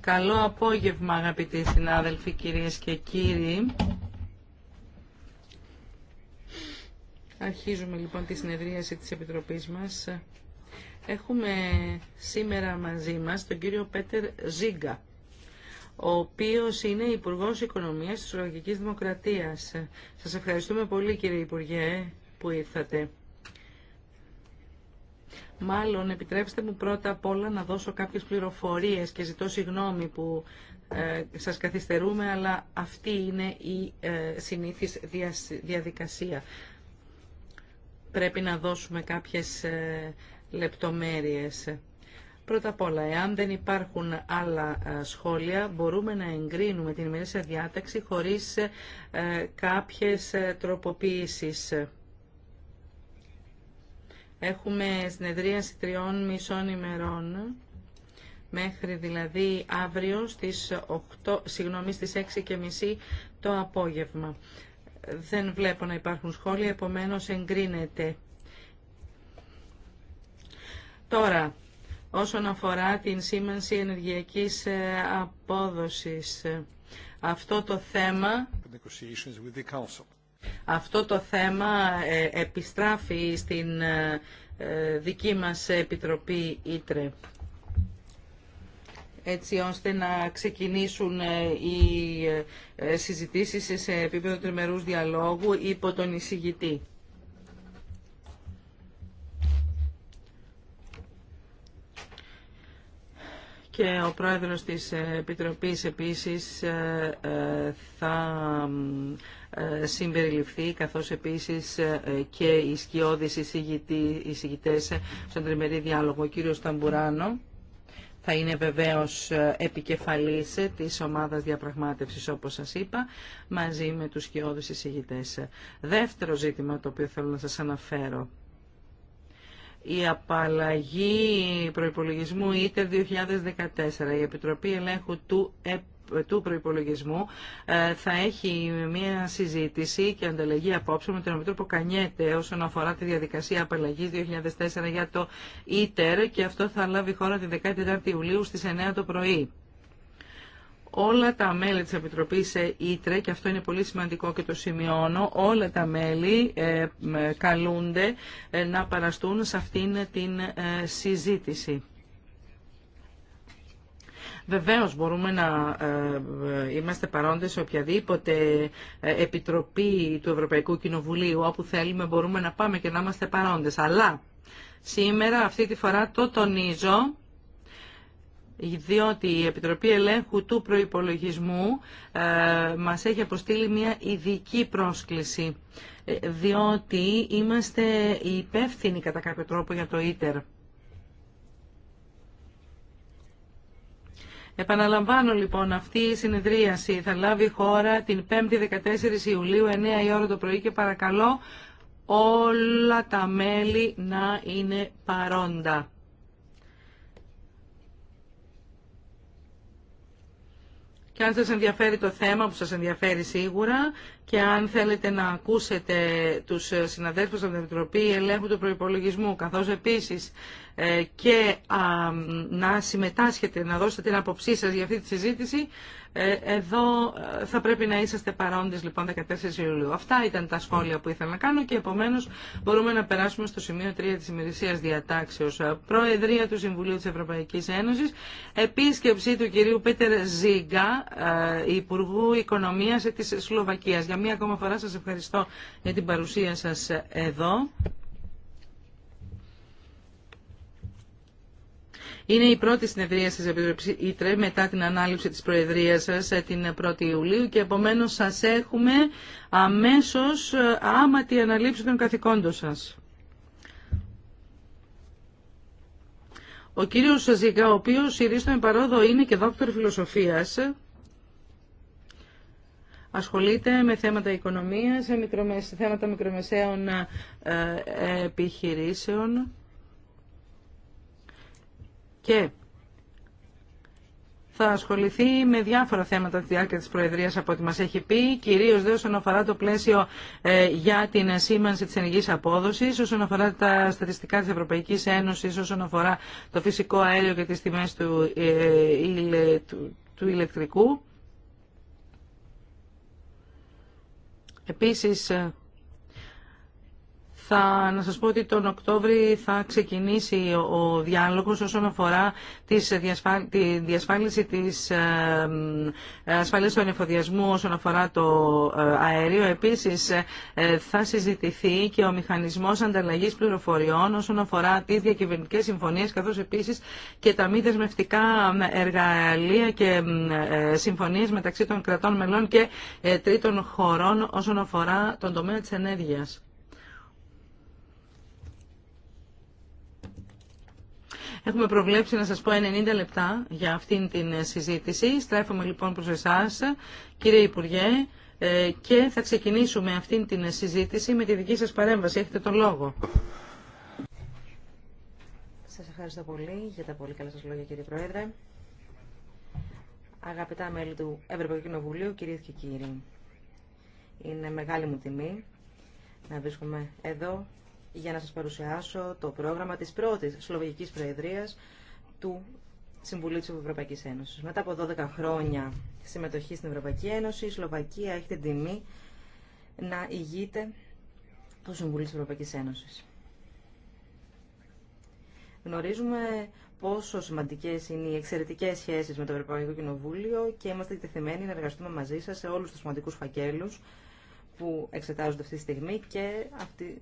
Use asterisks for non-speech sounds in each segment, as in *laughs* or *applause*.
Καλό απόγευμα αγαπητοί συνάδελφοι, κυρίες και κύριοι. Αρχίζουμε λοιπόν τη συνεδρίαση της Επιτροπής μας. Έχουμε σήμερα μαζί μας τον κύριο Πέτερ Ζίγκα, ο οποίος είναι Υπουργός Οικονομίας της Ουραγικής Δημοκρατίας. Σας ευχαριστούμε πολύ κύριε Υπουργέ που ήρθατε. Μάλλον επιτρέψτε μου πρώτα απ' όλα να δώσω κάποιες πληροφορίες και ζητώ συγγνώμη που ε, σας καθυστερούμε, αλλά αυτή είναι η ε, διαδικασία. Πρέπει να δώσουμε κάποιες ε, λεπτομέρειες. Πρώτα απ' όλα, εάν δεν υπάρχουν άλλα ε, σχόλια, μπορούμε να εγκρίνουμε την ημερήσια διάταξη χωρίς ε, ε, κάποιες τροποποίησεις. Έχουμε συνεδρίαση τριών μισών ημερών μέχρι δηλαδή αύριο στις, 8, συγγνώμη, στις 6 και μισή το απόγευμα. Δεν βλέπω να υπάρχουν σχόλια, επομένως εγκρίνεται. Τώρα, όσον αφορά την σήμανση ενεργειακής ε, απόδοσης, αυτό το θέμα... Αυτό το θέμα ε, επιστράφει στην ε, ε, δική μας Επιτροπή Ήτρε έτσι ώστε να ξεκινήσουν οι συζητήσεις σε επίπεδο τριμερούς διαλόγου υπό τον εισηγητή. και ο πρόεδρος της Επιτροπής επίσης ε, ε, θα ε, συμπεριληφθεί καθώς επίσης και οι σκιώδεις εισηγητές στον τριμερή διάλογο. Ο κύριος Ταμπουράνο θα είναι βεβαίως επικεφαλής της ομάδας διαπραγμάτευσης όπως σας είπα μαζί με τους σκιώδεις εισηγητές. Δεύτερο ζήτημα το οποίο θέλω να σας αναφέρω η απαλλαγή προϋπολογισμού είτε 2014. Η Επιτροπή Ελέγχου του ΕΠ του προϋπολογισμού ε, θα έχει μια συζήτηση και ανταλλαγή απόψε με τον Επιτρόπο Κανιέτε όσον αφορά τη διαδικασία απαλλαγής 2004 για το ΙΤΕΡ και αυτό θα λάβει χώρα την 14η Ιουλίου στις 9 το πρωί όλα τα μέλη της Επιτροπής Ήτρε και αυτό είναι πολύ σημαντικό και το σημειώνω, όλα τα μέλη ε, καλούνται ε, να παραστούν σε αυτήν την ε, συζήτηση. Βεβαίως μπορούμε να είμαστε παρόντες σε οποιαδήποτε επιτροπή του Ευρωπαϊκού Κοινοβουλίου, όπου θέλουμε μπορούμε να πάμε και να είμαστε παρόντες. Αλλά σήμερα αυτή τη φορά το τονίζω διότι η Επιτροπή Ελέγχου του Προϋπολογισμού ε, μας έχει αποστείλει μια ειδική πρόσκληση, ε, διότι είμαστε υπεύθυνοι κατά κάποιο τρόπο για το ίτερ. Επαναλαμβάνω λοιπόν αυτή η συνεδρίαση θα λάβει χώρα την 5η 14 Ιουλίου 9 η ώρα το πρωί και παρακαλώ όλα τα μέλη να είναι παρόντα. Και αν σας ενδιαφέρει το θέμα που σας ενδιαφέρει σίγουρα και αν θέλετε να ακούσετε τους συναδέλφους από την Επιτροπή Ελέγχου του Προϋπολογισμού καθώς επίσης ε, και να συμμετάσχετε, να δώσετε την αποψή σας για αυτή τη συζήτηση, ε, εδώ ε, θα πρέπει να είσαστε παρόντες λοιπόν 14 Ιουλίου. Αυτά ήταν τα σχόλια που ήθελα να κάνω και επομένως μπορούμε να περάσουμε στο σημείο 3 της ημερησίας διατάξεως. Προεδρία του Συμβουλίου της Ευρωπαϊκής Ένωσης, επίσκεψη του κυρίου Πέτερ Ζίγκα, Υπουργού Οικονομίας της Σλοβακίας. Για μία ακόμα φορά σας ευχαριστώ για την παρουσία σας εδώ. Είναι η πρώτη συνεδρία σας Επιτροπής Ήτρε μετά την ανάληψη της Προεδρίας σας ε, την 1η Ιουλίου και επομένως σας έχουμε αμέσως ε, άμα τη αναλήψη των καθηκόντων σας. Ο κύριος Σαζίκα, ο οποίος ηρίστον παρόδο είναι και δόκτωρ φιλοσοφίας, ασχολείται με θέματα οικονομίας, θέματα μικρομεσαίων ε, επιχειρήσεων και θα ασχοληθεί με διάφορα θέματα τη διάρκεια της Προεδρίας από ό,τι μας έχει πει, κυρίως δε όσον αφορά το πλαίσιο ε, για την σήμανση της ενεργής απόδοσης, όσον αφορά τα στατιστικά της Ευρωπαϊκής Ένωσης, όσον αφορά το φυσικό αέριο και τις τιμές του, ε, του, του ηλεκτρικού. Επίσης, ε, θα, να σας πω ότι τον Οκτώβρη θα ξεκινήσει ο διάλογος όσον αφορά της διασφά, τη διασφάλιση της ε, ε, ασφάλειας του ανεφοδιασμού όσον αφορά το ε, αέριο. Επίσης θα συζητηθεί και ο μηχανισμός ανταλλαγής πληροφοριών όσον αφορά τις διακυβερνητικές συμφωνίες καθώς επίσης και τα μη δεσμευτικά εργαλεία και συμφωνίες μεταξύ των κρατών μελών και τρίτων χωρών όσον αφορά τον τομέα της ενέργειας. Έχουμε προβλέψει να σας πω 90 λεπτά για αυτήν την ε, συζήτηση. Στρέφουμε λοιπόν προς εσάς, κύριε Υπουργέ, ε, και θα ξεκινήσουμε αυτήν την ε, συζήτηση με τη δική σας παρέμβαση. Έχετε τον λόγο. Σας ευχαριστώ πολύ για τα πολύ καλά σας λόγια, κύριε Πρόεδρε. Αγαπητά μέλη του Ευρωπαϊκού Κοινοβουλίου, κυρίες και κύριοι, είναι μεγάλη μου τιμή να βρίσκομαι εδώ για να σας παρουσιάσω το πρόγραμμα της πρώτης Σλοβακικής Προεδρίας του Συμβουλίου της Ευρωπαϊκής Ένωσης. Μετά από 12 χρόνια συμμετοχή στην Ευρωπαϊκή Ένωση, η Σλοβακία έχει την τιμή να ηγείται το Συμβουλίο της Ευρωπαϊκής Ένωσης. Γνωρίζουμε πόσο σημαντικέ είναι οι εξαιρετικέ σχέσει με το Ευρωπαϊκό Κοινοβούλιο και είμαστε εκτεθειμένοι να εργαστούμε μαζί σα σε όλου του σημαντικού φακέλου που εξετάζονται αυτή τη στιγμή και αυτή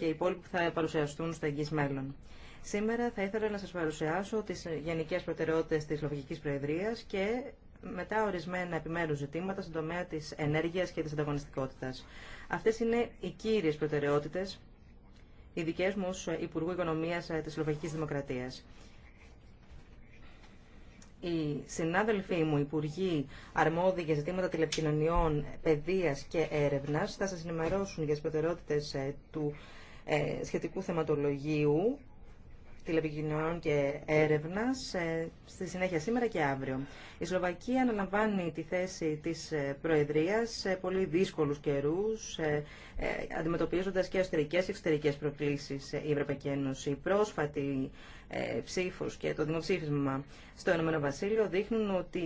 και οι υπόλοιποι θα παρουσιαστούν στο εγγύ μέλλον. Σήμερα θα ήθελα να σα παρουσιάσω τι γενικέ προτεραιότητε τη Λογική Προεδρία και μετά ορισμένα επιμέρου ζητήματα στον τομέα τη ενέργεια και τη ανταγωνιστικότητα. Αυτέ είναι οι κύριε προτεραιότητε, οι δικέ μου ως Υπουργού Οικονομία τη Λογική Δημοκρατία. Οι συνάδελφοί μου, υπουργοί αρμόδιοι για ζητήματα τηλεπικοινωνιών, παιδείας και έρευνα, θα σας ενημερώσουν για τις προτεραιότητες ε, του ε, σχετικού θεματολογίου τηλεπικοινωνιών και έρευνα ε, στη συνέχεια σήμερα και αύριο. Η Σλοβακία αναλαμβάνει τη θέση τη ε, Προεδρία σε πολύ δύσκολου καιρού, αντιμετωπίζοντα και εσωτερικέ και εξωτερικέ προκλήσει η Ευρωπαϊκή Ένωση. Η πρόσφατη ψήφο και το δημοψήφισμα στο ΕΒ Βασίλειο δείχνουν ότι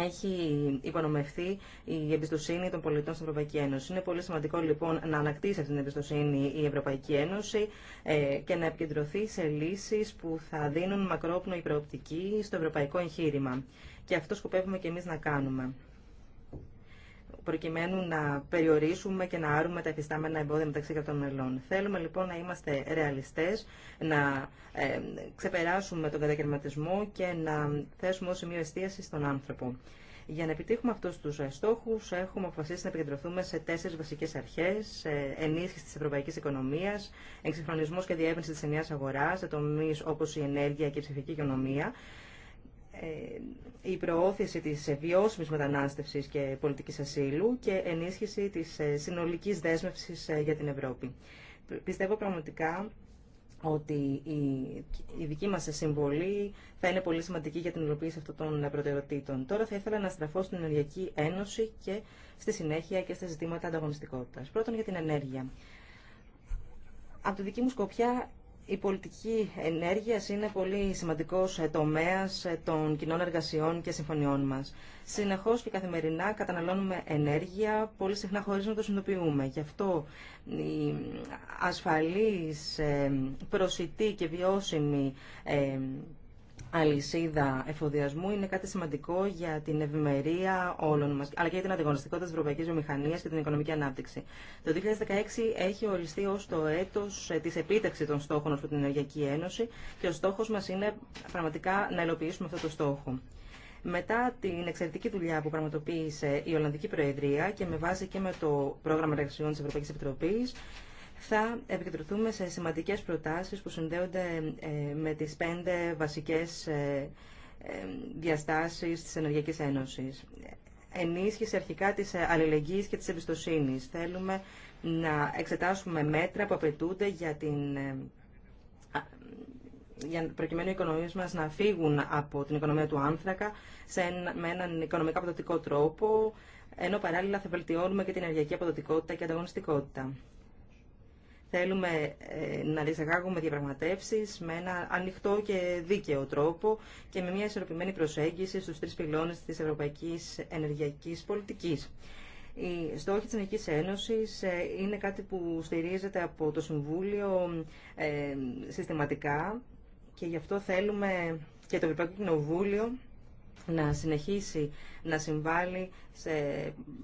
έχει υπονομευθεί η εμπιστοσύνη των πολιτών στην Ευρωπαϊκή Ένωση. Είναι πολύ σημαντικό λοιπόν να ανακτήσει αυτή την εμπιστοσύνη η Ευρωπαϊκή Ένωση ε, και να επικεντρωθεί σε λύσεις που θα δίνουν μακρόπνοη προοπτική στο ευρωπαϊκό εγχείρημα. Και αυτό σκοπεύουμε και εμείς να κάνουμε προκειμένου να περιορίσουμε και να άρουμε τα εφιστάμενα εμπόδια μεταξύ των μελών. Θέλουμε λοιπόν να είμαστε ρεαλιστές, να ε, ξεπεράσουμε τον κατακαιρματισμό και να θέσουμε ως σημείο εστίαση στον άνθρωπο. Για να επιτύχουμε αυτού του ε, στόχου, έχουμε αποφασίσει να επικεντρωθούμε σε τέσσερι βασικέ αρχέ. Ενίσχυση τη ευρωπαϊκή οικονομία, εξυγχρονισμό και διεύρυνση τη ενιαία αγορά, σε τομεί όπω η ενέργεια και η ψηφική οικονομία ε, η προώθηση της βιώσιμης μετανάστευσης και πολιτικής ασύλου και ενίσχυση της ε, συνολικής δέσμευσης ε, για την Ευρώπη. Πιστεύω πραγματικά ότι η, δική μας συμβολή θα είναι πολύ σημαντική για την υλοποίηση αυτών των προτεραιοτήτων. Τώρα θα ήθελα να στραφώ στην Ενεργειακή Ένωση και στη συνέχεια και στα ζητήματα ανταγωνιστικότητας. Πρώτον για την ενέργεια. Από τη δική μου σκοπιά η πολιτική ενέργεια είναι πολύ σημαντικό τομέα των κοινών εργασιών και συμφωνιών μα. Συνεχώ και καθημερινά καταναλώνουμε ενέργεια, πολύ συχνά χωρί να το συνειδητοποιούμε. Γι' αυτό η ασφαλή, ε, προσιτή και βιώσιμη ε, αλυσίδα εφοδιασμού είναι κάτι σημαντικό για την ευημερία όλων μα, αλλά και για την ανταγωνιστικότητα τη Ευρωπαϊκή βιομηχανία και την οικονομική ανάπτυξη. Το 2016 έχει οριστεί ω το έτο ε, τη επίτευξης των στόχων από την Ενεργειακή Ένωση και ο στόχο μα είναι πραγματικά να υλοποιήσουμε αυτό το στόχο. Μετά την εξαιρετική δουλειά που πραγματοποίησε η Ολλανδική Προεδρία και με βάση και με το πρόγραμμα εργασιών τη Ευρωπαϊκή Επιτροπή θα επικεντρωθούμε σε σημαντικές προτάσεις που συνδέονται ε, με τις πέντε βασικές ε, ε, διαστάσεις της Ενεργειακής Ένωσης. Ενίσχυση αρχικά της αλληλεγγύης και της εμπιστοσύνης. Θέλουμε να εξετάσουμε μέτρα που απαιτούνται για την για, προκειμένου οι οικονομίες μας να φύγουν από την οικονομία του άνθρακα σε ένα, με έναν οικονομικά αποδοτικό τρόπο, ενώ παράλληλα θα βελτιώνουμε και την ενεργειακή αποδοτικότητα και ανταγωνιστικότητα θέλουμε ε, να διεξαγάγουμε διαπραγματεύσεις με ένα ανοιχτό και δίκαιο τρόπο και με μια ισορροπημένη προσέγγιση στους τρεις πυλώνες της ευρωπαϊκής ενεργειακής πολιτικής. Οι στόχοι της ΕΕ Ένωσης ε, είναι κάτι που στηρίζεται από το Συμβούλιο ε, συστηματικά και γι' αυτό θέλουμε και το Ευρωπαϊκό Κοινοβούλιο να συνεχίσει να συμβάλλει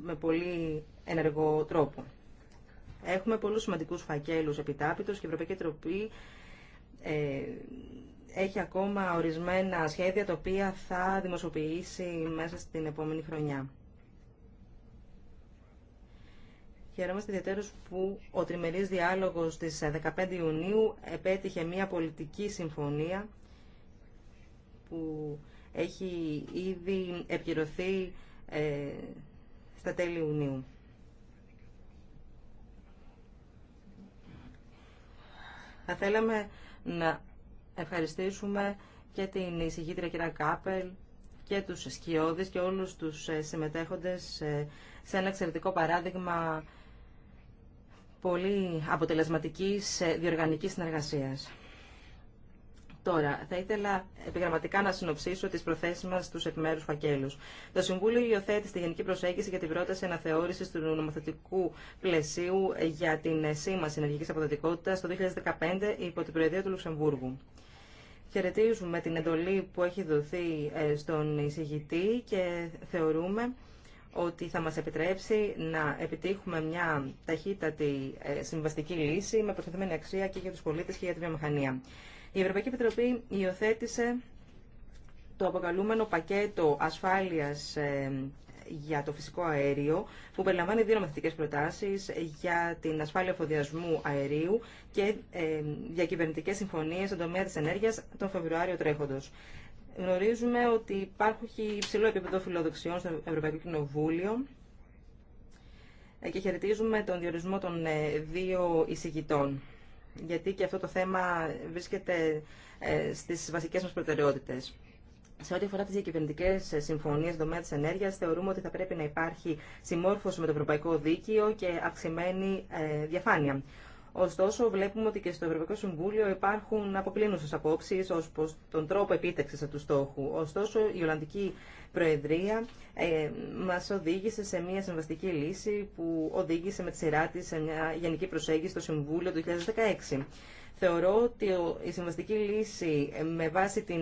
με πολύ ενεργό τρόπο. Έχουμε πολλούς σημαντικούς φακέλους επιτάπητος και η Ευρωπαϊκή Τροπή ε, έχει ακόμα ορισμένα σχέδια τα οποία θα δημοσιοποιήσει μέσα στην επόμενη χρονιά. Χαιρόμαστε ιδιαίτερως που ο τριμερής διάλογος της 15 ε, Ιουνίου επέτυχε μια πολιτική συμφωνία που έχει ήδη επικυρωθεί ε, στα τέλη Ιουνίου. Θα θέλαμε να ευχαριστήσουμε και την εισηγήτρια κυρία Κάπελ και τους σκιώδεις και όλους τους ε, συμμετέχοντες ε, σε ένα εξαιρετικό παράδειγμα πολύ αποτελεσματικής ε, διοργανικής συνεργασίας. Τώρα, θα ήθελα επιγραμματικά να συνοψίσω τι προθέσει μα στου επιμέρου φακέλου. Το Συμβούλιο υιοθέτησε τη Γενική Προσέγγιση για την πρόταση αναθεώρηση του νομοθετικού πλαισίου για την σήμαση ενεργειακή αποδοτικότητα το 2015 υπό την Προεδρία του Λουξεμβούργου. Χαιρετίζουμε την εντολή που έχει δοθεί ε, στον εισηγητή και θεωρούμε ότι θα μας επιτρέψει να επιτύχουμε μια ταχύτατη ε, συμβαστική λύση με προσθεθμένη αξία και για τους πολίτες και για τη βιομηχανία. Η Ευρωπαϊκή Επιτροπή υιοθέτησε το αποκαλούμενο πακέτο ασφάλειας ε, για το φυσικό αέριο, που περιλαμβάνει δύο νομοθετικέ προτάσεις για την ασφάλεια φωδιασμού αερίου και για ε, συμφωνίε συμφωνίες στον τομέα τη ενέργειας τον Φεβρουάριο τρέχοντος. Γνωρίζουμε ότι υπάρχουν υψηλό επίπεδο φιλοδοξιών στο Ευρωπαϊκό Κοινοβούλιο ε, και χαιρετίζουμε τον διορισμό των δύο εισηγητών γιατί και αυτό το θέμα βρίσκεται ε, στις βασικές μας προτεραιότητες. Σε ό,τι αφορά τι διακυβερνητικέ συμφωνίε δομέα τη ενέργεια, θεωρούμε ότι θα πρέπει να υπάρχει συμμόρφωση με το Ευρωπαϊκό Δίκαιο και αυξημένη ε, διαφάνεια. Ωστόσο, βλέπουμε ότι και στο Ευρωπαϊκό Συμβούλιο υπάρχουν αποκλίνουσε απόψει ω προ τον τρόπο επίτευξη αυτού του στόχου. Ωστόσο, η Ολλανδική Προεδρία ε, μας οδήγησε σε μια συμβαστική λύση που οδήγησε με τη σειρά της σε μια γενική προσέγγιση στο Συμβούλιο του 2016. Θεωρώ ότι η συμβαστική λύση ε, με βάση την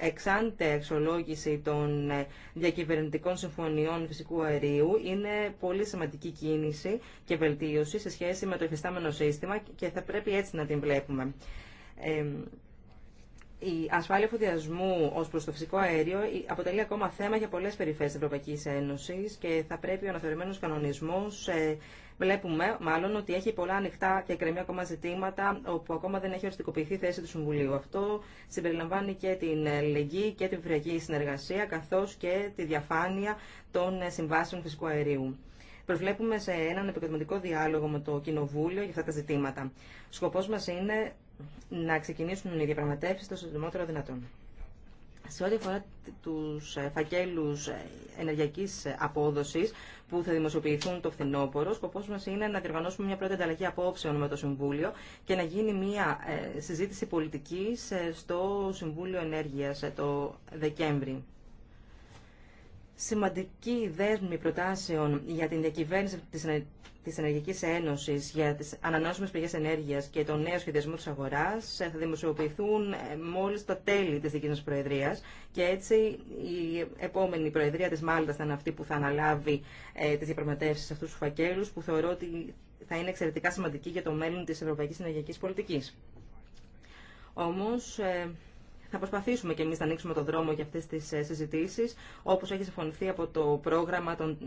εξάντε αξιολόγηση των ε, διακυβερνητικών συμφωνιών φυσικού αερίου είναι πολύ σημαντική κίνηση και βελτίωση σε σχέση με το εφιστάμενο σύστημα και θα πρέπει έτσι να την βλέπουμε. Ε, η ασφάλεια φωτιασμού ω προ το φυσικό αέριο αποτελεί ακόμα θέμα για πολλέ περιφέρειε τη Ευρωπαϊκή Ένωση και θα πρέπει ο αναφερμένο κανονισμό. Ε, βλέπουμε μάλλον ότι έχει πολλά ανοιχτά και εκκρεμία ακόμα ζητήματα όπου ακόμα δεν έχει οριστικοποιηθεί θέση του Συμβουλίου. Αυτό συμπεριλαμβάνει και την λεγγύη και την βριακή συνεργασία καθώ και τη διαφάνεια των ε, συμβάσεων φυσικού αερίου. Προσβλέπουμε σε έναν επικοδομητικό διάλογο με το Κοινοβούλιο για αυτά τα ζητήματα. Σκοπός μας είναι να ξεκινήσουν οι διαπραγματεύσει το συντομότερο δυνατόν. Σε ό,τι αφορά του ε, φακέλους ε, ενεργειακής ε, απόδοσης που θα δημοσιοποιηθούν το φθινόπωρο, σκοπός μας είναι να διοργανώσουμε μια πρώτη ανταλλαγή απόψεων με το Συμβούλιο και να γίνει μια συζήτηση πολιτικής στο Συμβούλιο Ενέργειας το Δεκέμβρη σημαντική δέσμη προτάσεων για την διακυβέρνηση της Ενεργικής Ένωση, για τις ανανεώσιμες πηγές ενέργειας και τον νέο σχεδιασμό τη αγορά, ε, θα δημοσιοποιηθούν ε, μόλις τα τέλη της δική μας Προεδρίας και έτσι η επόμενη Προεδρία της Μάλτα θα είναι αυτή που θα αναλάβει ε, τις διαπραγματεύσεις αυτούς του φακέλου, που θεωρώ ότι θα είναι εξαιρετικά σημαντική για το μέλλον τη Ευρωπαϊκή Ενεργειακή Πολιτική. Όμως, ε, θα προσπαθήσουμε και εμεί να ανοίξουμε τον δρόμο για αυτέ τι ε, συζητήσει, όπω έχει συμφωνηθεί από το πρόγραμμα των,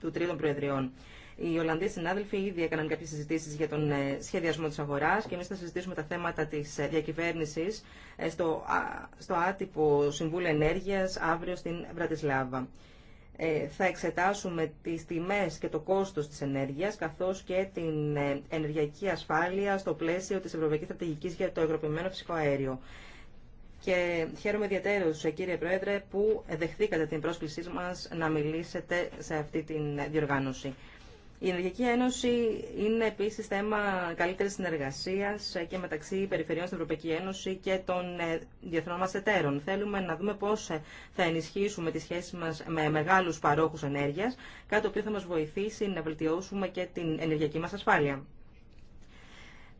του Τρίτων Προεδριών. Οι Ολλανδοί συνάδελφοι ήδη έκαναν κάποιε συζητήσει για τον ε, σχεδιασμό τη αγορά και εμεί θα συζητήσουμε τα θέματα τη ε, διακυβέρνηση στο, στο άτυπο Συμβούλιο Ενέργεια αύριο στην Βρατισλάβα. Θα εξετάσουμε τι τιμέ και το κόστο τη ενέργεια, καθώ και την ενεργειακή ασφάλεια στο πλαίσιο τη Ευρωπαϊκή Στρατηγική για το Ευρωπημένο Φυσικό Αέριο και χαίρομαι ιδιαίτερως, κύριε Πρόεδρε, που δεχθήκατε την πρόσκλησή μας να μιλήσετε σε αυτή την διοργάνωση. Η Ενεργειακή Ένωση είναι επίσης θέμα καλύτερης συνεργασίας και μεταξύ περιφερειών στην Ευρωπαϊκή Ένωση και των ε, διεθνών μας εταίρων. Θέλουμε να δούμε πώς θα ενισχύσουμε τη σχέση μας με μεγάλους παρόχους ενέργειας, κάτι το οποίο θα μας βοηθήσει να βελτιώσουμε και την ενεργειακή μας ασφάλεια.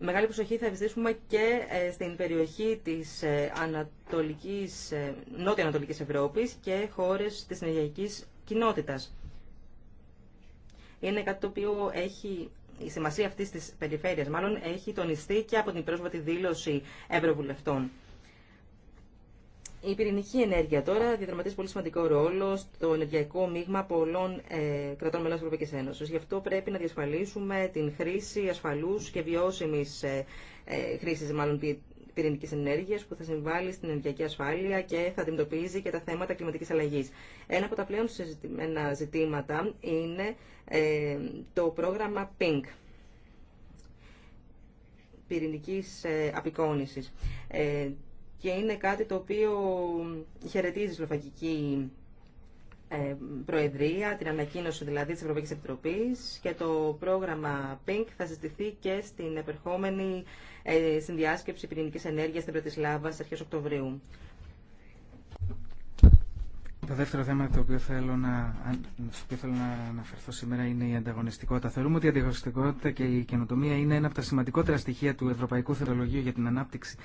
Μεγάλη προσοχή θα ευαισθησούμε και ε, στην περιοχή της ε, Ανατολικής, ε, Νότια Ανατολικής Ευρώπης και χώρες της ενεργειακής κοινότητας. Είναι κάτι το οποίο έχει, η σημασία αυτής της περιφέρειας μάλλον έχει τονιστεί και από την πρόσβατη δήλωση Ευρωβουλευτών. Η πυρηνική ενέργεια τώρα διαδραματίζει πολύ σημαντικό ρόλο στο ενεργειακό μείγμα πολλών ε, κρατών μελών τη Ευρωπαϊκή Ένωση. Γι' αυτό πρέπει να διασφαλίσουμε την χρήση ασφαλού και βιώσιμη ε, ε, χρήση πυρηνική ενέργεια που θα συμβάλλει στην ενεργειακή ασφάλεια και θα αντιμετωπίζει και τα θέματα κλιματική αλλαγή. Ένα από τα πλέον συζητημένα ζητήματα είναι ε, το πρόγραμμα PINK πυρηνικής Ε, και είναι κάτι το οποίο χαιρετίζει η Σλοβακική ε, Προεδρία, την ανακοίνωση δηλαδή της Ευρωπαϊκής Επιτροπής και το πρόγραμμα PINK θα συστηθεί και στην επερχόμενη ε, συνδιάσκεψη πυρηνικής ενέργειας στην Πρωτισλάβα στις αρχές Οκτωβρίου. Το δεύτερο θέμα το οποίο θέλω να, στο οποίο θέλω να αναφερθώ σήμερα είναι η ανταγωνιστικότητα. Θεωρούμε ότι η ανταγωνιστικότητα και η καινοτομία είναι ένα από τα σημαντικότερα στοιχεία του Ευρωπαϊκού Θεολογίου για την ανάπτυξη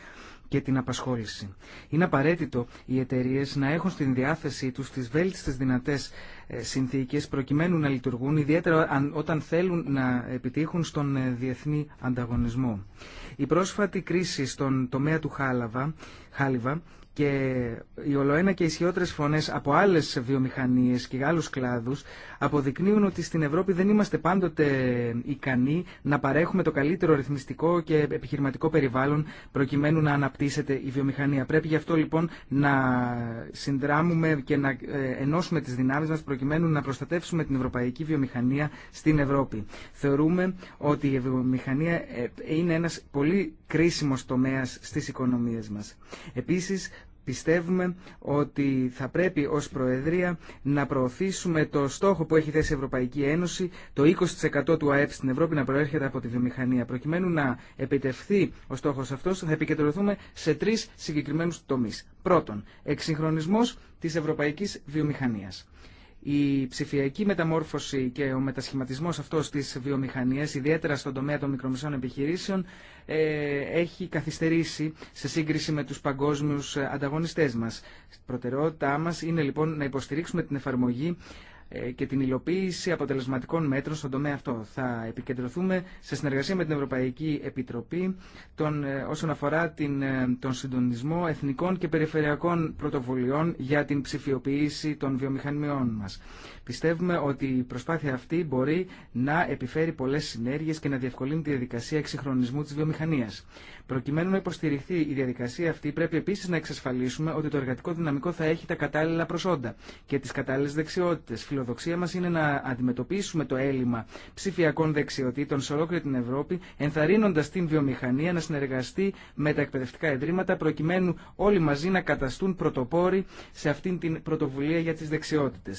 και την απασχόληση. Είναι απαραίτητο οι εταιρείε να έχουν στην διάθεσή του τι βέλτιστε δυνατέ ε, συνθήκε προκειμένου να λειτουργούν, ιδιαίτερα όταν θέλουν να επιτύχουν στον ε, διεθνή ανταγωνισμό. Η πρόσφατη κρίση στον τομέα του Χάλαβα, Χάλιβα και οι ολοένα και ισχυρότερε φωνέ από άλλε βιομηχανίε και άλλου κλάδου αποδεικνύουν ότι στην Ευρώπη δεν είμαστε πάντοτε ικανοί να παρέχουμε το καλύτερο ρυθμιστικό και επιχειρηματικό περιβάλλον προκειμένου να αναπτύσσεται η βιομηχανία. Πρέπει γι' αυτό λοιπόν να συνδράμουμε και να ε, ενώσουμε τι δυνάμει μα προκειμένου να προστατεύσουμε την ευρωπαϊκή βιομηχανία στην Ευρώπη. Θεωρούμε ότι η βιομηχανία ε, είναι ένα πολύ κρίσιμο τομέα στι οικονομίε μα. Επίση πιστεύουμε ότι θα πρέπει ως Προεδρία να προωθήσουμε το στόχο που έχει θέσει η Ευρωπαϊκή Ένωση, το 20% του ΑΕΠ στην Ευρώπη να προέρχεται από τη βιομηχανία. Προκειμένου να επιτευχθεί ο στόχος αυτός, θα επικεντρωθούμε σε τρεις συγκεκριμένους τομείς. Πρώτον, εξυγχρονισμός της ευρωπαϊκής βιομηχανίας η ψηφιακή μεταμόρφωση και ο μετασχηματισμός αυτός της βιομηχανίας, ιδιαίτερα στον τομέα των μικρομεσαίων επιχειρήσεων, ε, έχει καθυστερήσει σε σύγκριση με τους παγκόσμιους ανταγωνιστές μας. Προτεραιότητά μας είναι λοιπόν να υποστηρίξουμε την εφαρμογή ε, και την υλοποίηση αποτελεσματικών μέτρων στον τομέα αυτό. Θα επικεντρωθούμε σε συνεργασία με την Ευρωπαϊκή Επιτροπή τον, ε, όσον αφορά την, ε, τον συντονισμό εθνικών και περιφερειακών πρωτοβουλειών για την ψηφιοποίηση των βιομηχανιών μας. Πιστεύουμε ότι η προσπάθεια αυτή μπορεί να επιφέρει πολλές συνέργειες και να διευκολύνει τη διαδικασία εξυγχρονισμού της βιομηχανίας. Προκειμένου να υποστηριχθεί η διαδικασία αυτή, πρέπει επίση να εξασφαλίσουμε ότι το εργατικό δυναμικό θα έχει τα κατάλληλα προσόντα και τι κατάλληλε δεξιότητε. Φιλοδοξία μα είναι να αντιμετωπίσουμε το έλλειμμα ψηφιακών δεξιοτήτων σε ολόκληρη την Ευρώπη, ενθαρρύνοντα την βιομηχανία να συνεργαστεί με τα εκπαιδευτικά ιδρύματα, προκειμένου όλοι μαζί να καταστούν πρωτοπόροι σε αυτήν την πρωτοβουλία για τι δεξιότητε.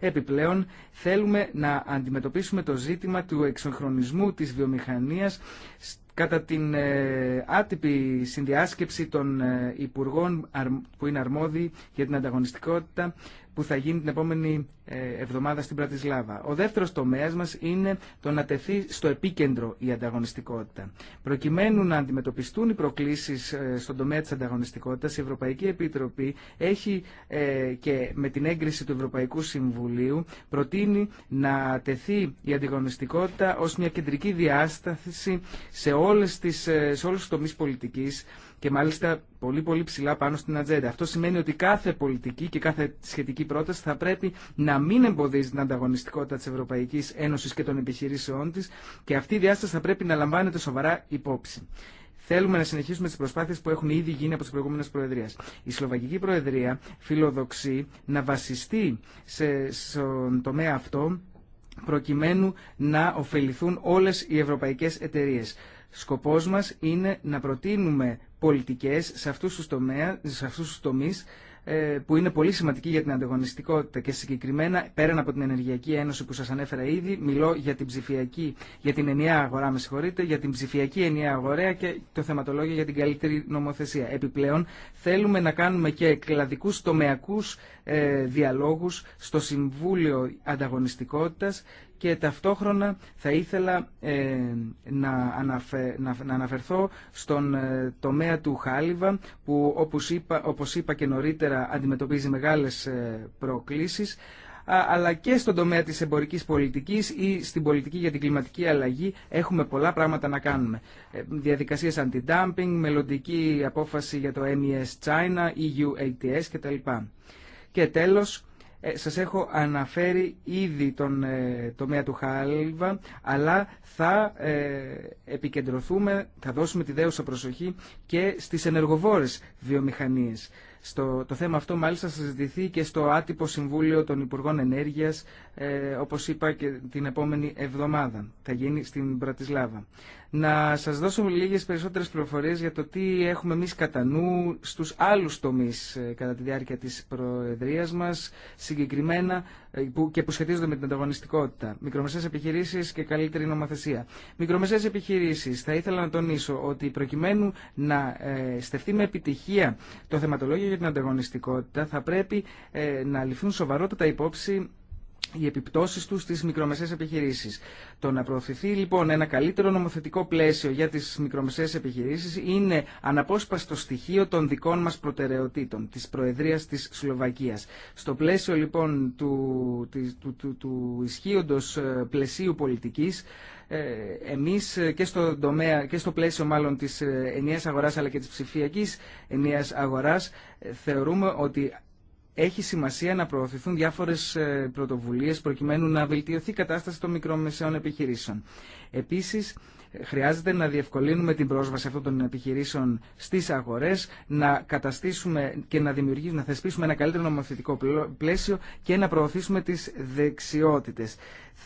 Επιπλέον, θέλουμε να αντιμετωπίσουμε το ζήτημα του εξοχρονισμού τη βιομηχανία Κατά την ε, άτυπη συνδιάσκεψη των ε, Υπουργών που είναι αρμόδιοι για την ανταγωνιστικότητα που θα γίνει την επόμενη ε, εβδομάδα στην Πρατισλάβα. Ο δεύτερος τομέας μας είναι το να τεθεί στο επίκεντρο η ανταγωνιστικότητα. Προκειμένου να αντιμετωπιστούν οι προκλήσεις ε, στον τομέα της ανταγωνιστικότητας, η Ευρωπαϊκή Επιτροπή έχει ε, και με την έγκριση του Ευρωπαϊκού Συμβουλίου προτείνει να τεθεί η ανταγωνιστικότητα ω μια κεντρική διάσταση σε, όλες τις, σε όλους πολιτικής και μάλιστα πολύ πολύ ψηλά πάνω στην ατζέντα. Αυτό σημαίνει ότι κάθε πολιτική και κάθε σχετική πρόταση θα πρέπει να μην εμποδίζει την ανταγωνιστικότητα της Ευρωπαϊκής Ένωσης και των επιχειρήσεών της και αυτή η διάσταση θα πρέπει να λαμβάνεται σοβαρά υπόψη. Θέλουμε να συνεχίσουμε τι προσπάθειε που έχουν ήδη γίνει από τι προηγούμενε προεδρίε. Η Σλοβακική Προεδρία φιλοδοξεί να βασιστεί σε, στον τομέα αυτό προκειμένου να ωφεληθούν όλες οι ευρωπαϊκές εταιρείες. Σκοπός μας είναι να προτείνουμε πολιτικές σε αυτούς τους, τομέα, τομείς ε, που είναι πολύ σημαντική για την ανταγωνιστικότητα και συγκεκριμένα πέραν από την Ενεργειακή Ένωση που σας ανέφερα ήδη, μιλώ για την ψηφιακή, για την ενιαία αγορά, με συγχωρείτε, για την ψηφιακή ενιαία αγορά και το θεματολόγιο για την καλύτερη νομοθεσία. Επιπλέον, θέλουμε να κάνουμε και κλαδικούς τομεακούς ε, διαλόγους στο Συμβούλιο Ανταγωνιστικότητας και ταυτόχρονα θα ήθελα ε, να, να, αναφερθώ στον ε, τομέα του Χάλιβα που όπως είπα, όπως είπα και νωρίτερα αντιμετωπίζει μεγάλες ε, προκλήσεις αλλά και στον τομέα της εμπορικής πολιτικής ή στην πολιτική για την κλιματική αλλαγή έχουμε πολλά πράγματα να κάνουμε. Διαδικασίες αντι-dumping, μελλοντική απόφαση για το MES China, EU ATS κτλ. Και τέλος, ε, σας έχω αναφέρει ήδη τον ε, τομέα του Χάλβα, αλλά θα ε, επικεντρωθούμε, θα δώσουμε τη δέουσα προσοχή και στις ενεργοβόρες βιομηχανίες. Στο, το θέμα αυτό μάλιστα θα συζητηθεί και στο άτυπο Συμβούλιο των Υπουργών Ενέργειας, ε, όπως είπα και την επόμενη εβδομάδα. Θα γίνει στην Πρατισλάβα να σας δώσω λίγες περισσότερες πληροφορίες για το τι έχουμε εμεί κατά νου στους άλλους τομείς ε, κατά τη διάρκεια της Προεδρίας μας, συγκεκριμένα ε, και που σχετίζονται με την ανταγωνιστικότητα. Μικρομεσαίες επιχειρήσεις και καλύτερη νομοθεσία. Μικρομεσαίες επιχειρήσεις, θα ήθελα να τονίσω ότι προκειμένου να ε, στεφτεί με επιτυχία το θεματολόγιο για την ανταγωνιστικότητα θα πρέπει να ληφθούν σοβαρότατα υπόψη οι επιπτώσεις του στις μικρομεσαίες επιχειρήσεις. Το να προωθηθεί λοιπόν ένα καλύτερο νομοθετικό πλαίσιο για τις μικρομεσαίες επιχειρήσεις είναι αναπόσπαστο στοιχείο των δικών μας προτεραιοτήτων, της Προεδρίας της Σλοβακίας. Στο πλαίσιο λοιπόν του, του, του, του ισχύοντος ε, πλαισίου πολιτικής, ε, εμείς ε, και στο, τομέα, και στο πλαίσιο μάλλον της ενιαίας αγοράς αλλά και της ψηφιακής ενιαίας αγοράς θεωρούμε ότι έχει σημασία να προωθηθούν διάφορε πρωτοβουλίε προκειμένου να βελτιωθεί η κατάσταση των μικρομεσαίων επιχειρήσεων. Επίση, Χρειάζεται να διευκολύνουμε την πρόσβαση αυτών των επιχειρήσεων στι αγορέ, να καταστήσουμε και να δημιουργήσουμε, να θεσπίσουμε ένα καλύτερο νομοθετικό πλαίσιο και να προωθήσουμε τι δεξιότητε.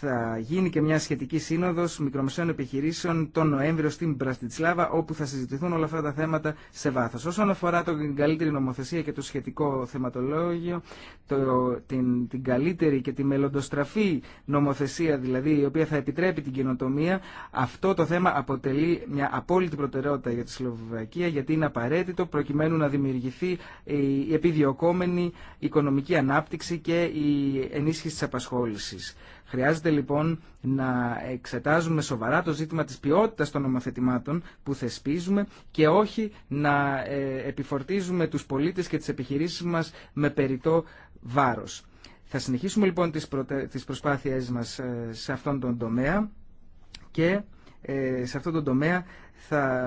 Θα γίνει και μια σχετική σύνοδο μικρομεσαίων επιχειρήσεων τον Νοέμβριο στην Πραστιτσλάβα, όπου θα συζητηθούν όλα αυτά τα θέματα σε βάθο. Όσον αφορά την καλύτερη νομοθεσία και το σχετικό θεματολόγιο, το, την, την καλύτερη και τη μελλοντοστραφή νομοθεσία, δηλαδή η οποία θα επιτρέπει την κοινοτομία, αυτό το θέμα αποτελεί μια απόλυτη προτεραιότητα για τη Σλοβακία γιατί είναι απαραίτητο προκειμένου να δημιουργηθεί η επιδιωκόμενη οικονομική ανάπτυξη και η ενίσχυση της απασχόλησης. Χρειάζεται λοιπόν να εξετάζουμε σοβαρά το ζήτημα της ποιότητας των νομοθετημάτων που θεσπίζουμε και όχι να ε, επιφορτίζουμε τους πολίτες και τις επιχειρήσεις μας με περιττό βάρος. Θα συνεχίσουμε λοιπόν τις, προτε... τις προσπάθειές μας ε, σε αυτόν τον τομέα και ε, σε αυτό το τομέα θα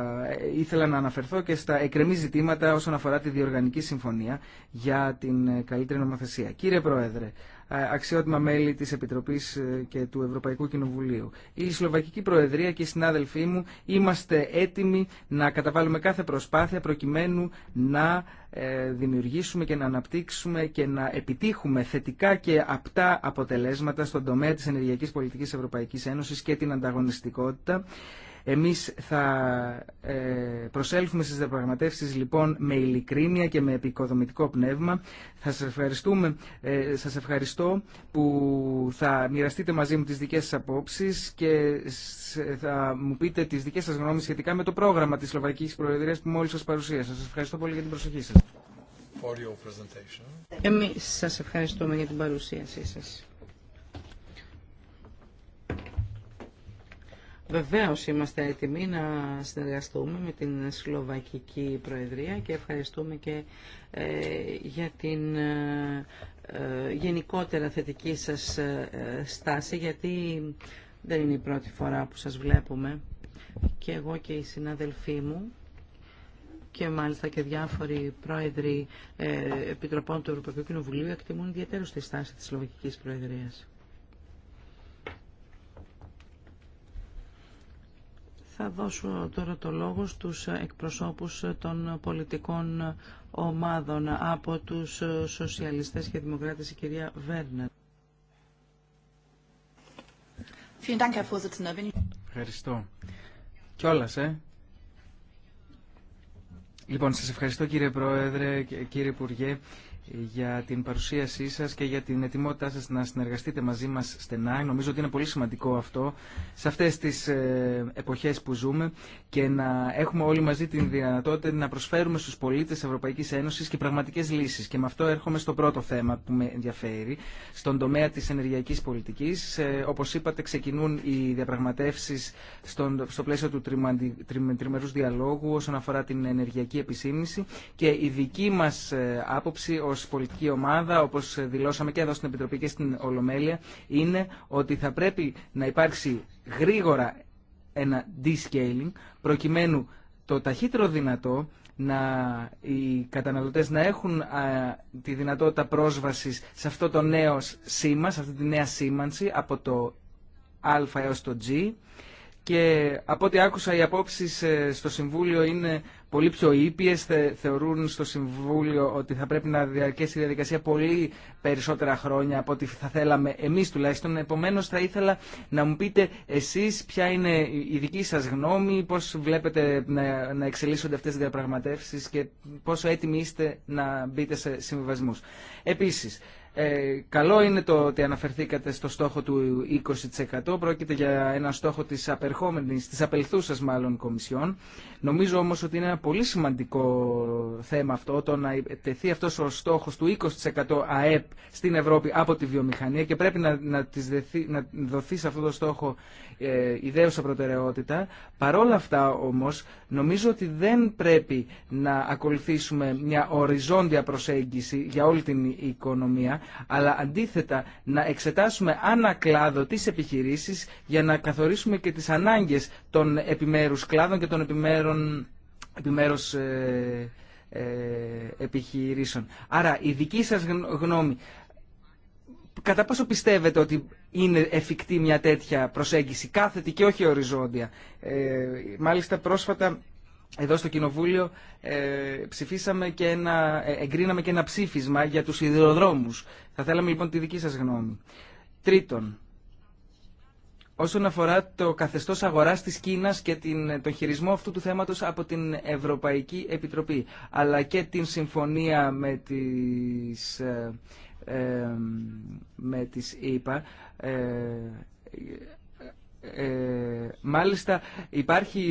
ήθελα να αναφερθώ και στα εκρεμή ζητήματα όσον αφορά τη διοργανική συμφωνία για την ε, καλύτερη νομοθεσία. Κύριε Πρόεδρε, ε, αξιότιμα μέλη της Επιτροπής ε, και του Ευρωπαϊκού Κοινοβουλίου. Η Σλοβακική Προεδρία και οι συνάδελφοί μου είμαστε έτοιμοι να καταβάλουμε κάθε προσπάθεια προκειμένου να ε, δημιουργήσουμε και να αναπτύξουμε και να επιτύχουμε θετικά και απτά αποτελέσματα στον τομέα της ενεργειακής πολιτικής Ευρωπαϊκής Ένωσης και την ανταγωνιστικότητα εμείς θα ε, προσέλθουμε στις διαπραγματεύσεις λοιπόν με ειλικρίνεια και με επικοδομητικό πνεύμα. Θα σας, ευχαριστούμε, ε, σας ευχαριστώ που θα μοιραστείτε μαζί μου τις δικές σας απόψεις και θα μου πείτε τις δικές σας γνώμες σχετικά με το πρόγραμμα της Σλοβακικής Προεδρίας που μόλις σας παρουσίασα. Σας ευχαριστώ πολύ για την προσοχή σας. Εμείς σας ευχαριστούμε για την παρουσίασή σας. Βεβαίως είμαστε έτοιμοι να συνεργαστούμε με την Σλοβακική Προεδρία και ευχαριστούμε και ε, για την ε, ε, γενικότερα θετική σας στάση γιατί δεν είναι η πρώτη φορά που σας βλέπουμε και εγώ και οι συνάδελφοί μου και μάλιστα και διάφοροι πρόεδροι επιτροπών του Ευρωπαϊκού Κοινοβουλίου εκτιμούν ιδιαίτερο τη στάση της Σλοβακικής Προεδρίας. Θα δώσω τώρα το λόγο στους εκπροσώπους των πολιτικών ομάδων από τους σοσιαλιστές και δημοκράτες, η κυρία Βέρνερ. Ευχαριστώ. Κιόλας, ε. Λοιπόν, σας ευχαριστώ κύριε Πρόεδρε, κύριε Υπουργέ για την παρουσίασή σας και για την ετοιμότητά σας να συνεργαστείτε μαζί μας στενά. Νομίζω ότι είναι πολύ σημαντικό αυτό σε αυτές τις ε, εποχές που ζούμε και να έχουμε όλοι μαζί την δυνατότητα να προσφέρουμε στους πολίτες Ευρωπαϊκής Ένωσης και πραγματικές λύσεις. Και με αυτό έρχομαι στο πρώτο θέμα που με ενδιαφέρει, στον τομέα της ενεργειακής πολιτικής. Ε, όπως είπατε, ξεκινούν οι διαπραγματεύσεις στο πλαίσιο του τριμερούς διαλόγου όσον αφορά την ενεργειακή επισήμιση και η δική μας ε, άποψη πολιτική ομάδα, όπως δηλώσαμε και εδώ στην Επιτροπή και στην Ολομέλεια, είναι ότι θα πρέπει να υπάρξει γρήγορα ένα descaling, προκειμένου το ταχύτερο δυνατό να οι καταναλωτές να έχουν τη δυνατότητα πρόσβασης σε αυτό το νέο σήμα, σε αυτή τη νέα σήμανση από το α έως το G και από ό,τι άκουσα οι απόψεις ε, στο Συμβούλιο είναι πολύ πιο ήπιες, θεωρούν στο Συμβούλιο ότι θα πρέπει να διαρκέσει η διαδικασία πολύ περισσότερα χρόνια από ό,τι θα θέλαμε εμείς τουλάχιστον. επομένω θα ήθελα να μου πείτε εσείς ποια είναι η δική σας γνώμη, πώς βλέπετε να, να εξελίσσονται αυτές οι διαπραγματεύσεις και πόσο έτοιμοι είστε να μπείτε σε συμβιβασμού. Επίση, ε, καλό είναι το ότι αναφερθήκατε στο στόχο του 20%. Πρόκειται για ένα στόχο της απερχόμενης, της απελθούσας μάλλον κομισιόν. Νομίζω όμως ότι είναι ένα πολύ σημαντικό θέμα αυτό το να τεθεί αυτός ο στόχος του 20% ΑΕΠ στην Ευρώπη από τη βιομηχανία και πρέπει να, να, να δοθεί σε αυτό το στόχο ε, ιδέως προτεραιότητα. Παρόλα αυτά όμως νομίζω ότι δεν πρέπει να ακολουθήσουμε μια οριζόντια προσέγγιση για όλη την οικονομία αλλά αντίθετα να εξετάσουμε ανακλάδο τις επιχειρήσεις για να καθορίσουμε και τις ανάγκες των επιμέρους κλάδων και των επιμέρων, επιμέρους ε, ε, επιχειρήσεων. Άρα η δική σας γνώμη, κατά πόσο πιστεύετε ότι είναι εφικτή μια τέτοια προσέγγιση, κάθετη και όχι οριζόντια. Ε, μάλιστα πρόσφατα εδώ στο Κοινοβούλιο ε, ψηφίσαμε και ένα, ε, εγκρίναμε και ένα ψήφισμα για τους σιδηροδρόμους. Θα θέλαμε λοιπόν τη δική σας γνώμη. Τρίτον, όσον αφορά το καθεστώς αγοράς της Κίνας και την, τον χειρισμό αυτού του θέματος από την Ευρωπαϊκή Επιτροπή, αλλά και την συμφωνία με τις, ε, ε με τις ΕΙΠΑ, ε, ε, μάλιστα υπάρχει,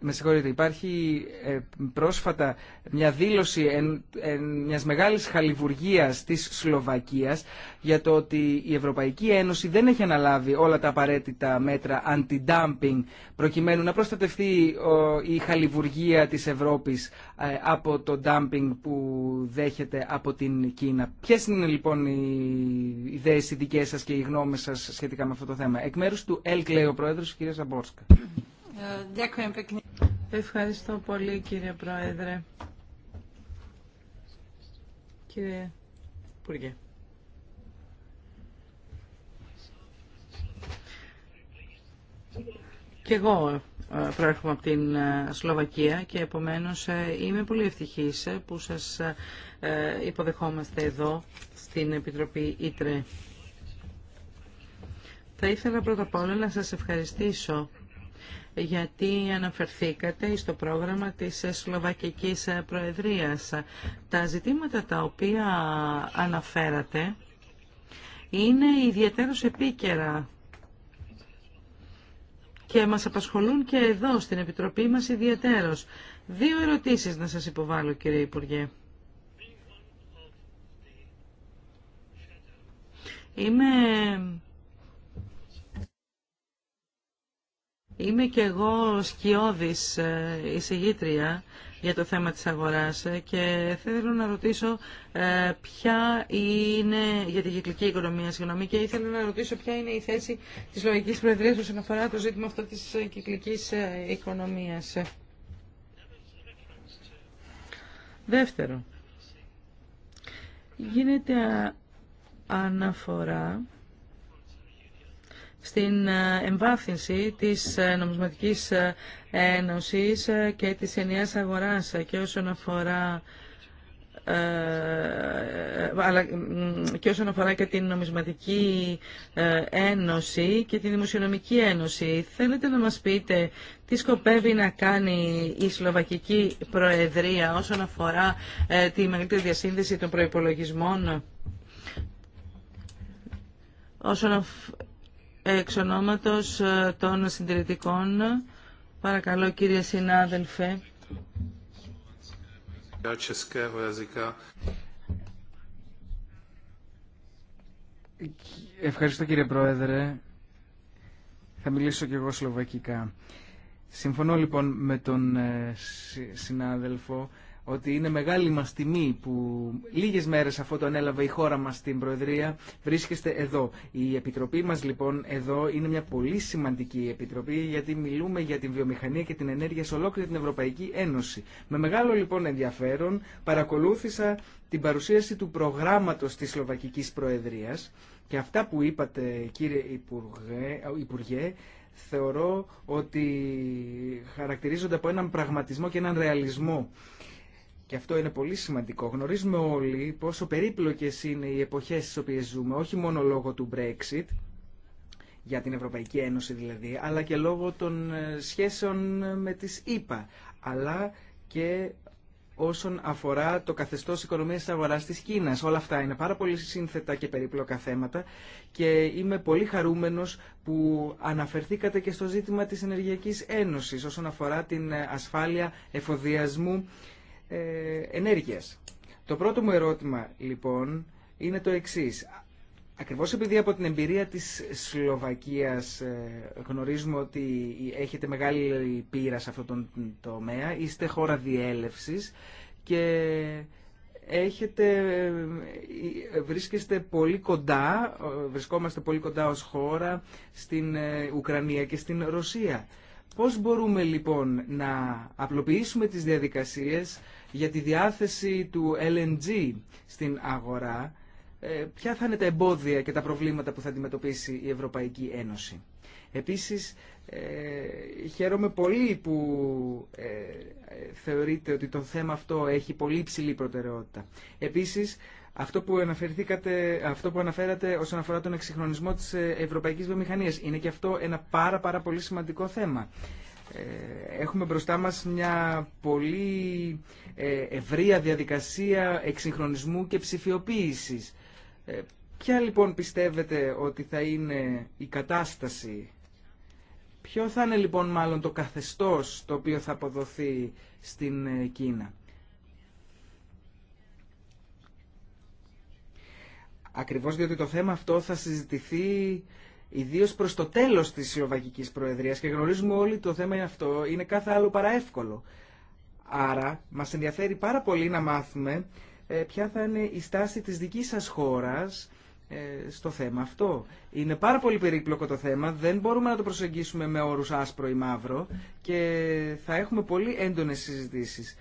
με υπάρχει ε, πρόσφατα μια δήλωση εν, εν, μιας μεγάλης χαλιβουργίας της Σλοβακίας για το ότι η Ευρωπαϊκή Ένωση δεν έχει αναλάβει όλα τα απαραίτητα μέτρα αντι-dumping προκειμένου να προστατευτεί η χαλιβουργία της Ευρώπης ε, από το dumping που δέχεται από την Κίνα. Ποιες είναι λοιπόν οι ιδέες οι δικές σας και οι γνώμες σας σχετικά με αυτό το θέμα. Εκ μέρους του ΕΛΚ λέει ο Πρόεδρος, κυρία Ζαμπόρσκα. Ευχαριστώ πολύ κύριε Πρόεδρε. Κύριε Υπουργέ. Και εγώ ε, προέρχομαι από την ε, Σλοβακία και επομένως ε, είμαι πολύ ευτυχής που σας υποδεχόμαστε εδώ στην Επιτροπή Ήτρε. Θα ήθελα πρώτα απ' όλα να σας ευχαριστήσω γιατί αναφερθήκατε στο πρόγραμμα της Σλοβακικής Προεδρίας. Τα ζητήματα τα οποία αναφέρατε είναι ιδιαίτερως επίκαιρα και μας απασχολούν και εδώ στην Επιτροπή μας ιδιαίτερος. Δύο ερωτήσεις να σας υποβάλω κύριε Υπουργέ. Είμαι... Είμαι και εγώ σκιώδης ε, εισηγήτρια για το θέμα της αγοράς ε, και θέλω να ρωτήσω ε, ποια είναι για την κυκλική οικονομία συγγνώμη, και ήθελα να ρωτήσω ποια είναι η θέση της Λογικής Προεδρίας όσον αφορά το ζήτημα αυτό της ε, κυκλικής οικονομίας. Δεύτερο, γίνεται αναφορά στην ε, εμβάθυνση της ε, νομισματικής ε, ένωσης και της ενιαίας αγοράς και όσον αφορά και όσον αφορά και την νομισματική ένωση και την δημοσιονομική ένωση. Θέλετε να μας πείτε τι σκοπεύει να κάνει η Σλοβακική Προεδρία όσον αφορά τη μεγαλύτερη διασύνδεση των προϋπολογισμών. Όσον αφορά Εξ ονόματος ε, των συντηρητικών, παρακαλώ κύριε συνάδελφε. Ευχαριστώ κύριε Πρόεδρε. Θα μιλήσω και εγώ σλοβακικά. Συμφωνώ λοιπόν με τον ε, συνάδελφο ότι είναι μεγάλη μας τιμή που λίγες μέρες αφού το ανέλαβε η χώρα μας στην Προεδρία βρίσκεστε εδώ. Η Επιτροπή μας λοιπόν εδώ είναι μια πολύ σημαντική Επιτροπή γιατί μιλούμε για την βιομηχανία και την ενέργεια σε ολόκληρη την Ευρωπαϊκή Ένωση. Με μεγάλο λοιπόν ενδιαφέρον παρακολούθησα την παρουσίαση του προγράμματος της Σλοβακικής Προεδρίας και αυτά που είπατε κύριε Υπουργέ, Υπουργέ θεωρώ ότι χαρακτηρίζονται από έναν πραγματισμό και έναν ρεαλισμό και αυτό είναι πολύ σημαντικό. Γνωρίζουμε όλοι πόσο περίπλοκες είναι οι εποχές στις οποίες ζούμε, όχι μόνο λόγω του Brexit, για την Ευρωπαϊκή Ένωση δηλαδή, αλλά και λόγω των ε, σχέσεων ε, με τις ΗΠΑ, αλλά και όσον αφορά το καθεστώς οικονομίας της αγοράς της Κίνας. Όλα αυτά είναι πάρα πολύ σύνθετα και περίπλοκα θέματα και είμαι πολύ χαρούμενος που αναφερθήκατε και στο ζήτημα της Ενεργειακής Ένωσης όσον αφορά την ε, ασφάλεια εφοδιασμού ε, ενέργειας. Το πρώτο μου ερώτημα λοιπόν είναι το εξής. Ακριβώς επειδή από την εμπειρία της Σλοβακίας ε, γνωρίζουμε ότι έχετε μεγάλη πείρα σε αυτό τον τομέα, είστε χώρα διέλευσης και έχετε, ε, βρίσκεστε πολύ κοντά, βρισκόμαστε πολύ κοντά ως χώρα στην Ουκρανία και στην Ρωσία. Πώς μπορούμε λοιπόν να απλοποιήσουμε τις διαδικασίες για τη διάθεση του LNG στην αγορά, ε, ποια θα είναι τα εμπόδια και τα προβλήματα που θα αντιμετωπίσει η Ευρωπαϊκή Ένωση. Επίσης, ε, χαίρομαι πολύ που ε, θεωρείτε ότι το θέμα αυτό έχει πολύ ψηλή προτεραιότητα. Επίσης, αυτό που, αναφερθήκατε, αυτό που αναφέρατε όσον αφορά τον εξυγχρονισμό της ευρωπαϊκής βιομηχανίας είναι και αυτό ένα πάρα πάρα πολύ σημαντικό θέμα. Ε, έχουμε μπροστά μας μια πολύ ε, ευρεία διαδικασία εξυγχρονισμού και ψηφιοποίησης. Ε, ποια λοιπόν πιστεύετε ότι θα είναι η κατάσταση, ποιο θα είναι λοιπόν μάλλον το καθεστώς το οποίο θα αποδοθεί στην Κίνα. Ακριβώς διότι το θέμα αυτό θα συζητηθεί ιδίως προ το τέλος της Συλλοβακικής Προεδρίας και γνωρίζουμε όλοι το θέμα αυτό, είναι κάθε άλλο παρά Άρα μας ενδιαφέρει πάρα πολύ να μάθουμε ε, ποια θα είναι η στάση της δικής σας χώρας ε, στο θέμα αυτό. Είναι πάρα πολύ περίπλοκο το θέμα, δεν μπορούμε να το προσεγγίσουμε με όρους άσπρο ή μαύρο και θα έχουμε πολύ έντονες συζητήσεις.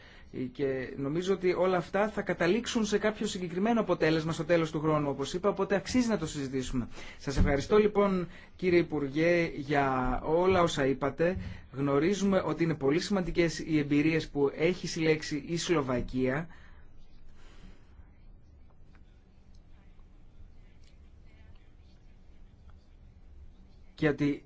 Και νομίζω ότι όλα αυτά θα καταλήξουν σε κάποιο συγκεκριμένο αποτέλεσμα στο τέλος του χρόνου, όπως είπα, οπότε αξίζει να το συζητήσουμε. Σας ευχαριστώ λοιπόν κύριε Υπουργέ για όλα όσα είπατε. Γνωρίζουμε ότι είναι πολύ σημαντικές οι εμπειρίες που έχει συλλέξει η Σλοβακία. Και ότι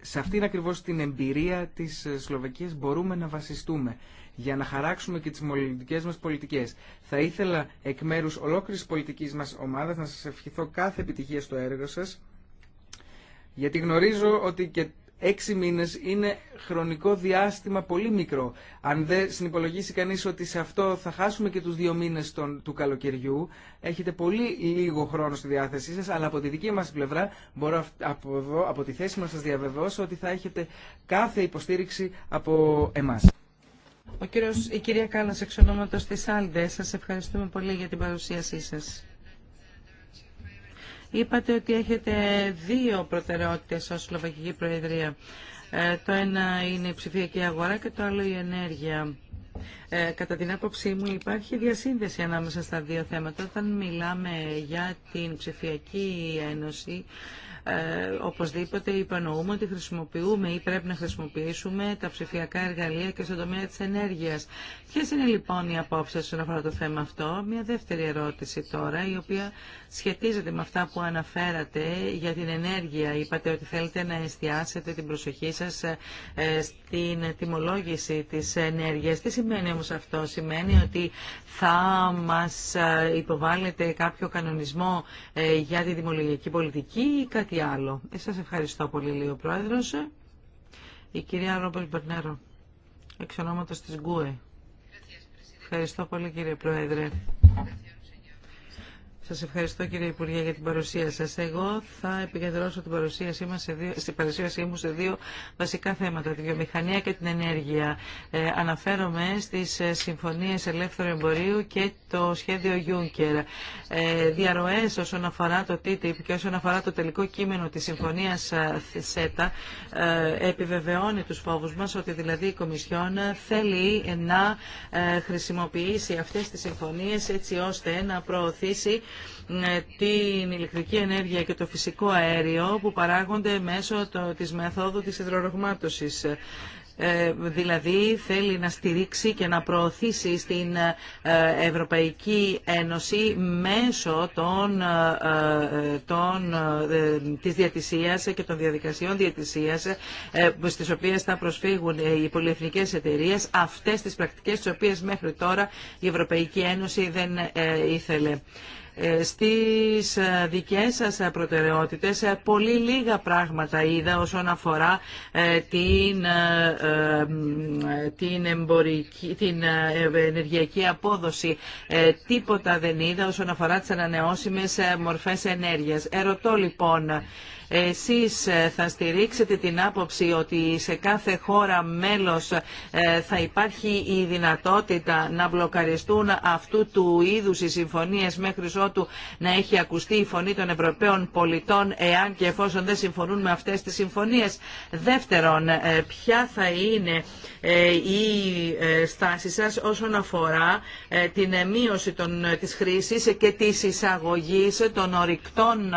σε αυτήν ακριβώς την εμπειρία της Σλοβακίας μπορούμε να βασιστούμε για να χαράξουμε και τι μολυντικέ μα πολιτικέ. Θα ήθελα εκ μέρους ολόκληρης πολιτική μα ομάδα να σα ευχηθώ κάθε επιτυχία στο έργο σα, γιατί γνωρίζω ότι και έξι μήνες είναι χρονικό διάστημα πολύ μικρό. Αν δεν συνυπολογίσει κανείς ότι σε αυτό θα χάσουμε και τους δύο μήνες του καλοκαιριού, έχετε πολύ λίγο χρόνο στη διάθεσή σας, αλλά από τη δική μας πλευρά μπορώ από, από τη θέση μας σας διαβεβαιώσω ότι θα έχετε κάθε υποστήριξη από εμάς η κυρία Κάλλας, εξ ονόματος της Άλντε, σας ευχαριστούμε πολύ για την παρουσίασή σας. Είπατε ότι έχετε δύο προτεραιότητες ως Σλοβακική Προεδρία. Ε, το ένα είναι η ψηφιακή αγορά και το άλλο η ενέργεια. Ε, κατά την άποψή μου υπάρχει διασύνδεση ανάμεσα στα δύο θέματα. Όταν μιλάμε για την ψηφιακή ένωση, ε, οπωσδήποτε υπονοούμε ότι χρησιμοποιούμε ή πρέπει να χρησιμοποιήσουμε τα ψηφιακά εργαλεία και στον τομέα της ενέργειας. Ποιες είναι λοιπόν οι απόψεις όσον αφορά το θέμα αυτό. Μια δεύτερη ερώτηση τώρα, η οποία σχετίζεται με αυτά που αναφέρατε για την ενέργεια. Είπατε ότι θέλετε να εστιάσετε την προσοχή σας ε, ε, στην τιμολόγηση της ενέργειας. Τι σημαίνει όμως αυτό. Σημαίνει ότι θα μας υποβάλλετε κάποιο κανονισμό για τη δημολογική πολιτική ή κάτι άλλο. Ε, ευχαριστώ πολύ, λέει ο Πρόεδρος. Η κυρία Ρόμπελ Μπερνέρο, εξ ονόματος της ΓΚΟΕ. Ευχαριστώ πολύ, κύριε Πρόεδρε. Σας ευχαριστώ κύριε Υπουργέ για την παρουσία σας. Εγώ θα επικεντρώσω την παρουσίασή μας σε δύο, στην παρουσίασή μου σε δύο βασικά θέματα, τη βιομηχανία και την ενέργεια. Ε, αναφέρομαι στις ε, συμφωνίες ελεύθερου εμπορίου και το σχέδιο Juncker. Ε, διαρροές όσον αφορά το TTIP και όσον αφορά το τελικό κείμενο της συμφωνίας ε, ΣΕΤΑ ε, επιβεβαιώνει τους φόβους μας ότι δηλαδή η Κομισιόν θέλει να ε, χρησιμοποιήσει αυτές τις συμφωνίες έτσι ώστε να προωθήσει ε, την ηλεκτρική ενέργεια και το φυσικό αέριο που παράγονται μέσω της μεθόδου της υδρορογμάτωσης. Ε, δηλαδή θέλει να στηρίξει και να προωθήσει στην ε, Ευρωπαϊκή Ένωση μέσω των, των, της διατησίας και των διαδικασιών διατησίας στις οποίες θα προσφύγουν οι πολυεθνικές εταιρείες αυτές τις πρακτικές τις οποίες μέχρι τώρα η Ευρωπαϊκή Ένωση δεν ήθελε. Ε, στις ε, δικές σας ε, προτεραιότητες πολύ λίγα πράγματα είδα όσον αφορά την, την, εμπορική, την ενεργειακή απόδοση. Τίποτα δεν είδα όσον αφορά τις ανανεώσιμες μορφές ενέργειας. Ερωτώ λοιπόν εσείς ε, θα στηρίξετε την άποψη ότι σε κάθε χώρα μέλος ε, θα υπάρχει η δυνατότητα να μπλοκαριστούν αυτού του είδους οι συμφωνίες μέχρι ότου να έχει ακουστεί η φωνή των Ευρωπαίων πολιτών εάν και εφόσον δεν συμφωνούν με αυτές τις συμφωνίες. Δεύτερον, ε, ποια θα είναι η στάση σας όσον αφορά την μείωση των, της χρήσης και της εισαγωγής των ορυκτών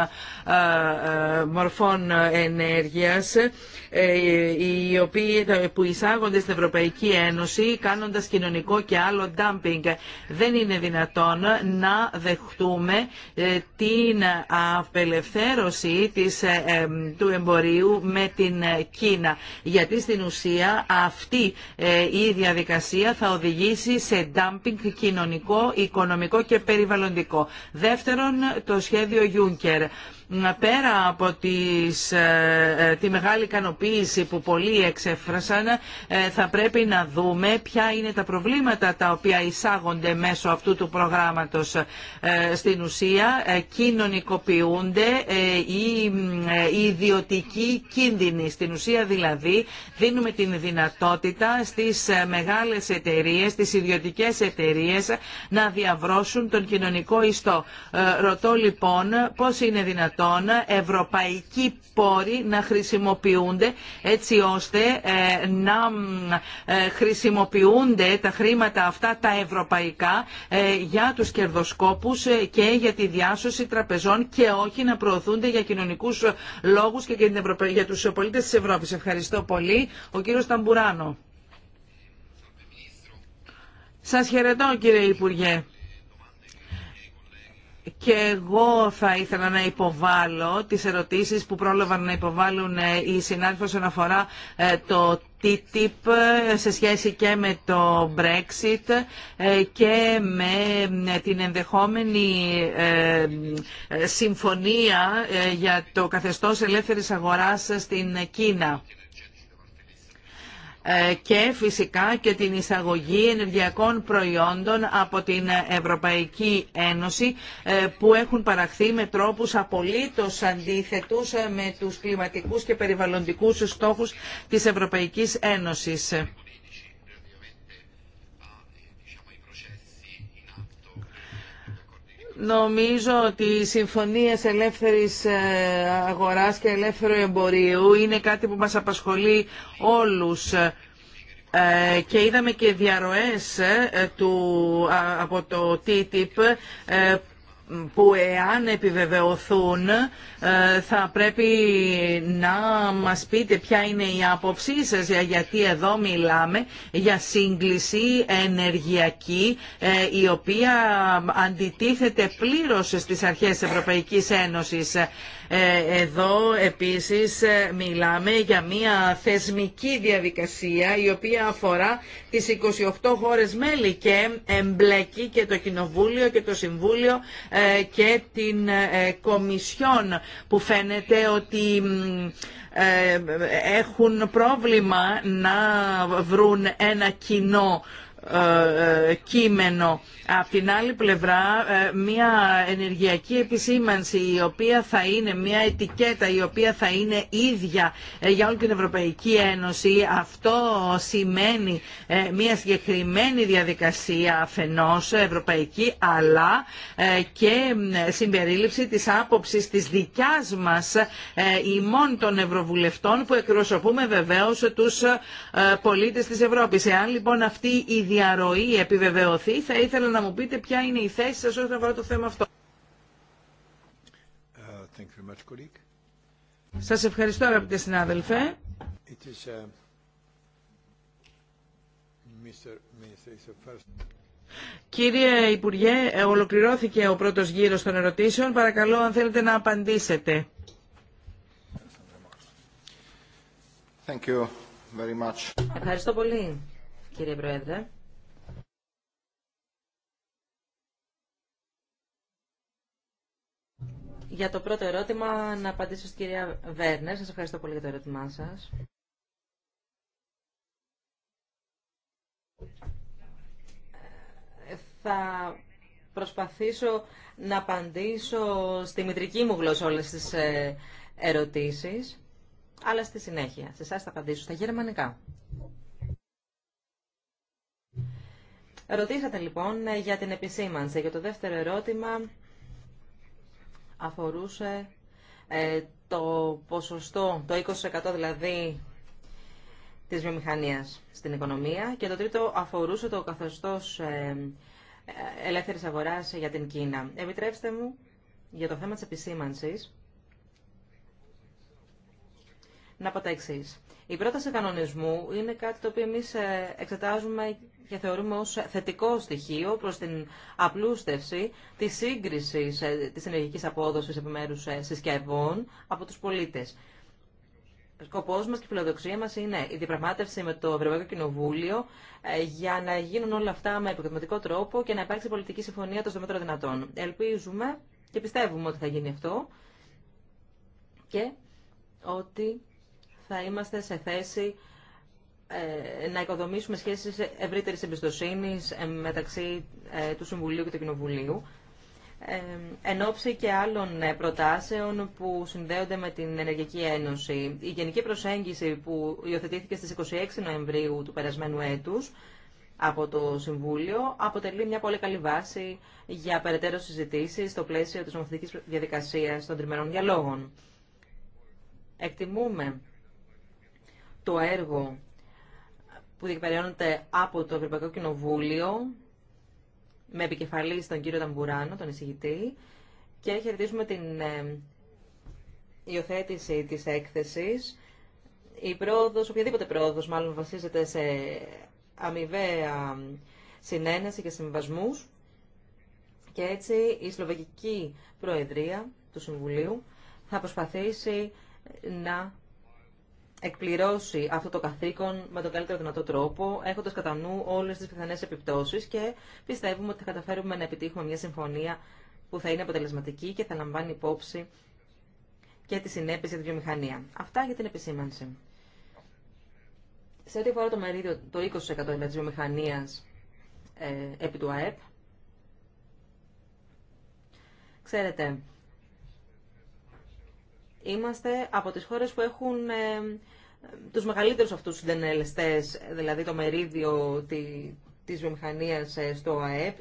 μορφών ενέργειας ε, οι οποίοι, που εισάγονται στην Ευρωπαϊκή Ένωση κάνοντας κοινωνικό και άλλο dumping. Δεν είναι δυνατόν να δεχτούμε ε, την απελευθέρωση της, ε, του εμπορίου με την Κίνα. Γιατί στην ουσία αυτή η διαδικασία θα οδηγήσει σε ντάμπινγκ κοινωνικό, οικονομικό και περιβαλλοντικό. Δεύτερον, το σχέδιο Juncker πέρα από τις, ε, ε, τη μεγάλη ικανοποίηση που πολλοί εξέφρασαν ε, θα πρέπει να δούμε ποια είναι τα προβλήματα τα οποία εισάγονται μέσω αυτού του προγράμματος στην ουσία κοινωνικοποιούνται οι ιδιωτικοί κίνδυνοι στην ουσία δηλαδή δίνουμε την δυνατότητα στις μεγάλες εταιρείες, στις ιδιωτικές εταιρείες να διαβρώσουν τον κοινωνικό ιστό. Ρωτώ λοιπόν πώς είναι δυνατότητα δυνατόν ευρωπαϊκοί πόροι να χρησιμοποιούνται έτσι ώστε ε, να ε, χρησιμοποιούνται τα χρήματα αυτά τα ευρωπαϊκά ε, για τους κερδοσκόπους και για τη διάσωση τραπεζών και όχι να προωθούνται για κοινωνικούς λόγους και για, την Ευρωπα... για τους πολίτες της Ευρώπης. Ευχαριστώ πολύ. Ο κύριος Ταμπουράνο. Σας χαιρετώ κύριε Υπουργέ. Και εγώ θα ήθελα να υποβάλω τις ερωτήσεις που πρόλαβαν να υποβάλουν ε, οι συνάδελφοι όσον αφορά ε, το TTIP ε, σε σχέση και με το Brexit και με την ενδεχόμενη συμφωνία για το καθεστώς ελεύθερης αγοράς στην Κίνα. Ε, και φυσικά και την εισαγωγή ενεργειακών προϊόντων από την Ευρωπαϊκή Ένωση ε, που έχουν παραχθεί με τρόπους απολύτως αντίθετους ε, με τους κλιματικούς και περιβαλλοντικούς στόχους της Ευρωπαϊκής Ένωσης. Νομίζω ότι οι συμφωνίες ελεύθερης ε, αγοράς και ελεύθερου εμπορίου είναι κάτι που μας απασχολεί όλους ε, και είδαμε και διαρροές ε, του, από το TTIP που εάν επιβεβαιωθούν ε, θα πρέπει να μας πείτε ποια είναι η άποψή σας ε, γιατί εδώ μιλάμε για σύγκληση ενεργειακή ε, η οποία αντιτίθεται πλήρως στις αρχές Ευρωπαϊκής Ένωσης ε, εδώ επίσης ε, μιλάμε για μια θεσμική διαδικασία η οποία αφορά τις 28 χώρες μέλη και εμπλέκει και το Κοινοβούλιο και το Συμβούλιο ε, και την Κομισιόν που φαίνεται ότι έχουν πρόβλημα να βρουν ένα κοινό ε, ε, κείμενο. Απ' την άλλη πλευρά ε, μια ενεργειακή επισήμανση η οποία θα είναι μια ετικέτα η οποία θα είναι ίδια για όλη την Ευρωπαϊκή Ένωση αυτό σημαίνει μια συγκεκριμένη διαδικασία αφενός ευρωπαϊκή αλλά και συμπερίληψη της άποψης της δικιάς μας ημών των Ευρωβουλευτών που εκπροσωπούμε βεβαίως τους πολίτες της Ευρώπης. Εάν λοιπόν αυτή η διαρροή επιβεβαιωθεί. Θα ήθελα να μου πείτε ποια είναι η θέση σας όσον αφορά το θέμα αυτό. Uh, Σας ευχαριστώ αγαπητέ συνάδελφε. is, uh, Κύριε Υπουργέ, ολοκληρώθηκε ο πρώτος γύρος των ερωτήσεων. Παρακαλώ αν θέλετε να απαντήσετε. Thank you very much. Ευχαριστώ πολύ, κύριε Πρόεδρε. Για το πρώτο ερώτημα, να απαντήσω στην κυρία Βέρνερ. Σας ευχαριστώ πολύ για το ερώτημά σας. Ε, θα προσπαθήσω να απαντήσω στη μητρική μου γλώσσα όλες τις ε, ερωτήσεις, αλλά στη συνέχεια. Σε εσάς θα απαντήσω στα γερμανικά. Ρωτήσατε λοιπόν ε, για την επισήμανση. Για το δεύτερο ερώτημα, αφορούσε ε, το ποσοστό, το 20% δηλαδή της βιομηχανίας στην οικονομία και το τρίτο αφορούσε το καθεστώς ε, ε, ελεύθερης αγοράς για την Κίνα. Επιτρέψτε μου για το θέμα της επισήμανσης να πω τα εξής. Η πρόταση κανονισμού είναι κάτι το οποίο εμείς εξετάζουμε και θεωρούμε ως θετικό στοιχείο προς την απλούστευση της σύγκρισης ε, της ενεργικής απόδοσης επιμέρους ε, συσκευών από τους πολίτες. Ο σκοπός μας και η φιλοδοξία μας είναι η διαπραγμάτευση με το Ευρωπαϊκό Κοινοβούλιο ε, για να γίνουν όλα αυτά με επικοδηματικό τρόπο και να υπάρξει πολιτική συμφωνία το μέτρο δυνατόν. Ελπίζουμε και πιστεύουμε ότι θα γίνει αυτό και ότι θα είμαστε σε θέση ε, να οικοδομήσουμε σχέσεις ευρύτερης εμπιστοσύνης ε, μεταξύ ε, του Συμβουλίου και του Κοινοβουλίου εν ώψη και άλλων προτάσεων που συνδέονται με την Ενεργειακή Ένωση. Η γενική προσέγγιση που υιοθετήθηκε στις 26 Νοεμβρίου του περασμένου έτους από το Συμβούλιο αποτελεί μια πολύ καλή βάση για περαιτέρω συζητήσει στο πλαίσιο της νομοθετικής διαδικασίας των τριμερών διαλόγων. Εκτιμούμε το έργο που διεκπεραιώνεται από το Ευρωπαϊκό Κοινοβούλιο με επικεφαλή τον κύριο Ταμπουράνο, τον εισηγητή, και χαιρετίζουμε την ε, υιοθέτηση της έκθεσης. Η πρόοδος, οποιαδήποτε πρόοδος μάλλον βασίζεται σε αμοιβαία συνένεση και συμβασμούς και έτσι η Σλοβακική Προεδρία του Συμβουλίου θα προσπαθήσει να εκπληρώσει αυτό το καθήκον με τον καλύτερο δυνατό τρόπο, έχοντας κατά νου όλες τις πιθανές επιπτώσεις και πιστεύουμε ότι θα καταφέρουμε να επιτύχουμε μια συμφωνία που θα είναι αποτελεσματική και θα λαμβάνει υπόψη και τη συνέπειση για τη βιομηχανία. Αυτά για την επισήμανση. Σε ό,τι αφορά το μερίδιο, το 20% τη βιομηχανία ε, επί του ΑΕΠ, ξέρετε, Είμαστε από τις χώρες που έχουν ε, τους μεγαλύτερους αυτούς συντενελεστές, δηλαδή το μερίδιο της βιομηχανίας ε, στο ΑΕΠ,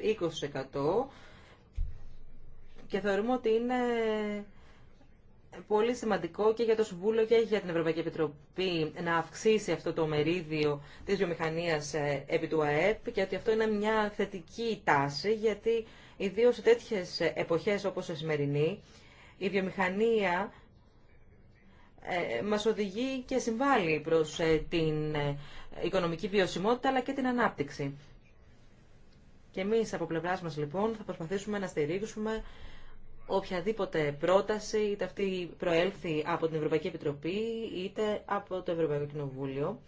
20%. Και θεωρούμε ότι είναι πολύ σημαντικό και για το Συμβούλιο και για την Ευρωπαϊκή Επιτροπή να αυξήσει αυτό το μερίδιο της βιομηχανίας ε, επί του ΑΕΠ και ότι αυτό είναι μια θετική τάση γιατί ιδίως σε τέτοιες εποχές όπως η σημερινή η βιομηχανία ε, μας οδηγεί και συμβάλλει προς ε, την ε, οικονομική βιωσιμότητα αλλά και την ανάπτυξη. Και εμείς από πλευράς μας λοιπόν θα προσπαθήσουμε να στηρίξουμε οποιαδήποτε πρόταση, είτε αυτή προέλθει από την Ευρωπαϊκή Επιτροπή, είτε από το Ευρωπαϊκό Κοινοβούλιο.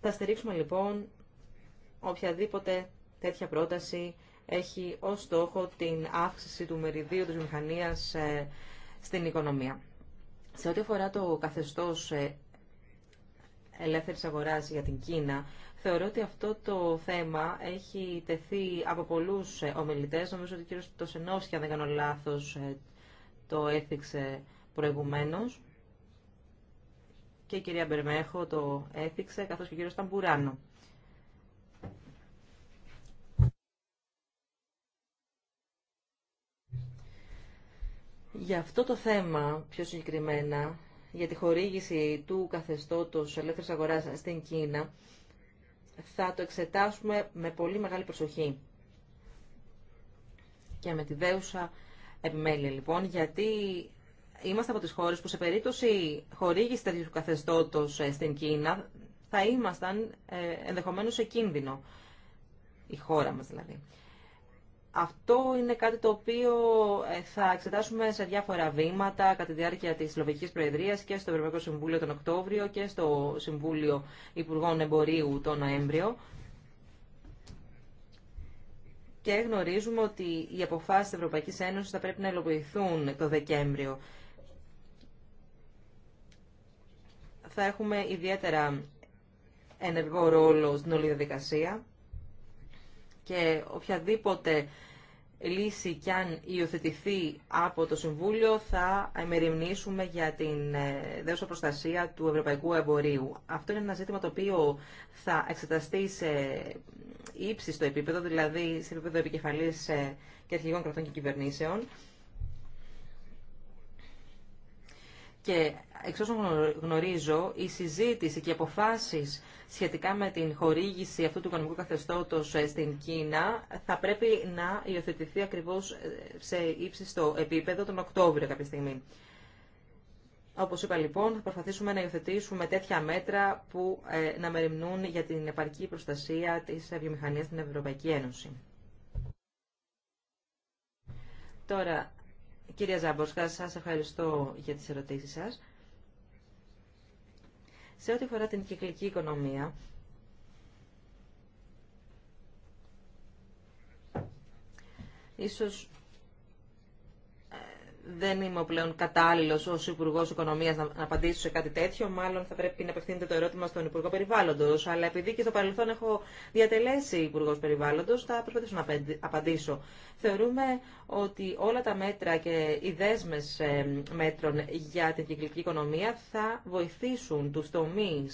Θα στηρίξουμε λοιπόν οποιαδήποτε τέτοια πρόταση έχει ως στόχο την αύξηση του μεριδίου της μηχανίας στην οικονομία. Σε ό,τι αφορά το καθεστώς ε, ελεύθερης αγοράς για την Κίνα, θεωρώ ότι αυτό το θέμα έχει τεθεί από πολλούς ε, ομιλητές. Νομίζω ότι ο κύριος Τωσενόφσκι, αν δεν κάνω λάθος, ε, το έθιξε προηγουμένως. Και η κυρία Μπερμέχο το έθιξε, καθώς και ο κύριος Ταμπουράνο. Για αυτό το θέμα, πιο συγκεκριμένα, για τη χορήγηση του καθεστώτος ελεύθερης αγοράς στην Κίνα, θα το εξετάσουμε με πολύ μεγάλη προσοχή. Και με τη δέουσα επιμέλεια, λοιπόν, γιατί είμαστε από τις χώρες που σε περίπτωση χορήγηση τέτοιου καθεστώτος ε, στην Κίνα θα ήμασταν ε, ενδεχομένως σε κίνδυνο. Η χώρα μας δηλαδή. Αυτό είναι κάτι το οποίο ε, θα εξετάσουμε σε διάφορα βήματα κατά τη διάρκεια της Λοβική Προεδρίας και στο Ευρωπαϊκό Συμβούλιο τον Οκτώβριο και στο Συμβούλιο Υπουργών Εμπορίου τον Νοέμβριο. Και γνωρίζουμε ότι οι αποφάσεις της Ευρωπαϊκής Ένωσης θα πρέπει να υλοποιηθούν το Δεκέμβριο. Θα έχουμε ιδιαίτερα ενεργό ρόλο στην όλη διαδικασία και οποιαδήποτε λύση κι αν υιοθετηθεί από το Συμβούλιο θα εμεριμνήσουμε για την ε, δέουσα προστασία του ευρωπαϊκού εμπορίου. Αυτό είναι ένα ζήτημα το οποίο θα εξεταστεί σε ύψιστο επίπεδο, δηλαδή σε επίπεδο επικεφαλής ε, και αρχηγών κρατών και κυβερνήσεων. Και εξ όσων γνωρίζω, η συζήτηση και οι αποφάσεις σχετικά με την χορήγηση αυτού του οικονομικού καθεστώτος ε, στην Κίνα θα πρέπει να υιοθετηθεί ακριβώς ε, σε ύψιστο επίπεδο τον Οκτώβριο κάποια στιγμή. Όπως είπα λοιπόν, θα προσπαθήσουμε να υιοθετήσουμε τέτοια μέτρα που ε, να μεριμνούν για την επαρκή προστασία της βιομηχανία στην Ευρωπαϊκή Ένωση. Τώρα, κυρία Ζαμπορσκά, σα ευχαριστώ για τι ερωτήσει σα. Σε ό,τι αφορά την κυκλική οικονομία, ίσως δεν είμαι πλέον κατάλληλο ω Υπουργό Οικονομία να απαντήσω σε κάτι τέτοιο. Μάλλον θα πρέπει να απευθύνεται το ερώτημα στον Υπουργό Περιβάλλοντο. Αλλά επειδή και στο παρελθόν έχω διατελέσει Υπουργό Περιβάλλοντο, θα προσπαθήσω να απαντήσω. Θεωρούμε ότι όλα τα μέτρα και οι δέσμε ε, μέτρων για την κυκλική οικονομία θα βοηθήσουν του τομεί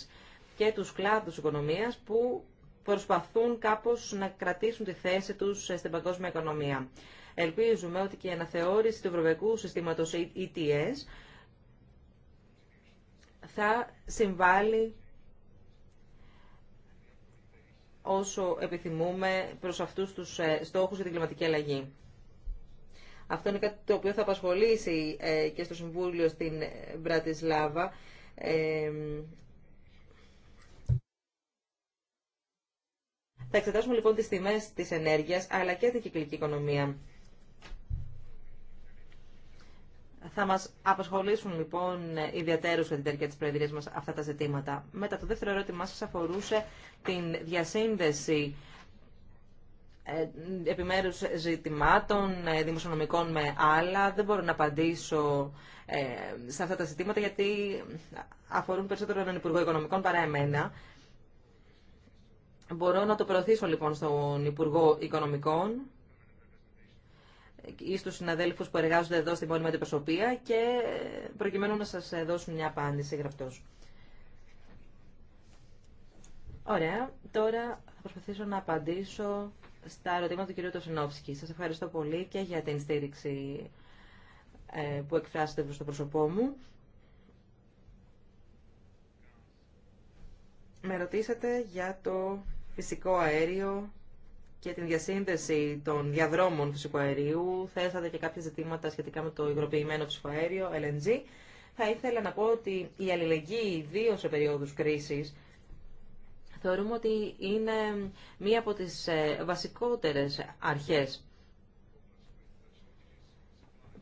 και του κλάδου οικονομία που προσπαθούν κάπως να κρατήσουν τη θέση τους στην παγκόσμια οικονομία. Ελπίζουμε ότι και η αναθεώρηση του Ευρωπαϊκού Συστήματος ETS ε θα συμβάλλει όσο επιθυμούμε προς αυτούς τους ε, στόχους για την κλιματική αλλαγή. Αυτό είναι κάτι το οποίο θα απασχολήσει ε, και στο Συμβούλιο στην Μπρατισλάβα Θα εξετάσουμε λοιπόν τις τιμές της ενέργειας αλλά και την κυκλική οικονομία. Θα μας απασχολήσουν λοιπόν οι κατά την διάρκεια της Προεδρίας μας αυτά τα ζητήματα. Μετά το δεύτερο ερώτημά σας αφορούσε την διασύνδεση ε, επιμέρους ζητημάτων ε, δημοσιονομικών με άλλα. Δεν μπορώ να απαντήσω ε, σε αυτά τα ζητήματα γιατί αφορούν περισσότερο τον Υπουργό Οικονομικών παρά εμένα. Μπορώ να το προωθήσω λοιπόν στον Υπουργό Οικονομικών ή στους συναδέλφους που εργάζονται εδώ στην μόνιμη αντιπροσωπεία και προκειμένου να σας δώσουν μια απάντηση γραπτός. Ωραία. Τώρα θα προσπαθήσω να απαντήσω στα ερωτήματα του κ. Τωσινόφσκη. Σας ευχαριστώ πολύ και για την στήριξη ε, που εκφράσετε προς το πρόσωπό μου. Με ρωτήσατε για το φυσικό αέριο και την διασύνδεση των διαδρόμων φυσικού αερίου. Θέσατε και κάποια ζητήματα σχετικά με το υγροποιημένο φυσικό αέριο, LNG. Θα ήθελα να πω ότι η αλληλεγγύη, ιδίω σε περίοδους κρίσης, θεωρούμε ότι είναι μία από τις ε, βασικότερες αρχές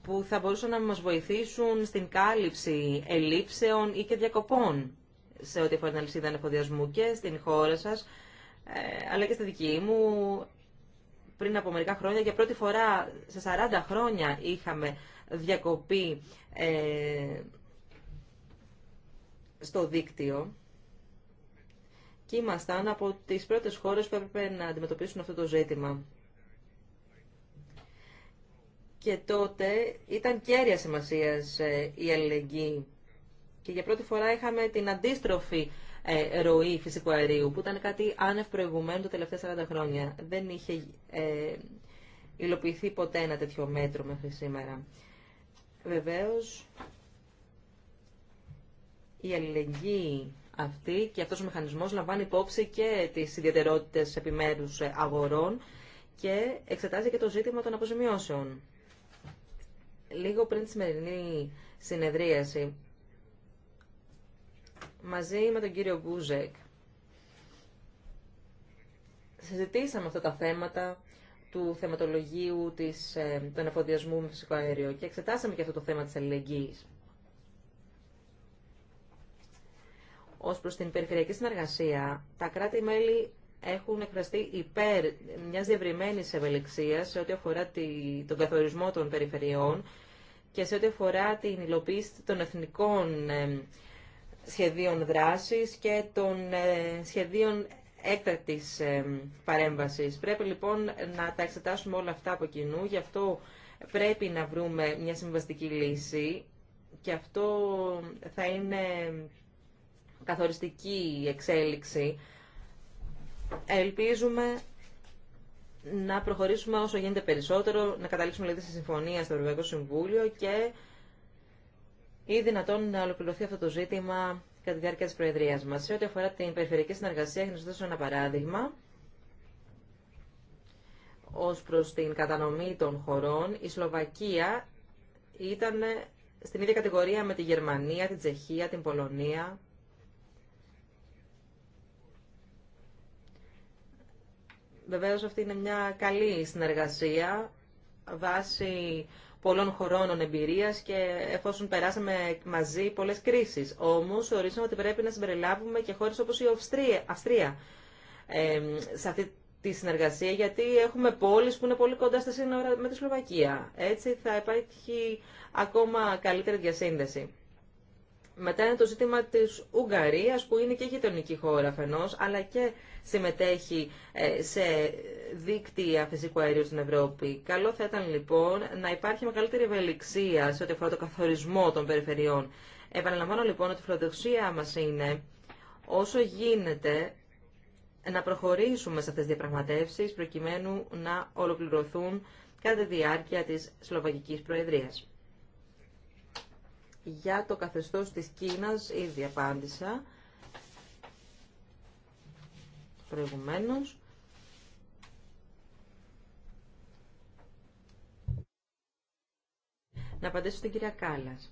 που θα μπορούσαν να μας βοηθήσουν στην κάλυψη ελλείψεων ή και διακοπών σε ό,τι αφορά την αλυσίδα και στην χώρα σας ε, αλλά και στη δική μου, πριν από μερικά χρόνια, για πρώτη φορά σε 40 χρόνια είχαμε διακοπή ε, στο δίκτυο και ήμασταν από τις πρώτες χώρες που έπρεπε να αντιμετωπίσουν αυτό το ζήτημα. Και τότε ήταν κέρια σημασία ε, η αλληλεγγύη. Και για πρώτη φορά είχαμε την αντίστροφη ε, ροή φυσικού αερίου, που ήταν κάτι άνευ προηγουμένου τα τελευταία 40 χρόνια. Δεν είχε ε, υλοποιηθεί ποτέ ένα τέτοιο μέτρο μέχρι σήμερα. Βεβαίως, η αλληλεγγύη αυτή και αυτός ο μηχανισμός λαμβάνει υπόψη και τις ιδιαιτερότητες επιμέρους αγορών και εξετάζει και το ζήτημα των αποζημιώσεων. Λίγο πριν τη σημερινή συνεδρίαση μαζί με τον κύριο Μπούζεκ. Συζητήσαμε αυτά τα θέματα του θεματολογίου της, ε, των εφοδιασμού με φυσικό αέριο και εξετάσαμε και αυτό το θέμα της αλληλεγγύης. Ως προς την περιφερειακή συνεργασία, τα κράτη-μέλη έχουν εκφραστεί υπέρ μιας διευρυμένης ευελιξίας σε ό,τι αφορά τη, τον καθορισμό των περιφερειών και σε ό,τι αφορά την υλοποίηση των εθνικών ε, σχεδίων δράσης και των ε, σχεδίων έκτακτης ε, παρέμβασης. Πρέπει λοιπόν να τα εξετάσουμε όλα αυτά από κοινού, γι' αυτό πρέπει να βρούμε μια συμβαστική λύση και αυτό θα είναι καθοριστική εξέλιξη. Ελπίζουμε να προχωρήσουμε όσο γίνεται περισσότερο, να καταλήξουμε δηλαδή σε συμφωνία στο Ευρωπαϊκό Συμβούλιο και ή δυνατόν να ολοκληρωθεί αυτό το ζήτημα κατά τη διάρκεια τη Προεδρία μα. Σε ό,τι αφορά την περιφερειακή συνεργασία, να σα δώσω ένα παράδειγμα ω προ την κατανομή των χωρών. Η Σλοβακία ήταν στην ίδια κατηγορία με τη Γερμανία, την Τσεχία, την Πολωνία. Βεβαίως αυτή είναι μια καλή συνεργασία βάσει πολλών χρόνων εμπειρία και εφόσον περάσαμε μαζί πολλέ κρίσει. Όμω ορίσαμε ότι πρέπει να συμπεριλάβουμε και χώρε όπω η Αυστρία, Αυστρία ε, σε αυτή τη συνεργασία, γιατί έχουμε πόλει που είναι πολύ κοντά στα σύνορα με τη Σλοβακία. Έτσι θα υπάρχει ακόμα καλύτερη διασύνδεση. Μετά είναι το ζήτημα τη Ουγγαρία, που είναι και γειτονική χώρα αφενό, αλλά και συμμετέχει ε, σε δίκτυα φυσικού αερίου στην Ευρώπη. Καλό θα ήταν λοιπόν να υπάρχει μεγαλύτερη ευελιξία σε ό,τι αφορά το καθορισμό των περιφερειών. Επαναλαμβάνω λοιπόν ότι η φιλοδοξία μας είναι όσο γίνεται να προχωρήσουμε σε αυτές τις διαπραγματεύσεις προκειμένου να ολοκληρωθούν κατά τη διάρκεια της Σλοβακικής Προεδρίας. Για το καθεστώς της Κίνας ήδη απάντησα προηγουμένως. Να απαντήσω στην κυρία Κάλλας.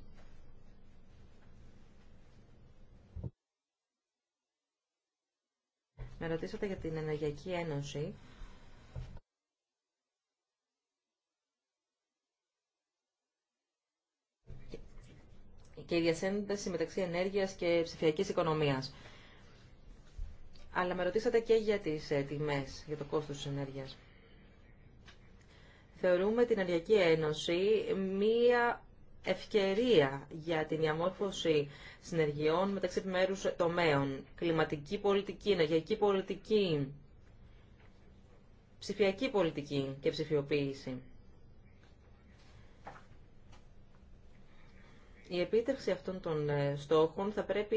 Με ρωτήσατε για την Ενεργειακή Ένωση. και η διασύνδεση μεταξύ ενέργειας και ψηφιακής οικονομίας. Αλλά με ρωτήσατε και για τις ε, τιμές, για το κόστος της ενέργειας θεωρούμε την Ενεργειακή Ένωση μία ευκαιρία για την διαμόρφωση συνεργειών μεταξύ επιμέρου τομέων. Κλιματική πολιτική, ενεργειακή πολιτική, ψηφιακή πολιτική και ψηφιοποίηση. Η επίτευξη αυτών των ε, στόχων θα πρέπει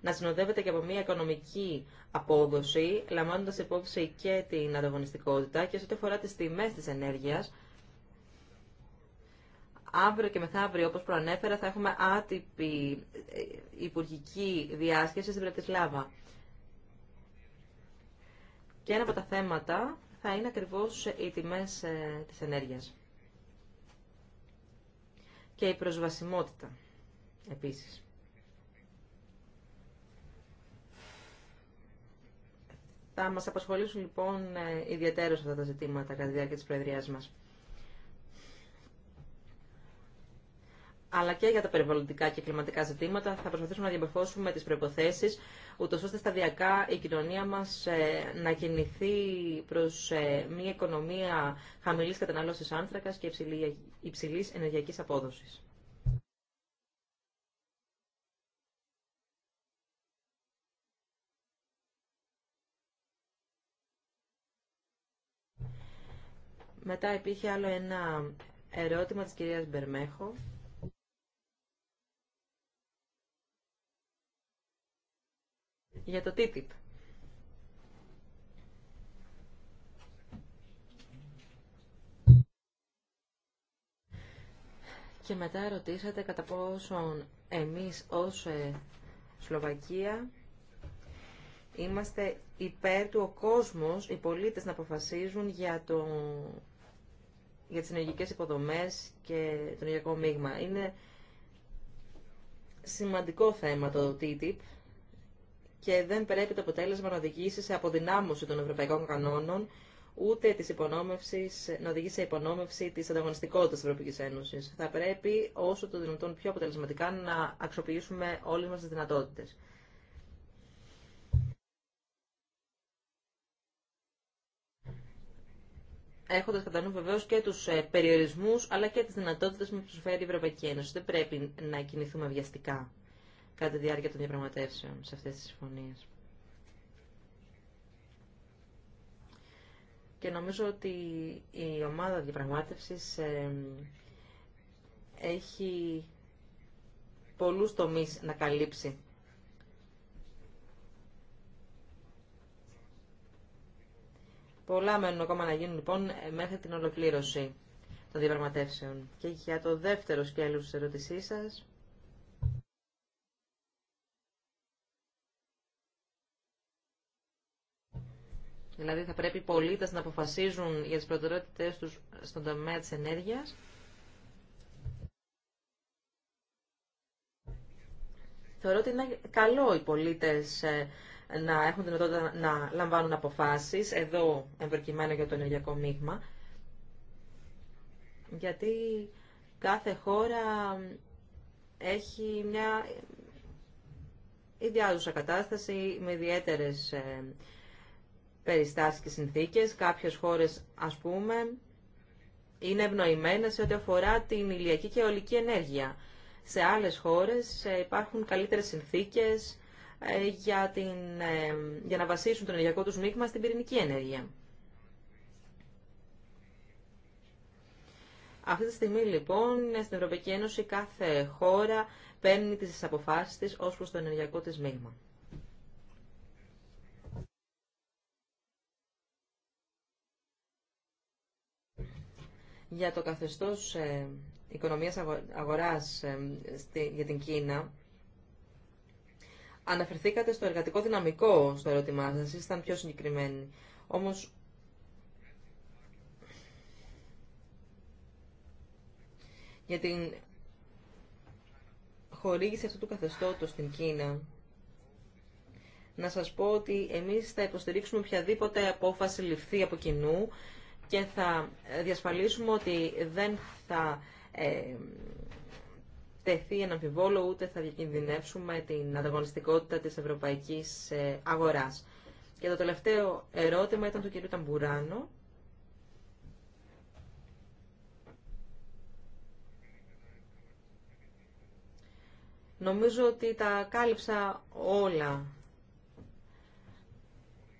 να συνοδεύεται και από μια οικονομική απόδοση, λαμβάνοντας υπόψη και την ανταγωνιστικότητα και σε ό,τι αφορά τις τιμές της ενέργειας. Αύριο και μεθαύριο, όπως προανέφερα, θα έχουμε άτυπη ε, υπουργική διάσκεψη στην Πρατισλάβα. Και ένα από τα θέματα θα είναι ακριβώς οι τιμές ε, της ενέργειας και η προσβασιμότητα επίσης. Θα μας απασχολήσουν λοιπόν ε, ιδιαίτερως αυτά τα ζητήματα κατά τη διάρκεια της Προεδρίας μας. αλλά και για τα περιβαλλοντικά και κλιματικά ζητήματα. Θα προσπαθήσουμε να διαμορφώσουμε τις προϋποθέσεις, ούτω ώστε σταδιακά η κοινωνία μας ε, να κινηθεί προς ε, μια οικονομία χαμηλής κατανάλωσης άνθρακα και υψηλή ενεργειακής απόδοσης. Μετά υπήρχε άλλο ένα ερώτημα της κυρίας Μπερμέχο. για το TTIP. Και μετά ρωτήσατε κατά πόσον εμείς ως ε, Σλοβακία είμαστε υπέρ του ο κόσμος, οι πολίτες να αποφασίζουν για, το, για τις ενεργικές υποδομές και το ενεργειακό μείγμα. Είναι σημαντικό θέμα το TTIP και δεν πρέπει το αποτέλεσμα να οδηγήσει σε αποδυνάμωση των ευρωπαϊκών κανόνων, ούτε της υπονόμευσης, να οδηγήσει σε υπονόμευση τη ανταγωνιστικότητας τη Ευρωπαϊκή Ένωση. Θα πρέπει όσο το δυνατόν πιο αποτελεσματικά να αξιοποιήσουμε όλε μα τι δυνατότητε. έχοντα κατά νου βεβαίω και του ε, περιορισμού αλλά και τι δυνατότητε που προσφέρει η Ευρωπαϊκή Ένωση. Δεν πρέπει να κινηθούμε βιαστικά κατά τη διάρκεια των διαπραγματεύσεων σε αυτές τις συμφωνίες. Και νομίζω ότι η ομάδα διαπραγμάτευσης έχει πολλούς τομείς να καλύψει. Πολλά μένουν ακόμα να γίνουν λοιπόν μέχρι την ολοκλήρωση των διαπραγματεύσεων. Και για το δεύτερο σκέλος της ερώτησής σας, Δηλαδή θα πρέπει οι πολίτες να αποφασίζουν για τις προτεραιότητες τους στον τομέα της ενέργειας. Θεωρώ ότι είναι καλό οι πολίτες ε, να έχουν την δυνατότητα να λαμβάνουν αποφάσεις, εδώ εμπροκειμένου για το ενεργειακό μείγμα, γιατί κάθε χώρα έχει μια ιδιάζουσα κατάσταση με ιδιαίτερες ε, περιστάσεις και συνθήκες. Κάποιες χώρες, ας πούμε, είναι ευνοημένες σε ό,τι αφορά την ηλιακή και ολική ενέργεια. Σε άλλες χώρες ε, υπάρχουν καλύτερες συνθήκες ε, για, την, ε, για να βασίσουν τον ενεργειακό τους μείγμα στην πυρηνική ενέργεια. Αυτή τη στιγμή λοιπόν στην Ευρωπαϊκή Ένωση κάθε χώρα παίρνει τις αποφάσεις της ως προς το ενεργειακό της μείγμα. για το καθεστώς ε, οικονομίας αγοράς ε, για την Κίνα. Αναφερθήκατε στο εργατικό δυναμικό στο ερώτημά σας, ήταν πιο συγκεκριμένοι. Όμως, για την χορήγηση αυτού του καθεστώτος στην Κίνα, να σας πω ότι εμείς θα υποστηρίξουμε οποιαδήποτε απόφαση ληφθεί από κοινού και θα διασφαλίσουμε ότι δεν θα ε, τεθεί ένα αμφιβόλο ούτε θα διακινδυνεύσουμε την ανταγωνιστικότητα της ευρωπαϊκής ε, αγοράς. Και το τελευταίο ερώτημα ήταν του κ. Ταμπουράνο. Νομίζω ότι τα κάλυψα όλα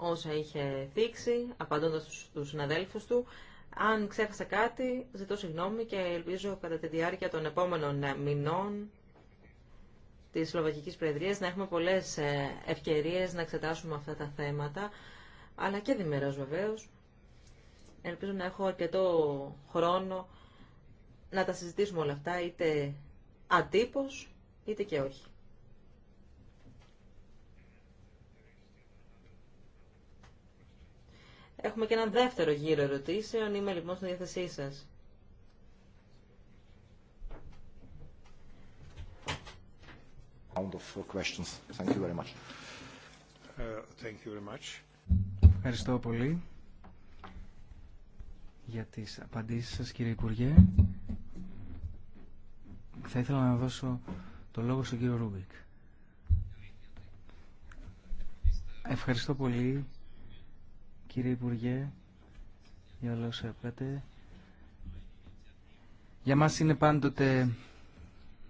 όσα είχε θίξει, απαντώντας στους συναδέλφους του. Αν ξέχασα κάτι, ζητώ συγγνώμη και ελπίζω κατά τη διάρκεια των επόμενων ε, μηνών της Σλοβακικής Προεδρίας να έχουμε πολλές ε, ευκαιρίες να εξετάσουμε αυτά τα θέματα, αλλά και διμερώς βεβαίως. Ελπίζω να έχω αρκετό χρόνο να τα συζητήσουμε όλα αυτά, είτε ατύπως, είτε και όχι. Έχουμε και ένα δεύτερο γύρο ερωτήσεων. Είμαι λοιπόν στη διάθεσή σας. Ευχαριστώ πολύ για τις απαντήσεις σας κύριε Υπουργέ. Θα ήθελα να δώσω το λόγο στον κύριο Ρούμπικ. Ευχαριστώ πολύ κύριε Υπουργέ, για όλα όσα είπατε. Για μας είναι πάντοτε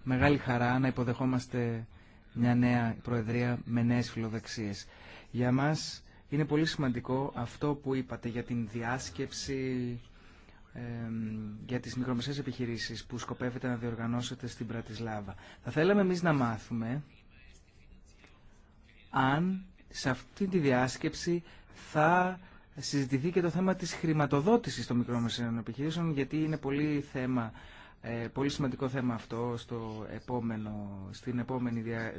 μεγάλη χαρά να υποδεχόμαστε μια νέα Προεδρία με νέες φιλοδεξίες. Για μας είναι πολύ σημαντικό αυτό που είπατε για την διάσκεψη για τις μικρομεσαίες επιχειρήσεις που σκοπεύετε να διοργανώσετε στην Πρατισλάβα. Θα θέλαμε εμείς να μάθουμε αν σε αυτή τη διάσκεψη θα συζητηθεί και το θέμα της χρηματοδότησης των μικρομεσαίων επιχειρήσεων γιατί είναι πολύ, θέμα, ε, πολύ σημαντικό θέμα αυτό στο επόμενο, στην επόμενη ε,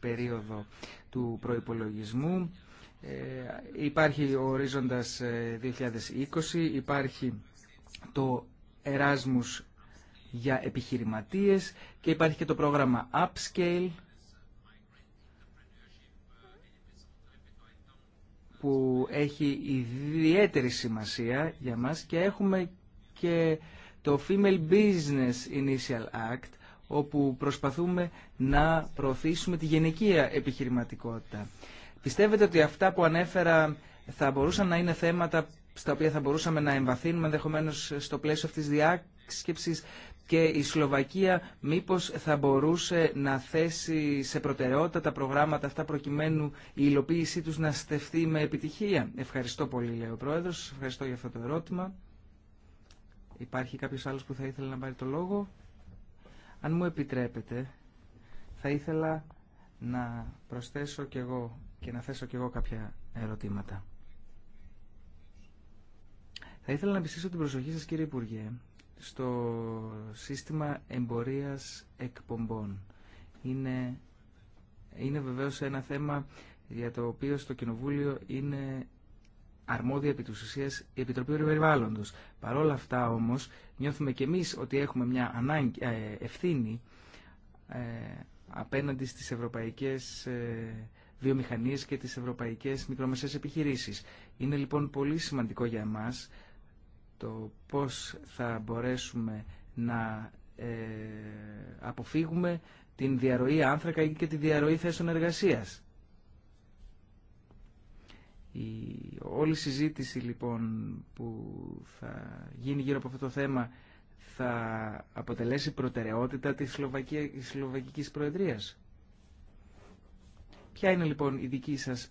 περίοδο του προϋπολογισμού. Ε, υπάρχει ο ορίζοντας 2020, ε, υπάρχει το Εράσμους για επιχειρηματίες και υπάρχει και το πρόγραμμα Upscale που έχει ιδιαίτερη σημασία για μας και έχουμε και το Female Business Initial Act όπου προσπαθούμε να προωθήσουμε τη γενική επιχειρηματικότητα. Πιστεύετε ότι αυτά που ανέφερα θα μπορούσαν να είναι θέματα στα οποία θα μπορούσαμε να εμβαθύνουμε ενδεχομένω στο πλαίσιο αυτής της διάσκεψης και η Σλοβακία μήπως θα μπορούσε να θέσει σε προτεραιότητα τα προγράμματα αυτά προκειμένου η υλοποίησή τους να στεφθεί με επιτυχία. Ευχαριστώ πολύ λέει ο Πρόεδρος, ευχαριστώ για αυτό το ερώτημα. Υπάρχει κάποιος άλλος που θα ήθελε να πάρει το λόγο. Αν μου επιτρέπετε θα ήθελα να προσθέσω και εγώ και να θέσω και εγώ κάποια ερωτήματα. Θα ήθελα να επιστήσω την προσοχή σας κύριε Υπουργέ στο σύστημα εμπορίας εκπομπών. Είναι, είναι βεβαίως ένα θέμα για το οποίο στο Κοινοβούλιο είναι αρμόδια επί της ουσίας η Επιτροπή Περιβάλλοντος. Παρ' όλα αυτά όμως νιώθουμε και εμείς ότι έχουμε μια ανάγκη, ε, ευθύνη ε, απέναντι στις ευρωπαϊκές ε, βιομηχανίες και τις ευρωπαϊκές μικρομεσαίες επιχειρήσεις. Είναι λοιπόν πολύ σημαντικό για εμάς το πώς θα μπορέσουμε να ε, αποφύγουμε την διαρροή άνθρακα και τη διαρροή θέσεων εργασίας. Η όλη η συζήτηση λοιπόν που θα γίνει γύρω από αυτό το θέμα θα αποτελέσει προτεραιότητα της, Σλοβακία, της Σλοβακικής Προεδρίας. Ποια είναι λοιπόν η δική σας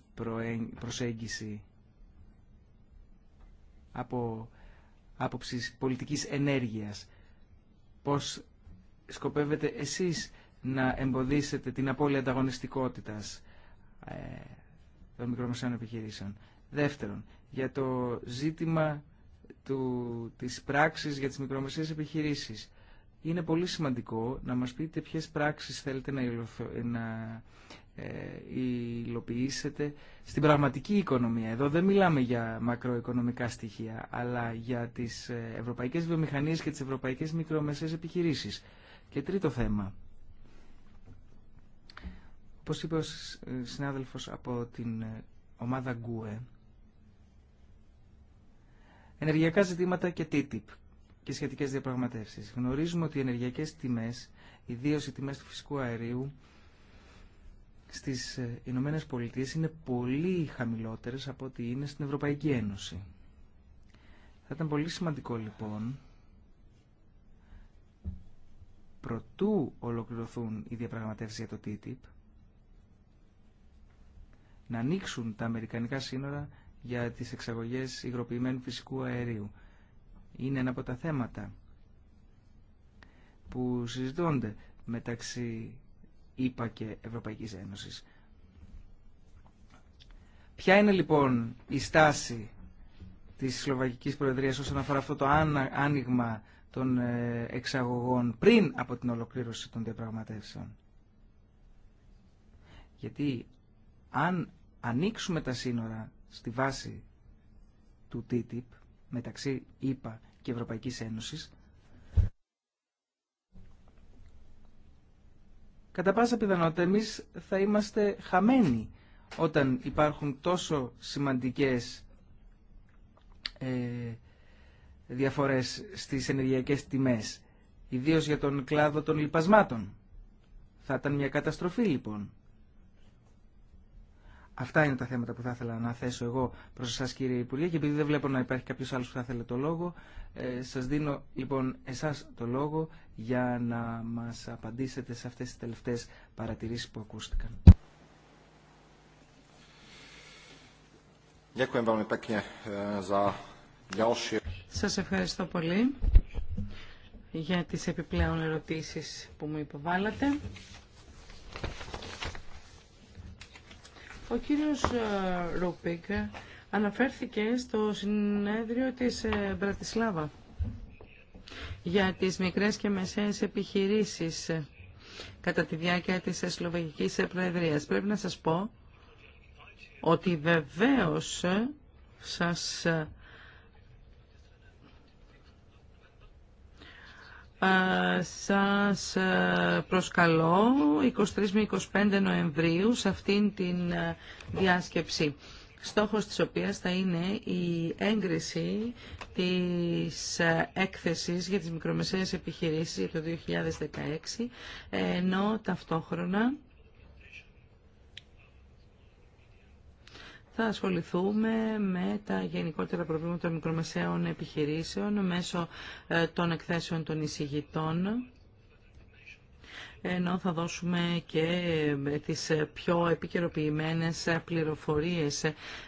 προσέγγιση από άποψης πολιτικής ενέργειας. Πώς σκοπεύετε εσείς να εμποδίσετε την απώλεια ανταγωνιστικότητας ε, των μικρομεσαίων επιχειρήσεων. Δεύτερον, για το ζήτημα του, της πράξης για τις μικρομεσαίες επιχειρήσεις είναι πολύ σημαντικό να μας πείτε ποιες πράξεις θέλετε να, να ε, υλοποιήσετε στην πραγματική οικονομία. Εδώ δεν μιλάμε για μακροοικονομικά στοιχεία, αλλά για τις ε, ευρωπαϊκές βιομηχανίες και τις ευρωπαϊκές μικρομεσαίες επιχειρήσεις. Και τρίτο θέμα. Όπως είπε ο ε, συνάδελφος από την ομάδα Γκουε, ενεργειακά ζητήματα και TTIP και σχετικές διαπραγματεύσεις. Γνωρίζουμε ότι οι ενεργειακές τιμές, ιδίως οι τιμές του φυσικού αερίου, στις ε, Ηνωμένε Πολιτείες είναι πολύ χαμηλότερες από ό,τι είναι στην Ευρωπαϊκή Ένωση. Θα ήταν πολύ σημαντικό λοιπόν προτού ολοκληρωθούν οι διαπραγματεύσεις για το TTIP να ανοίξουν τα αμερικανικά σύνορα για τις εξαγωγές υγροποιημένου φυσικού αερίου είναι ένα από τα θέματα που συζητώνται μεταξύ ΙΠΑ και Ευρωπαϊκής Ένωσης. Ποια είναι λοιπόν η στάση της Σλοβακικής Προεδρίας όσον αφορά αυτό το άνοιγμα των ε, εξαγωγών πριν από την ολοκλήρωση των διαπραγματεύσεων. Γιατί αν ανοίξουμε τα σύνορα στη βάση του TTIP μεταξύ ΙΠΑ και Ευρωπαϊκής Ένωσης, κατά πάσα πιθανότητα εμείς θα είμαστε χαμένοι όταν υπάρχουν τόσο σημαντικές ε, διαφορές στις ενεργειακές τιμές, ιδίως για τον κλάδο των λοιπασμάτων. Θα ήταν μια καταστροφή λοιπόν. Αυτά είναι τα θέματα που θα ήθελα να θέσω εγώ προς εσάς κύριε Υπουργέ και επειδή δεν βλέπω να υπάρχει κάποιος άλλος που θα ήθελε το λόγο, ε, σας δίνω λοιπόν εσάς το λόγο για να μας απαντήσετε σε αυτές τις τελευταίες παρατηρήσεις που ακούστηκαν. Ε, σας ευχαριστώ πολύ για τις επιπλέον ερωτήσεις που μου υποβάλλατε. Ο κύριος ε, Ρούπικ ε, αναφέρθηκε στο συνέδριο της ε, Μπρατισλάβα για τις μικρές και μεσαίες επιχειρήσεις κατά τη διάρκεια της Σλοβακικής Προεδρίας. Πρέπει να σας πω ότι βεβαίως σας σας ε, προσκαλώ 23 με 25 Νοεμβρίου σε αυτήν την ε, διάσκεψη στόχος της οποίας θα είναι η έγκριση της ε, έκθεσης για τις μικρομεσαίες επιχειρήσεις για το 2016, ενώ ταυτόχρονα θα ασχοληθούμε με τα γενικότερα προβλήματα των μικρομεσαίων επιχειρήσεων μέσω ε, των εκθέσεων των εισηγητών ενώ θα δώσουμε και ε, τις πιο επικαιροποιημένες πληροφορίες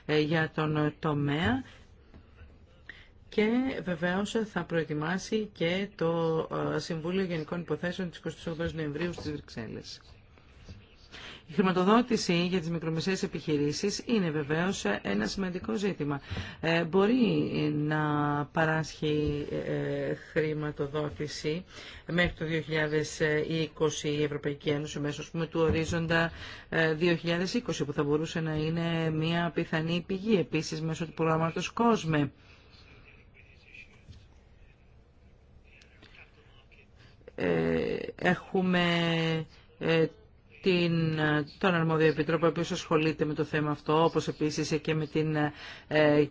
ε, για τον τομέα και βεβαίως θα προετοιμάσει και το Συμβούλιο Γενικών Υποθέσεων της 28 Νοεμβρίου στις Βρυξέλλες. Η χρηματοδότηση για τις μικρομεσαίες επιχειρήσεις είναι βεβαίως ένα σημαντικό ζήτημα. Ε, μπορεί να παράσχει ε, χρηματοδότηση μέχρι το 2020 η Ευρωπαϊκή Ένωση μέσω πούμε, του ορίζοντα 2020 ε, που θα μπορούσε να είναι μια πιθανή πηγή επίσης μέσω του προγράμματος COSME. έχουμε την, τον αρμόδιο επιτρόπο που ασχολείται με το θέμα αυτό, όπως επίσης και με την ε,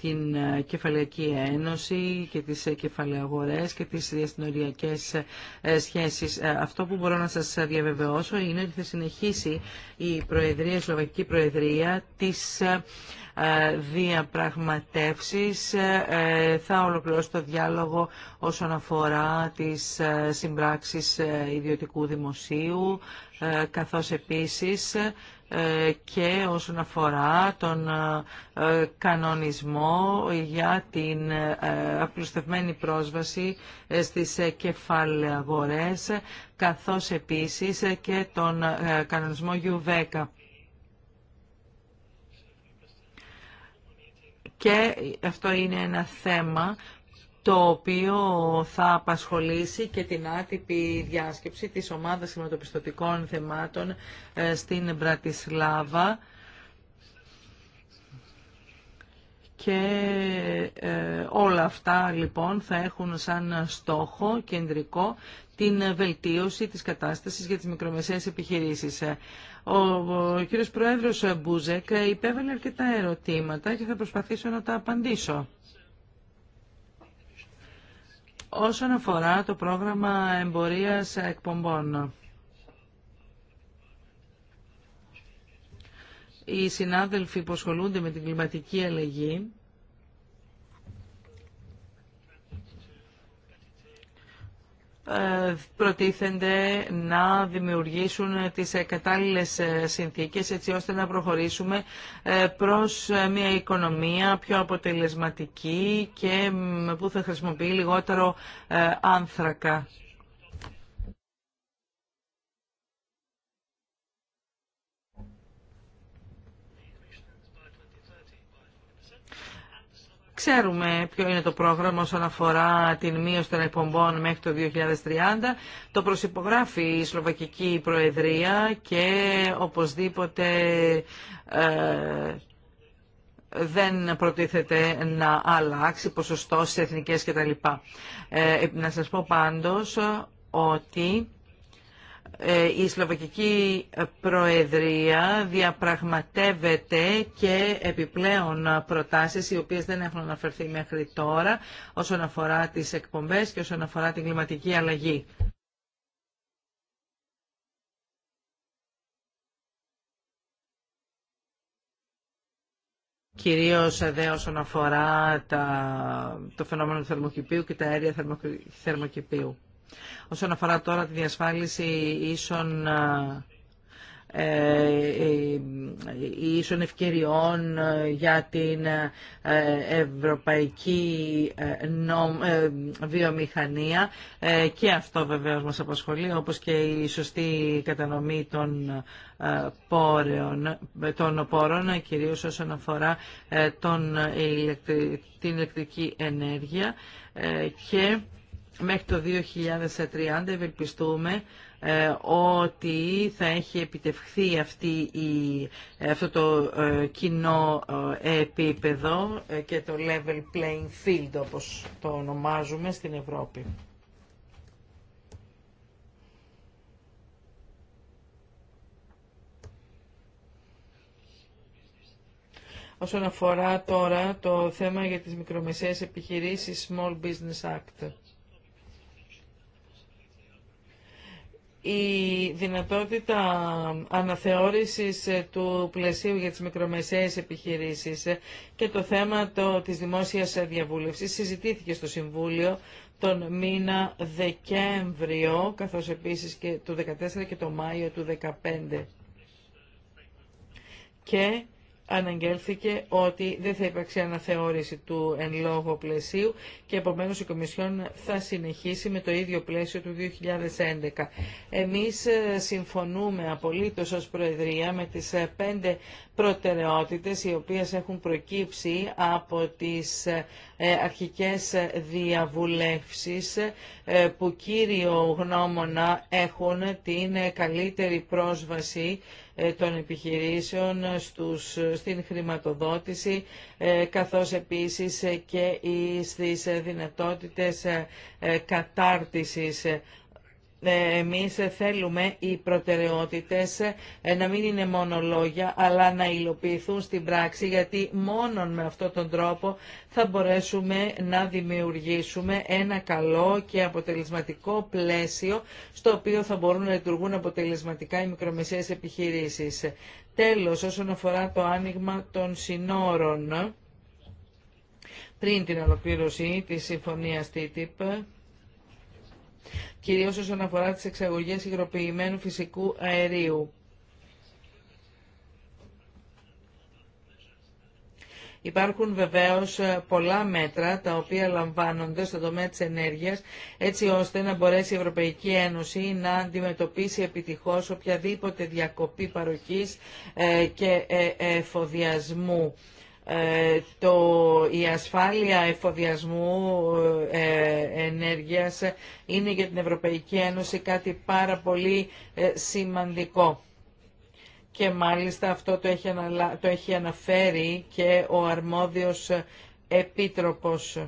την ε, Κεφαλαϊκή Ένωση και τις ε, κεφαλαιαγορές και τις διαστηνοριακές ε, σχέσεις. Αυτό που μπορώ να σας διαβεβαιώσω είναι ότι θα συνεχίσει η Προεδρία, η Σλοβακική Προεδρία της διαπραγματεύσεις θα ολοκληρώσει το διάλογο όσον αφορά τις συμπράξεις ιδιωτικού δημοσίου καθώς επίσης ε, και όσον αφορά τον ε, ε, κανονισμό για την απλουστευμένη πρόσβαση στις κεφαλαγορές καθώς επίσης και τον κανονισμό Και αυτό είναι ένα θέμα το οποίο θα απασχολήσει και την άτυπη διάσκεψη της ομάδας Συμμετοπιστωτικών θεμάτων ε, στην Μπρατισλάβα και ε, όλα αυτά λοιπόν θα έχουν σαν στόχο κεντρικό την βελτίωση της κατάστασης για τις μικρομεσαίες επιχειρήσεις. Ε, ο, ο κύριος Πρόεδρος Μπούζεκ υπέβαλε αρκετά ερωτήματα και θα προσπαθήσω να τα απαντήσω όσον αφορά το πρόγραμμα εμπορίας εκπομπών. Οι συνάδελφοι που ασχολούνται με την κλιματική αλλαγή Ε, προτίθενται να δημιουργήσουν τις κατάλληλες ε, συνθήκες έτσι ώστε να προχωρήσουμε ε, προς μια οικονομία πιο αποτελεσματική και που θα χρησιμοποιεί λιγότερο άνθρακα. Ξέρουμε ποιο είναι το πρόγραμμα όσον αφορά την μείωση των εκπομπών μέχρι το 2030. Το προσυπογράφει η Σλοβακική Προεδρία και οπωσδήποτε ε, δεν προτίθεται να αλλάξει ποσοστό στις εθνικές κτλ. Ε, να σας πω πάντως ότι ε, η Σλοβακική Προεδρία διαπραγματεύεται και επιπλέον προτάσεις οι οποίες δεν έχουν αναφερθεί μέχρι τώρα όσον αφορά τις εκπομπές και όσον αφορά την κλιματική αλλαγή. κυρίως ε, δε όσον αφορά τα, το φαινόμενο του θερμοκηπίου και τα αέρια θερμοκηπίου. Όσον αφορά τώρα τη διασφάλιση ίσων ε, ε, ίσων ευκαιριών για την ε, ευρωπαϊκή βιομηχανία και αυτό βεβαίως μας απασχολεί όπως και η σωστή κατανομή των πόρεων, των πόρων κυρίως όσον αφορά τον, την ηλεκτρική ενέργεια και μέχρι το 2030 ευελπιστούμε ε, ότι θα έχει επιτευχθεί αυτή η, αυτό το ε, κοινό ε, επίπεδο και το level playing field όπως το ονομάζουμε στην Ευρώπη. Όσον αφορά τώρα το θέμα για τις μικρομεσαίες επιχειρήσεις Small Business Act. η δυνατότητα αναθεώρησης ε, του πλαισίου για τις μικρομεσαίες επιχειρήσεις ε, και το θέμα το, της δημόσιας διαβούλευσης συζητήθηκε στο Συμβούλιο τον μήνα Δεκέμβριο, καθώς επίσης και του 14 και το Μάιο του 2015. Και αναγγέλθηκε ότι δεν θα υπάρξει αναθεώρηση του εν λόγω πλαισίου και επομένως η Κομισιόν θα συνεχίσει με το ίδιο πλαίσιο του 2011. Εμείς ε, συμφωνούμε απολύτως ως Προεδρία με τις ε, πέντε προτεραιότητες οι οποίες έχουν προκύψει από τις ε, αρχικές διαβουλεύσεις ε, που κύριο γνώμονα έχουν την καλύτερη πρόσβαση ε, των επιχειρήσεων στους, στην χρηματοδότηση καθώς επίσης και στις δυνατότητες κατάρτισης. Ε, εμείς θέλουμε οι προτεραιότητες ε, να μην είναι μόνο λόγια, αλλά να υλοποιηθούν στην πράξη, γιατί μόνο με αυτόν τον τρόπο θα μπορέσουμε να δημιουργήσουμε ένα καλό και αποτελεσματικό πλαίσιο, στο οποίο θα μπορούν να λειτουργούν αποτελεσματικά οι μικρομεσαίες επιχειρήσεις. Τέλος, όσον αφορά το άνοιγμα των συνόρων, πριν την ολοκλήρωση της συμφωνίας TTIP, κυρίως όσον αφορά τις εξαγωγές υγροποιημένου φυσικού αερίου. Υπάρχουν βεβαίως πολλά μέτρα τα οποία λαμβάνονται στον τομέα της ενέργειας έτσι ώστε να μπορέσει η Ευρωπαϊκή Ένωση να αντιμετωπίσει επιτυχώς οποιαδήποτε διακοπή παροχής ε, και ε, ε, εφοδιασμού. Ε, το, η ασφάλεια εφοδιασμού ε, ενέργειας είναι για την Ευρωπαϊκή Ένωση κάτι πάρα πολύ ε, σημαντικό. Και μάλιστα αυτό το έχει, το έχει αναφέρει και ο αρμόδιος ε, επίτροπος.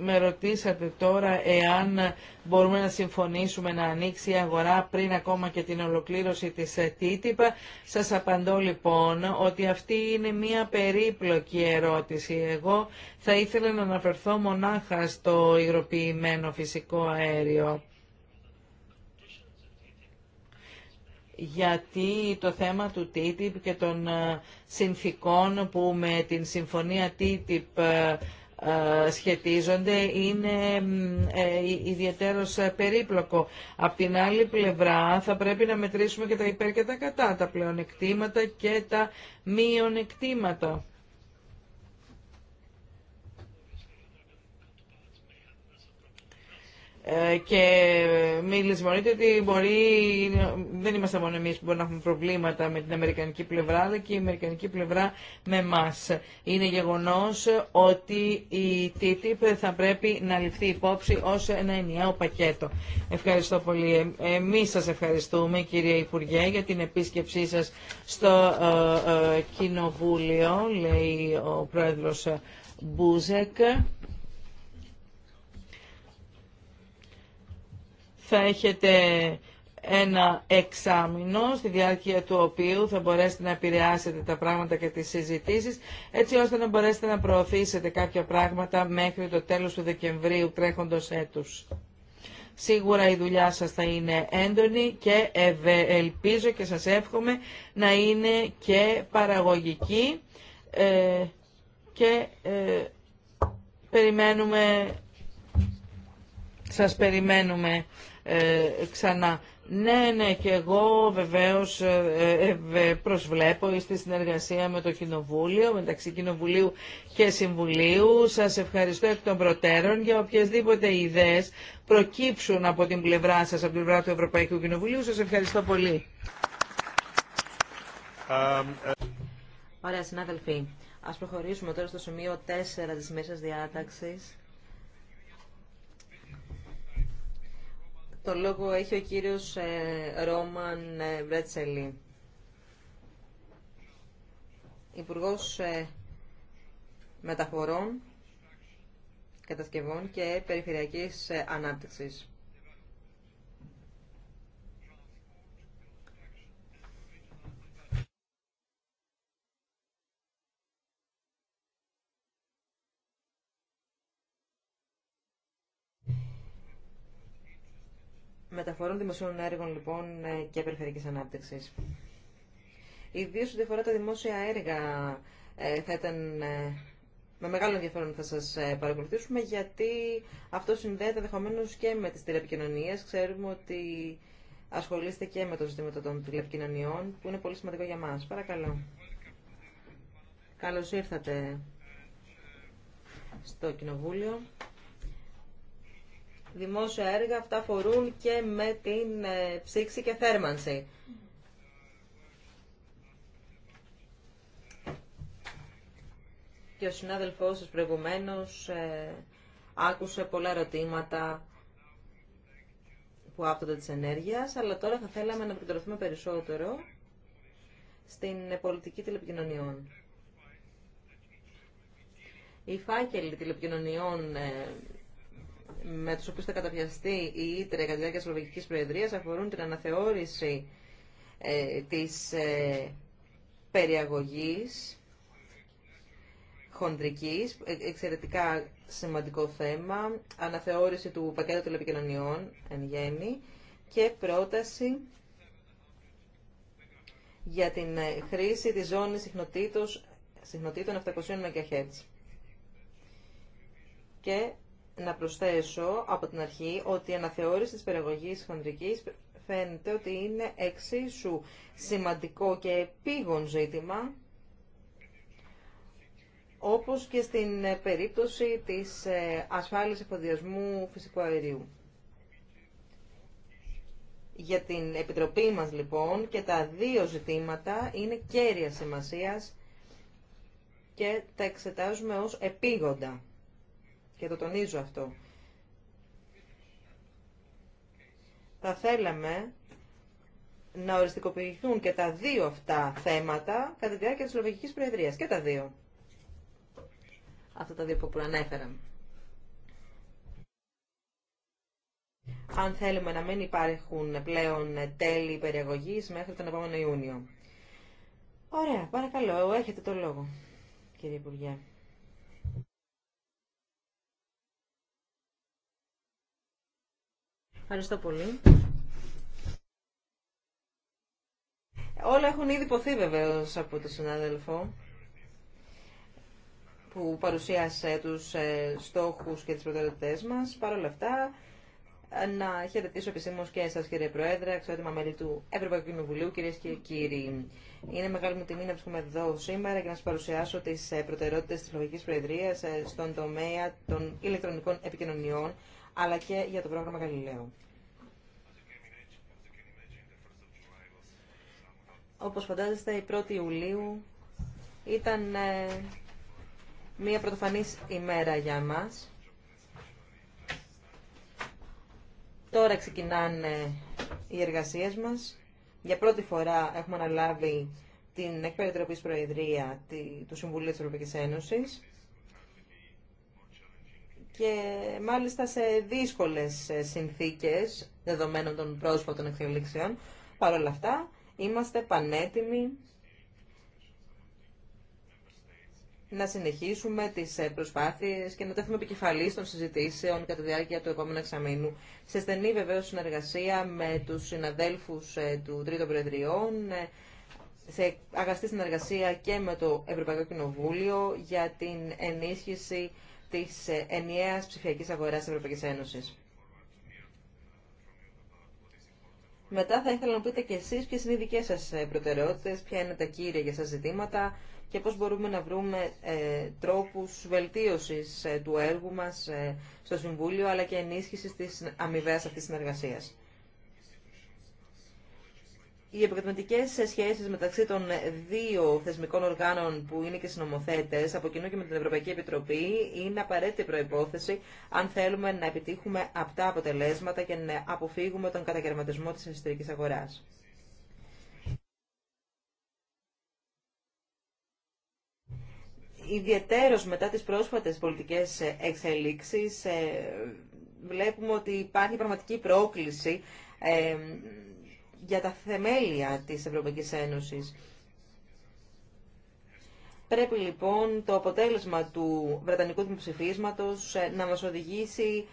με ρωτήσατε τώρα εάν μπορούμε να συμφωνήσουμε να ανοίξει η αγορά πριν ακόμα και την ολοκλήρωση της ε, TTIP. Σας απαντώ λοιπόν ότι αυτή είναι μια περίπλοκη ερώτηση. Εγώ θα ήθελα να αναφερθώ μονάχα στο υγροποιημένο φυσικό αέριο. γιατί το θέμα του TTIP και των ε, συνθήκων που με την συμφωνία TTIP ε, ε, σχετίζονται είναι ε, ε, ιδιαίτερος περίπλοκο. Απ' την άλλη πλευρά θα πρέπει να μετρήσουμε και τα υπέρ και τα κατά, τα πλεονεκτήματα και τα μειονεκτήματα. Ε, και μην λησμονείτε ότι μπορεί, δεν είμαστε μόνο εμείς που μπορεί να έχουμε προβλήματα με την Αμερικανική πλευρά, αλλά και η Αμερικανική πλευρά με μας. Είναι γεγονός ότι η TTIP θα πρέπει να ληφθεί υπόψη ως ένα ενιαίο πακέτο. Ευχαριστώ πολύ. Εμείς σας ευχαριστούμε κύριε Υπουργέ για την επίσκεψή σας στο ε, ε, Κοινοβούλιο, λέει ο Πρόεδρος Μπούζεκ. θα έχετε ένα εξάμεινο στη διάρκεια του οποίου θα μπορέσετε να επηρεάσετε τα πράγματα και τις συζητήσεις έτσι ώστε να μπορέσετε να προωθήσετε κάποια πράγματα μέχρι το τέλος του Δεκεμβρίου τρέχοντος έτους. Σίγουρα η δουλειά σας θα είναι έντονη και ελπίζω και σας εύχομαι να είναι και παραγωγική ε, και ε, περιμένουμε, σας περιμένουμε ε, ξανά. Ναι, ναι, και εγώ βεβαίως ε, ε, προσβλέπω στη συνεργασία με το Κοινοβούλιο, μεταξύ Κοινοβουλίου και Συμβουλίου. Σας ευχαριστώ εκ των προτέρων για οποιασδήποτε ιδέες προκύψουν από την πλευρά σας, από την πλευρά του Ευρωπαϊκού Κοινοβουλίου. Σας ευχαριστώ πολύ. Ωραία, συνάδελφοι. Ας προχωρήσουμε τώρα στο σημείο 4 της μέσας διάταξης Το λόγο έχει ο κύριος ε, Ρόμαν ε, Βρέτσελη, Υπουργός ε, Μεταφορών, Κατασκευών και Περιφερειακής Ανάπτυξης. μεταφορών δημοσίων έργων λοιπόν ε, και περιφερειακή ανάπτυξη. Ιδίω ό,τι αφορά τα δημόσια έργα ε, θα ήταν ε, με μεγάλο ενδιαφέρον θα σας παρακολουθήσουμε γιατί αυτό συνδέεται ενδεχομένω και με τις τηλεπικοινωνίες. Ξέρουμε ότι ασχολείστε και με το ζητήμα των τηλεπικοινωνιών που είναι πολύ σημαντικό για μας. Παρακαλώ. Καλώς ήρθατε στο Κοινοβούλιο δημόσια έργα, αυτά αφορούν και με την ε, ψήξη και θέρμανση. Και ο συνάδελφός σας προηγουμένως ε, άκουσε πολλά ερωτήματα που άπτονται της ενέργειας, αλλά τώρα θα θέλαμε να επικεντρωθούμε περισσότερο στην πολιτική τηλεπικοινωνιών. Οι φάκελοι τηλεπικοινωνιών ε, με τους οποίους θα καταπιαστεί η ΙΤΡΕ κατά τη διάρκεια της Προεδρίας αφορούν την αναθεώρηση ε, της ε, περιαγωγής χοντρικής, ε, εξαιρετικά σημαντικό θέμα, αναθεώρηση του πακέτου τηλεπικοινωνιών εν γέννη και πρόταση για την ε, χρήση της ζώνης συχνοτήτων 700 MHz. Και να προσθέσω από την αρχή ότι η αναθεώρηση της περιεγωγής χοντρικής φαίνεται ότι είναι εξίσου σημαντικό και επίγον ζήτημα όπως και στην περίπτωση της ε, ασφάλειας εφοδιασμού φυσικού αερίου. Για την Επιτροπή μας λοιπόν και τα δύο ζητήματα είναι κέρια σημασίας και τα εξετάζουμε ως επίγοντα και το τονίζω αυτό. Θα θέλαμε να οριστικοποιηθούν και τα δύο αυτά θέματα κατά τη διάρκεια της Προεδρίας. Και τα δύο. Αυτά τα δύο που προανέφερα. Αν θέλουμε να μην υπάρχουν πλέον τέλη περιαγωγής μέχρι τον επόμενο Ιούνιο. Ωραία, παρακαλώ, έχετε το λόγο, κύριε Υπουργέ. Ευχαριστώ πολύ. Όλα έχουν ήδη υποθεί βεβαίω από τον συνάδελφο που παρουσίασε τους ε, στόχους και τις προτεραιότητες μας. Παρ' όλα αυτά, να χαιρετήσω επισήμω και εσά, κύριε Πρόεδρε, αξιότιμα μέλη του Ευρωπαϊκού Κοινοβουλίου, κυρίε και κύριοι. Είναι μεγάλη μου τιμή να βρίσκομαι εδώ σήμερα και να σα παρουσιάσω τι ε, προτεραιότητε τη Λογική Προεδρία ε, στον τομέα των ηλεκτρονικών επικοινωνιών, αλλά και για το πρόγραμμα Γαλιλαίου. Όπως φαντάζεστε, η 1η Ιουλίου ήταν ε, μία πρωτοφανής ημέρα για μας. Τώρα ξεκινάνε ε, οι εργασίες μας. Για πρώτη φορά έχουμε αναλάβει την εκπαιδευτική προεδρία του Συμβουλίου της Ευρωπαϊκής Ένωσης και μάλιστα σε δύσκολες ε, συνθήκες δεδομένων των πρόσφατων εξελίξεων. Παρ' όλα αυτά, είμαστε πανέτοιμοι να συνεχίσουμε τις ε, προσπάθειες και να τέθουμε επικεφαλή των συζητήσεων κατά τη διάρκεια του επόμενου εξαμήνου. Σε στενή βεβαίω συνεργασία με τους συναδέλφους ε, του Τρίτου Προεδριών, σε αγαστή συνεργασία και με το Ευρωπαϊκό Κοινοβούλιο για την ενίσχυση της ε, ενιαίας ψηφιακής αγοράς της Ευρωπαϊκής Ένωσης. Μετά θα ήθελα να πείτε και εσείς ποιες είναι οι δικές σας ε, προτεραιότητες, ποια είναι τα κύρια για σας ζητήματα και πώς μπορούμε να βρούμε ε, τρόπους βελτίωσης ε, του έργου μας στο Συμβούλιο αλλά και ενίσχυσης της αμοιβαίας αυτής της συνεργασίας οι επικοινωνικές σχέσεις μεταξύ των δύο θεσμικών οργάνων που είναι και συνομοθέτε από κοινού και με την Ευρωπαϊκή Επιτροπή, είναι απαραίτητη προπόθεση αν θέλουμε να επιτύχουμε αυτά αποτελέσματα και να αποφύγουμε τον κατακαιρματισμό της εσωτερικής αγοράς. Ιδιαιτέρως μετά τις πρόσφατες πολιτικές εξελίξει ε, βλέπουμε ότι υπάρχει πραγματική πρόκληση ε, για τα θεμέλια της Ευρωπαϊκής Ένωσης. Πρέπει λοιπόν το αποτέλεσμα του Βρετανικού Δημοψηφίσματος ε, να μας οδηγήσει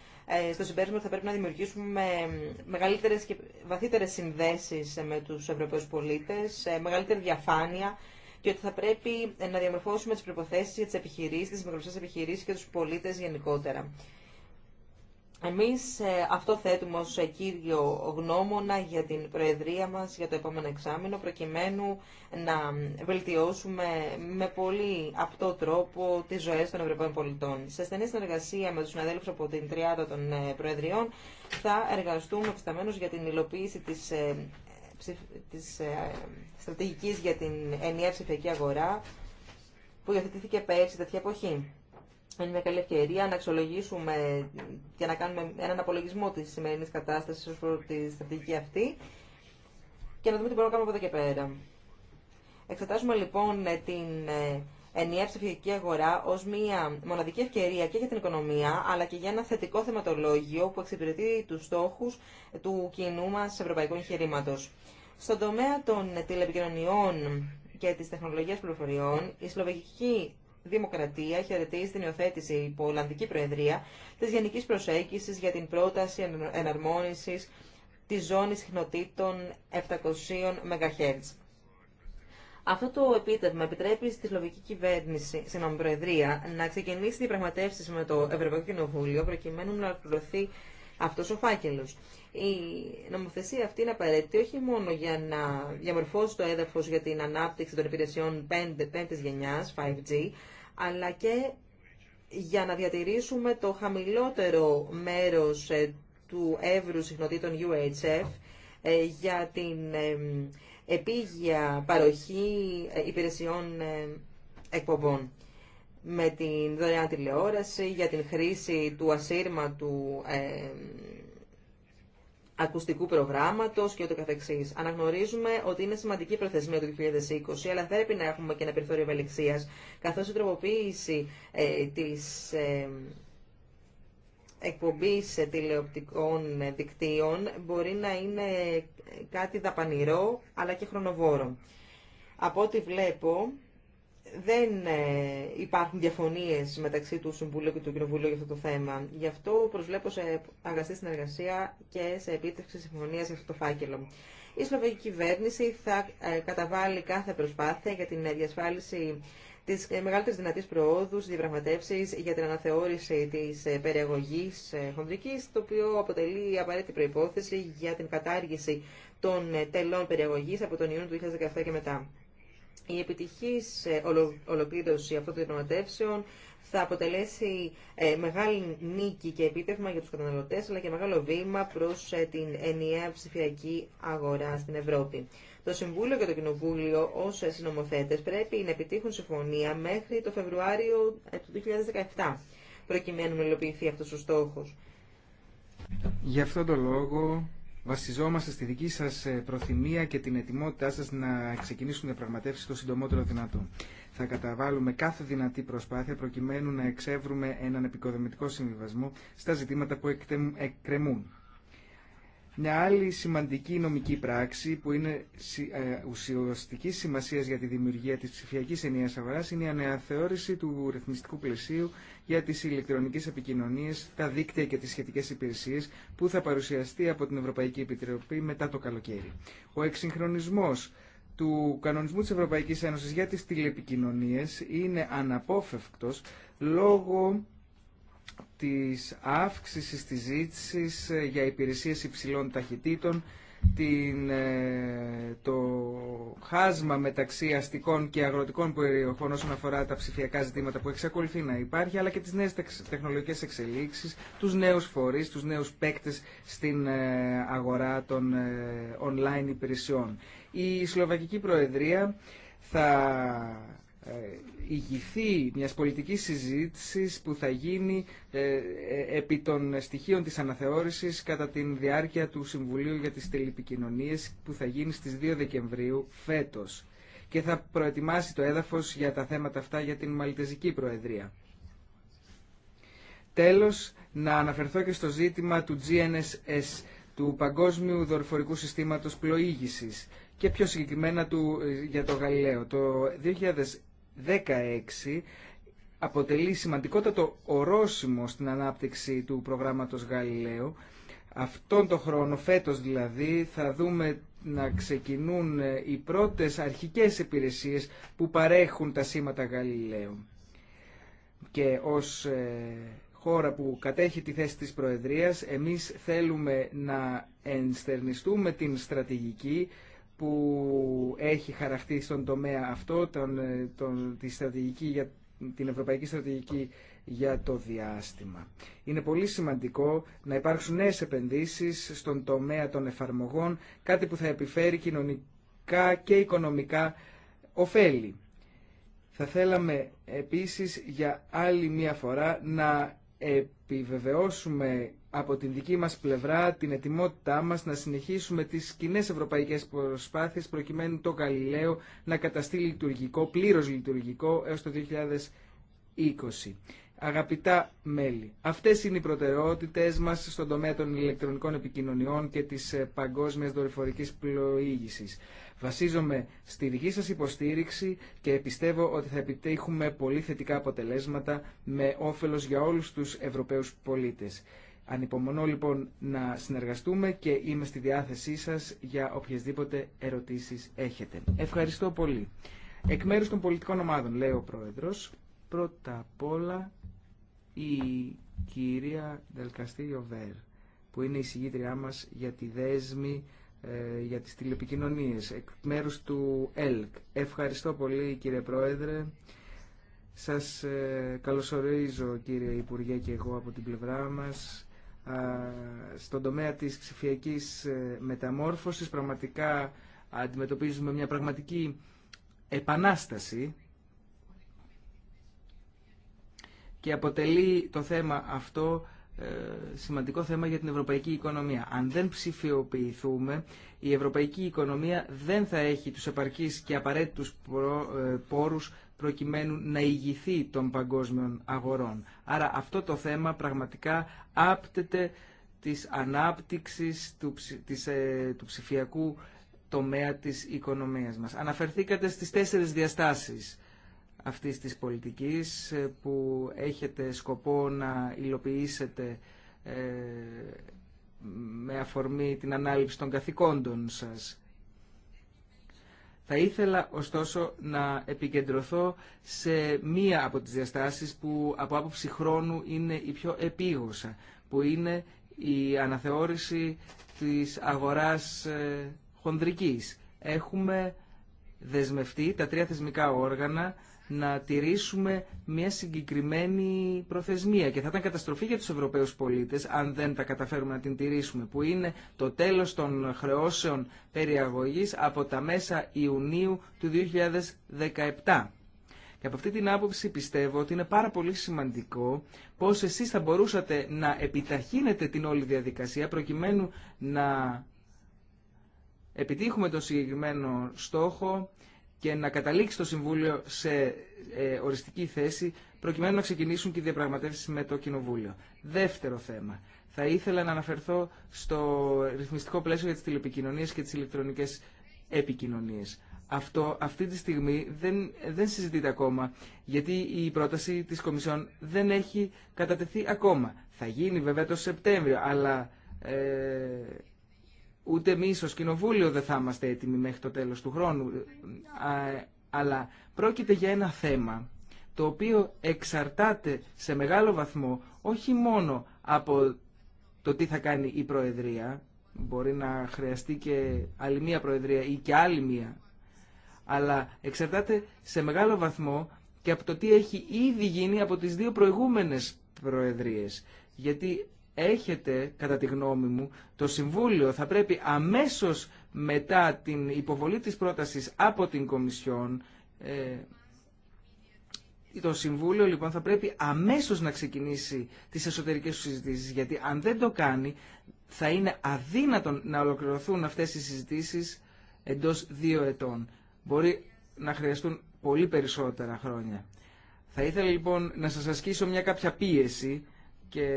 ε, στο συμπέρασμα ότι θα πρέπει να δημιουργήσουμε ε, μεγαλύτερες και βαθύτερες συνδέσεις με τους Ευρωπαίους πολίτες, μεγαλύτερη διαφάνεια και ότι θα πρέπει να διαμορφώσουμε τις προϋποθέσεις για τις επιχειρήσεις, τις μικροπιστές επιχειρήσεις και τους πολίτες γενικότερα. Εμείς ε, αυτό θέτουμε ως κύριο γνώμονα για την Προεδρία μας για το επόμενο εξάμεινο προκειμένου να βελτιώσουμε με πολύ απτό τρόπο τις ζωές των Ευρωπαίων πολιτών. Σε στενή συνεργασία με τους συναδέλφους από την Τριάδα των ε, Προεδριών θα εργαστούμε επισταμένως για την υλοποίηση της, ε, της στρατηγικής για την ενιαία ψηφιακή αγορά που υιοθετήθηκε πέρσι τέτοια εποχή είναι μια καλή ευκαιρία να αξιολογήσουμε και να κάνουμε έναν απολογισμό τη σημερινή κατάσταση ω προ τη στρατηγική αυτή και να δούμε τι μπορούμε να κάνουμε από εδώ και πέρα. Εξετάζουμε λοιπόν ε, την ε, ενιαία ψηφιακή αγορά ω μια μοναδική ευκαιρία και για την οικονομία αλλά και για ένα θετικό θεματολόγιο που εξυπηρετεί του στόχου του κοινού μα ευρωπαϊκού εγχειρήματο. Στον τομέα των τηλεπικοινωνιών και τη τεχνολογία πληροφοριών, η Σλοβακική Δημοκρατία χαιρετίζει την υιοθέτηση υπό Ολλανδική Προεδρία τη Γενική Προσέγγιση για την πρόταση εναρμόνιση τη ζώνη συχνοτήτων 700 MHz. Αυτό το επίτευγμα επιτρέπει στη Σλοβική κυβέρνηση, στην Προεδρία, να ξεκινήσει διαπραγματεύσει με το Ευρωπαϊκό Κοινοβούλιο, προκειμένου να ολοκληρωθεί αυτός ο φάκελος. Η νομοθεσία αυτή είναι απαραίτητη όχι μόνο για να διαμορφώσει το έδαφος για την ανάπτυξη των υπηρεσιών 5, 5G, αλλά και για να διατηρήσουμε το χαμηλότερο μέρος ε, του εύρου συχνοτήτων UHF ε, για την επίγεια παροχή ε, υπηρεσιών εκπομπών με την δωρεάν τηλεόραση, για την χρήση του ασύρματου ε, ακουστικού προγράμματος και ούτω καθεξής. Αναγνωρίζουμε ότι είναι σημαντική προθεσμία του 2020, αλλά θα πρέπει να έχουμε και ένα περιθώριο ευελιξίας, καθώς η τροποποίηση ε, της εκπομπής τηλεοπτικών δικτύων μπορεί να είναι κάτι δαπανηρό, αλλά και χρονοβόρο. Από ό,τι βλέπω, δεν ε, υπάρχουν διαφωνίες μεταξύ του Συμβουλίου και του Κοινοβουλίου για αυτό το θέμα. Γι' αυτό προσβλέπω σε αγαστή συνεργασία και σε επίτευξη συμφωνία για αυτό το φάκελο. Η Σλοβακική κυβέρνηση θα ε, καταβάλει κάθε προσπάθεια για την ε, διασφάλιση της μεγαλύτερης δυνατή προόδου διαπραγματεύσει για την αναθεώρηση της περιαγωγή χονδρικής, το οποίο αποτελεί απαραίτητη προπόθεση για την κατάργηση των τελών περιαγωγή από τον Ιούνιο του 2017 και μετά. Η επιτυχής ε, ολοκλήρωση αυτών των διαπραγματεύσεων θα αποτελέσει ε, μεγάλη νίκη και επίτευγμα για τους καταναλωτές, αλλά και μεγάλο βήμα προς ε, την ενιαία ψηφιακή αγορά στην Ευρώπη. Το Συμβούλιο και το Κοινοβούλιο ως συνομοθέτες πρέπει να επιτύχουν συμφωνία μέχρι το Φεβρουάριο του 2017, προκειμένου να υλοποιηθεί αυτός ο στόχος. Γι' αυτό το λόγο βασιζόμαστε στη δική σας ε, προθυμία και την ετοιμότητά σας να ξεκινήσουν πραγματεύσει το συντομότερο δυνατό. Θα καταβάλουμε κάθε δυνατή προσπάθεια προκειμένου να εξεύρουμε έναν επικοδομητικό συμβιβασμό στα ζητήματα που εκκρεμούν. Μια άλλη σημαντική νομική πράξη που είναι ε, ουσιαστική σημασία για τη δημιουργία της ψηφιακή ενιαίας αγορά είναι η αναθεώρηση του ρυθμιστικού πλαισίου για τις ηλεκτρονικές επικοινωνίες, τα δίκτυα και τις σχετικές υπηρεσίε που θα παρουσιαστεί από την Ευρωπαϊκή Επιτροπή μετά το καλοκαίρι. Ο εξυγχρονισμό του κανονισμού της Ευρωπαϊκής Ένωσης για τις τηλεπικοινωνίες είναι αναπόφευκτος λόγω της αύξησης της ζήτησης ε, για υπηρεσίες υψηλών ταχυτήτων, την, ε, το χάσμα μεταξύ αστικών και αγροτικών περιοχών όσον αφορά τα ψηφιακά ζητήματα που εξακολουθεί να υπάρχει, αλλά και τις νέες τεχνολογικές εξελίξεις, τους νέους φορείς, τους νέους παίκτες στην ε, αγορά των online υπηρεσιών. Η Σλοβακική Προεδρία θα ε, ηγηθεί μιας πολιτικής συζήτησης που θα γίνει ε, ε, επί των στοιχείων της αναθεώρησης κατά την διάρκεια του Συμβουλίου για τις Τελεπικοινωνίες που θα γίνει στις 2 Δεκεμβρίου φέτος και θα προετοιμάσει το έδαφος για τα θέματα αυτά για την Μαλτεζική Προεδρία. Τέλος, να αναφερθώ και στο ζήτημα του GNSS, του Παγκόσμιου Δορυφορικού Συστήματος Πλοήγησης και πιο συγκεκριμένα του, για το Γαλιλαίο. Το 16 αποτελεί σημαντικότατο ορόσημο στην ανάπτυξη του προγράμματος Γαλιλαίου. Αυτόν τον χρόνο, φέτος δηλαδή, θα δούμε να ξεκινούν οι πρώτες αρχικές υπηρεσίες που παρέχουν τα σήματα Γαλιλαίου. Και ως ε, χώρα που κατέχει τη θέση της Προεδρίας, εμείς θέλουμε να ενστερνιστούμε την στρατηγική που έχει χαραχτεί στον τομέα αυτό, τον, ε, τον, τη στρατηγική για, την Ευρωπαϊκή Στρατηγική για το διάστημα. Είναι πολύ σημαντικό να υπάρξουν νέες επενδύσεις στον τομέα των εφαρμογών, κάτι που θα επιφέρει κοινωνικά και οικονομικά ωφέλη. Θα θέλαμε επίσης για άλλη μία φορά να επιβεβαιώσουμε από την δική μας πλευρά την ετοιμότητά μας να συνεχίσουμε τις κοινέ ευρωπαϊκές προσπάθειες προκειμένου το Γαλιλαίο να καταστεί λειτουργικό, πλήρως λειτουργικό έως το 2020. Αγαπητά μέλη, αυτές είναι οι προτεραιότητες μας στον τομέα των ηλεκτρονικών επικοινωνιών και της ε, παγκόσμιας δορυφορικής πλοήγησης. Βασίζομαι στη δική σας υποστήριξη και πιστεύω ότι θα επιτύχουμε πολύ θετικά αποτελέσματα με όφελος για όλους τους Ευρωπαίους πολίτες. Ανυπομονώ λοιπόν να συνεργαστούμε και είμαι στη διάθεσή σας για οποιασδήποτε ερωτήσεις έχετε. Ευχαριστώ πολύ. Εκ μέρους των πολιτικών ομάδων, λέει ο Πρόεδρος, πρώτα απ' όλα η κυρία Δελκαστήριο Βέρ, που είναι η συγγήτριά μας για τη δέσμη ε, για τις τηλεπικοινωνίες, εκ μέρους του ΕΛΚ. Ευχαριστώ πολύ κύριε Πρόεδρε. Σας ε, καλωσορίζω κύριε Υπουργέ και εγώ από την πλευρά μας στον τομέα της ψηφιακής ε, μεταμόρφωσης πραγματικά αντιμετωπίζουμε μια πραγματική επανάσταση και αποτελεί το θέμα αυτό ε, σημαντικό θέμα για την ευρωπαϊκή οικονομία. Αν δεν ψηφιοποιηθούμε, η ευρωπαϊκή οικονομία δεν θα έχει τους επαρκείς και απαραίτητους ε, πόρους προκειμένου να ηγηθεί των παγκόσμιων αγορών. Άρα αυτό το θέμα πραγματικά άπτεται της ανάπτυξης του, της, ε, του ψηφιακού τομέα της οικονομίας μας. Αναφερθήκατε στις τέσσερις διαστάσεις αυτής της πολιτικής ε, που έχετε σκοπό να υλοποιήσετε ε, με αφορμή την ανάληψη των καθηκόντων σας. Θα ήθελα ωστόσο να επικεντρωθώ σε μία από τις διαστάσεις που από άποψη χρόνου είναι η πιο επίγουσα, που είναι η αναθεώρηση της αγοράς ε, χονδρικής. Έχουμε δεσμευτεί τα τρία θεσμικά όργανα να τηρήσουμε μια συγκεκριμένη προθεσμία. Και θα ήταν καταστροφή για τους Ευρωπαίους πολίτες, αν δεν τα καταφέρουμε να την τηρήσουμε, που είναι το τέλος των χρεώσεων περιαγωγής από τα μέσα Ιουνίου του 2017. Και από αυτή την άποψη πιστεύω ότι είναι πάρα πολύ σημαντικό πώς εσείς θα μπορούσατε να επιταχύνετε την όλη διαδικασία προκειμένου να επιτύχουμε τον συγκεκριμένο στόχο και να καταλήξει το Συμβούλιο σε ε, οριστική θέση προκειμένου να ξεκινήσουν και οι διαπραγματεύσεις με το Κοινοβούλιο. Δεύτερο θέμα. Θα ήθελα να αναφερθώ στο ρυθμιστικό πλαίσιο για τις τηλεπικοινωνίες και τις ηλεκτρονικές επικοινωνίες. Αυτό αυτή τη στιγμή δεν, δεν συζητείται ακόμα, γιατί η πρόταση της Κομισιόν δεν έχει κατατεθεί ακόμα. Θα γίνει βέβαια το Σεπτέμβριο, αλλά ε, Ούτε εμεί ω κοινοβούλιο δεν θα είμαστε έτοιμοι μέχρι το τέλος του χρόνου. Αλλά πρόκειται για ένα θέμα το οποίο εξαρτάται σε μεγάλο βαθμό όχι μόνο από το τι θα κάνει η Προεδρία, μπορεί να χρειαστεί και άλλη μία Προεδρία ή και άλλη μία, αλλά εξαρτάται σε μεγάλο βαθμό και από το τι έχει ήδη γίνει από τις δύο προηγούμενες Προεδρίες. Γιατί έχετε, κατά τη γνώμη μου, το Συμβούλιο θα πρέπει αμέσως μετά την υποβολή της πρότασης από την Κομισιόν, ε, το Συμβούλιο λοιπόν θα πρέπει αμέσως να ξεκινήσει τις εσωτερικές του συζητήσεις, γιατί αν δεν το κάνει θα είναι αδύνατον να ολοκληρωθούν αυτές οι συζητήσεις εντός δύο ετών. Μπορεί να χρειαστούν πολύ περισσότερα χρόνια. Θα ήθελα λοιπόν να σας ασκήσω μια κάποια πίεση και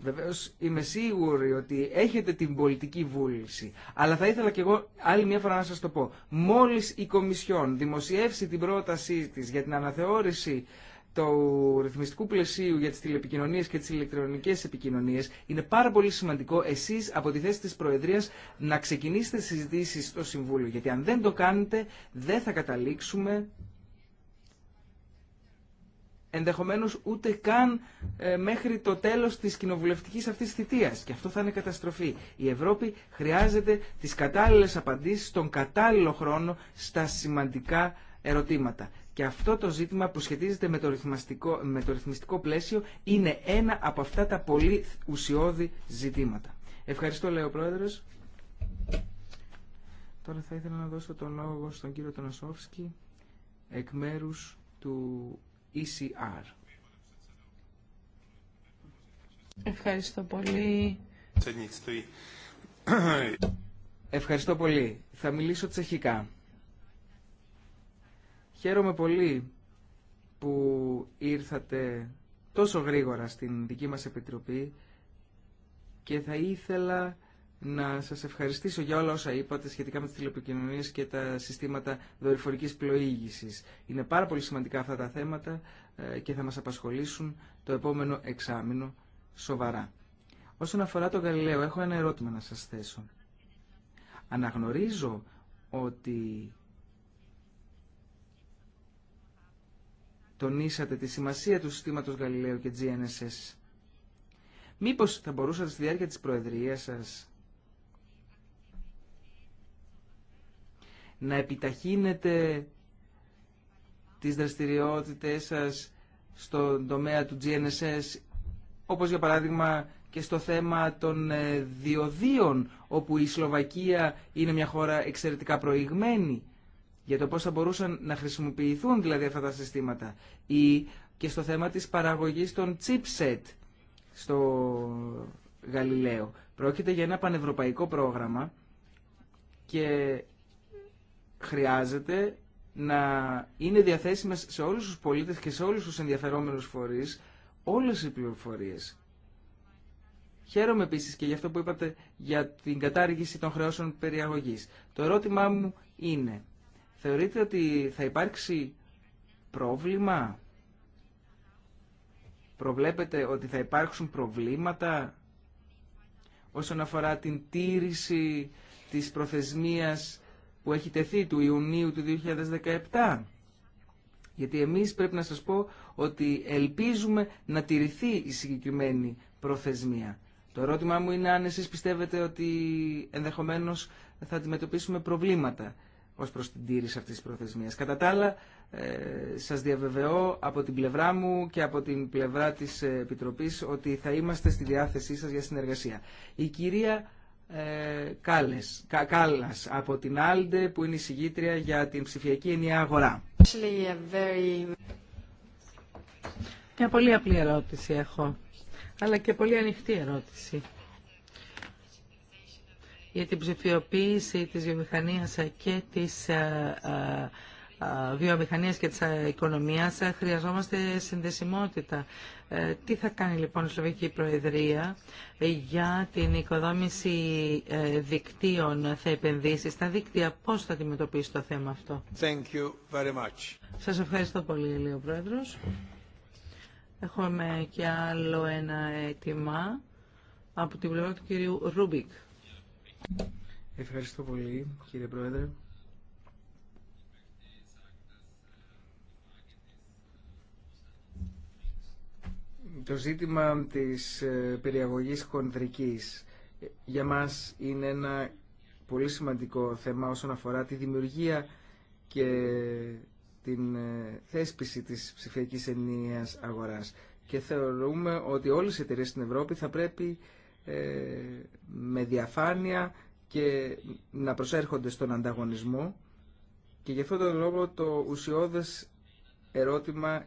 βεβαίω είμαι σίγουρη ότι έχετε την πολιτική βούληση. Αλλά θα ήθελα και εγώ άλλη μια φορά να σας το πω. Μόλις η Κομισιόν δημοσιεύσει την πρότασή τη για την αναθεώρηση του ρυθμιστικού πλαισίου για τις τηλεπικοινωνίες και τις ηλεκτρονικέ επικοινωνίες είναι πάρα πολύ σημαντικό εσείς από τη θέση τη Προεδρία να ξεκινήσετε συζητήσει στο Συμβούλιο γιατί αν δεν το κάνετε δεν θα καταλήξουμε ενδεχομένως ούτε καν ε, μέχρι το τέλος της κοινοβουλευτικής αυτής θητείας. Και αυτό θα είναι καταστροφή. Η Ευρώπη χρειάζεται τις κατάλληλες απαντήσεις τον κατάλληλο χρόνο στα σημαντικά ερωτήματα. Και αυτό το ζήτημα που σχετίζεται με το, ρυθμιστικό, με το ρυθμιστικό πλαίσιο είναι ένα από αυτά τα πολύ ουσιώδη ζητήματα. Ευχαριστώ, λέει ο πρόεδρο. Τώρα θα ήθελα να δώσω τον λόγο στον κύριο Τονασόφσκι εκ μέρου του ECR. Ευχαριστώ πολύ. Ευχαριστώ πολύ. Θα μιλήσω τσεχικά. Χαίρομαι πολύ που ήρθατε τόσο γρήγορα στην δική μας επιτροπή και θα ήθελα να σας ευχαριστήσω για όλα όσα είπατε σχετικά με τις τηλεπικοινωνίες και τα συστήματα δορυφορικής πλοήγησης. Είναι πάρα πολύ σημαντικά αυτά τα θέματα ε, και θα μας απασχολήσουν το επόμενο εξάμεινο σοβαρά. Όσον αφορά τον Γαλιλαίο, έχω ένα ερώτημα να σας θέσω. Αναγνωρίζω ότι τονίσατε τη σημασία του συστήματος Γαλιλαίου και GNSS. Μήπως θα μπορούσατε στη διάρκεια της Προεδρίας σας να επιταχύνετε τις δραστηριότητες σας στον τομέα του GNSS, όπως για παράδειγμα και στο θέμα των ε, διοδίων, όπου η Σλοβακία είναι μια χώρα εξαιρετικά προηγμένη για το πώς θα μπορούσαν να χρησιμοποιηθούν δηλαδή αυτά τα συστήματα ή και στο θέμα της παραγωγής των chipset στο Γαλιλαίο. Πρόκειται για ένα πανευρωπαϊκό πρόγραμμα και χρειάζεται να είναι διαθέσιμες σε όλους τους πολίτες και σε όλους τους ενδιαφερόμενους φορείς όλες οι πληροφορίες. Χαίρομαι επίσης και για αυτό που είπατε για την κατάργηση των χρεώσεων περιαγωγής. Το ερώτημά μου είναι, θεωρείτε ότι θα υπάρξει πρόβλημα, προβλέπετε ότι θα υπάρξουν προβλήματα όσον αφορά την τήρηση της προθεσμίας που έχει τεθεί του Ιουνίου του 2017. Γιατί εμείς πρέπει να σας πω ότι ελπίζουμε να τηρηθεί η συγκεκριμένη προθεσμία. Το ερώτημά μου είναι αν εσείς πιστεύετε ότι ενδεχομένως θα αντιμετωπίσουμε προβλήματα ως προς την τήρηση αυτής της προθεσμίας. Κατά τα άλλα, ε, σας διαβεβαιώ από την πλευρά μου και από την πλευρά της Επιτροπής ότι θα είμαστε στη διάθεσή σας για συνεργασία. Η κυρία ε, Κάλες, Κα, από την Άλντε που είναι η συγγήτρια για την ψηφιακή ενιαία αγορά. Μια πολύ απλή ερώτηση έχω, αλλά και πολύ ανοιχτή ερώτηση για την ψηφιοποίηση της βιομηχανίας και της ε, ε, βιομηχανίας και της ε, οικονομίας ε, χρειαζόμαστε συνδεσιμότητα. Ε, τι θα κάνει λοιπόν η Σλοβική Προεδρία για την οικοδόμηση δικτύων, θα επενδύσει στα δίκτυα, πώς θα αντιμετωπίσει το θέμα αυτό. Thank you very much. Σας ευχαριστώ πολύ, κύριε Πρόεδρος. Έχουμε και άλλο ένα αίτημα από την πλευρά του κυρίου Ρούμπικ. Ευχαριστώ πολύ, κύριε Πρόεδρε. το ζήτημα της ε, περιαγωγής χονδρικής ε, για μας είναι ένα πολύ σημαντικό θέμα όσον αφορά τη δημιουργία και την ε, θέσπιση της ψηφιακής ενίας αγοράς. Και θεωρούμε ότι όλες οι εταιρείες στην Ευρώπη θα πρέπει με διαφάνεια και να προσέρχονται στον ανταγωνισμό και γι' αυτόν τον λόγο το ουσιώδες ερώτημα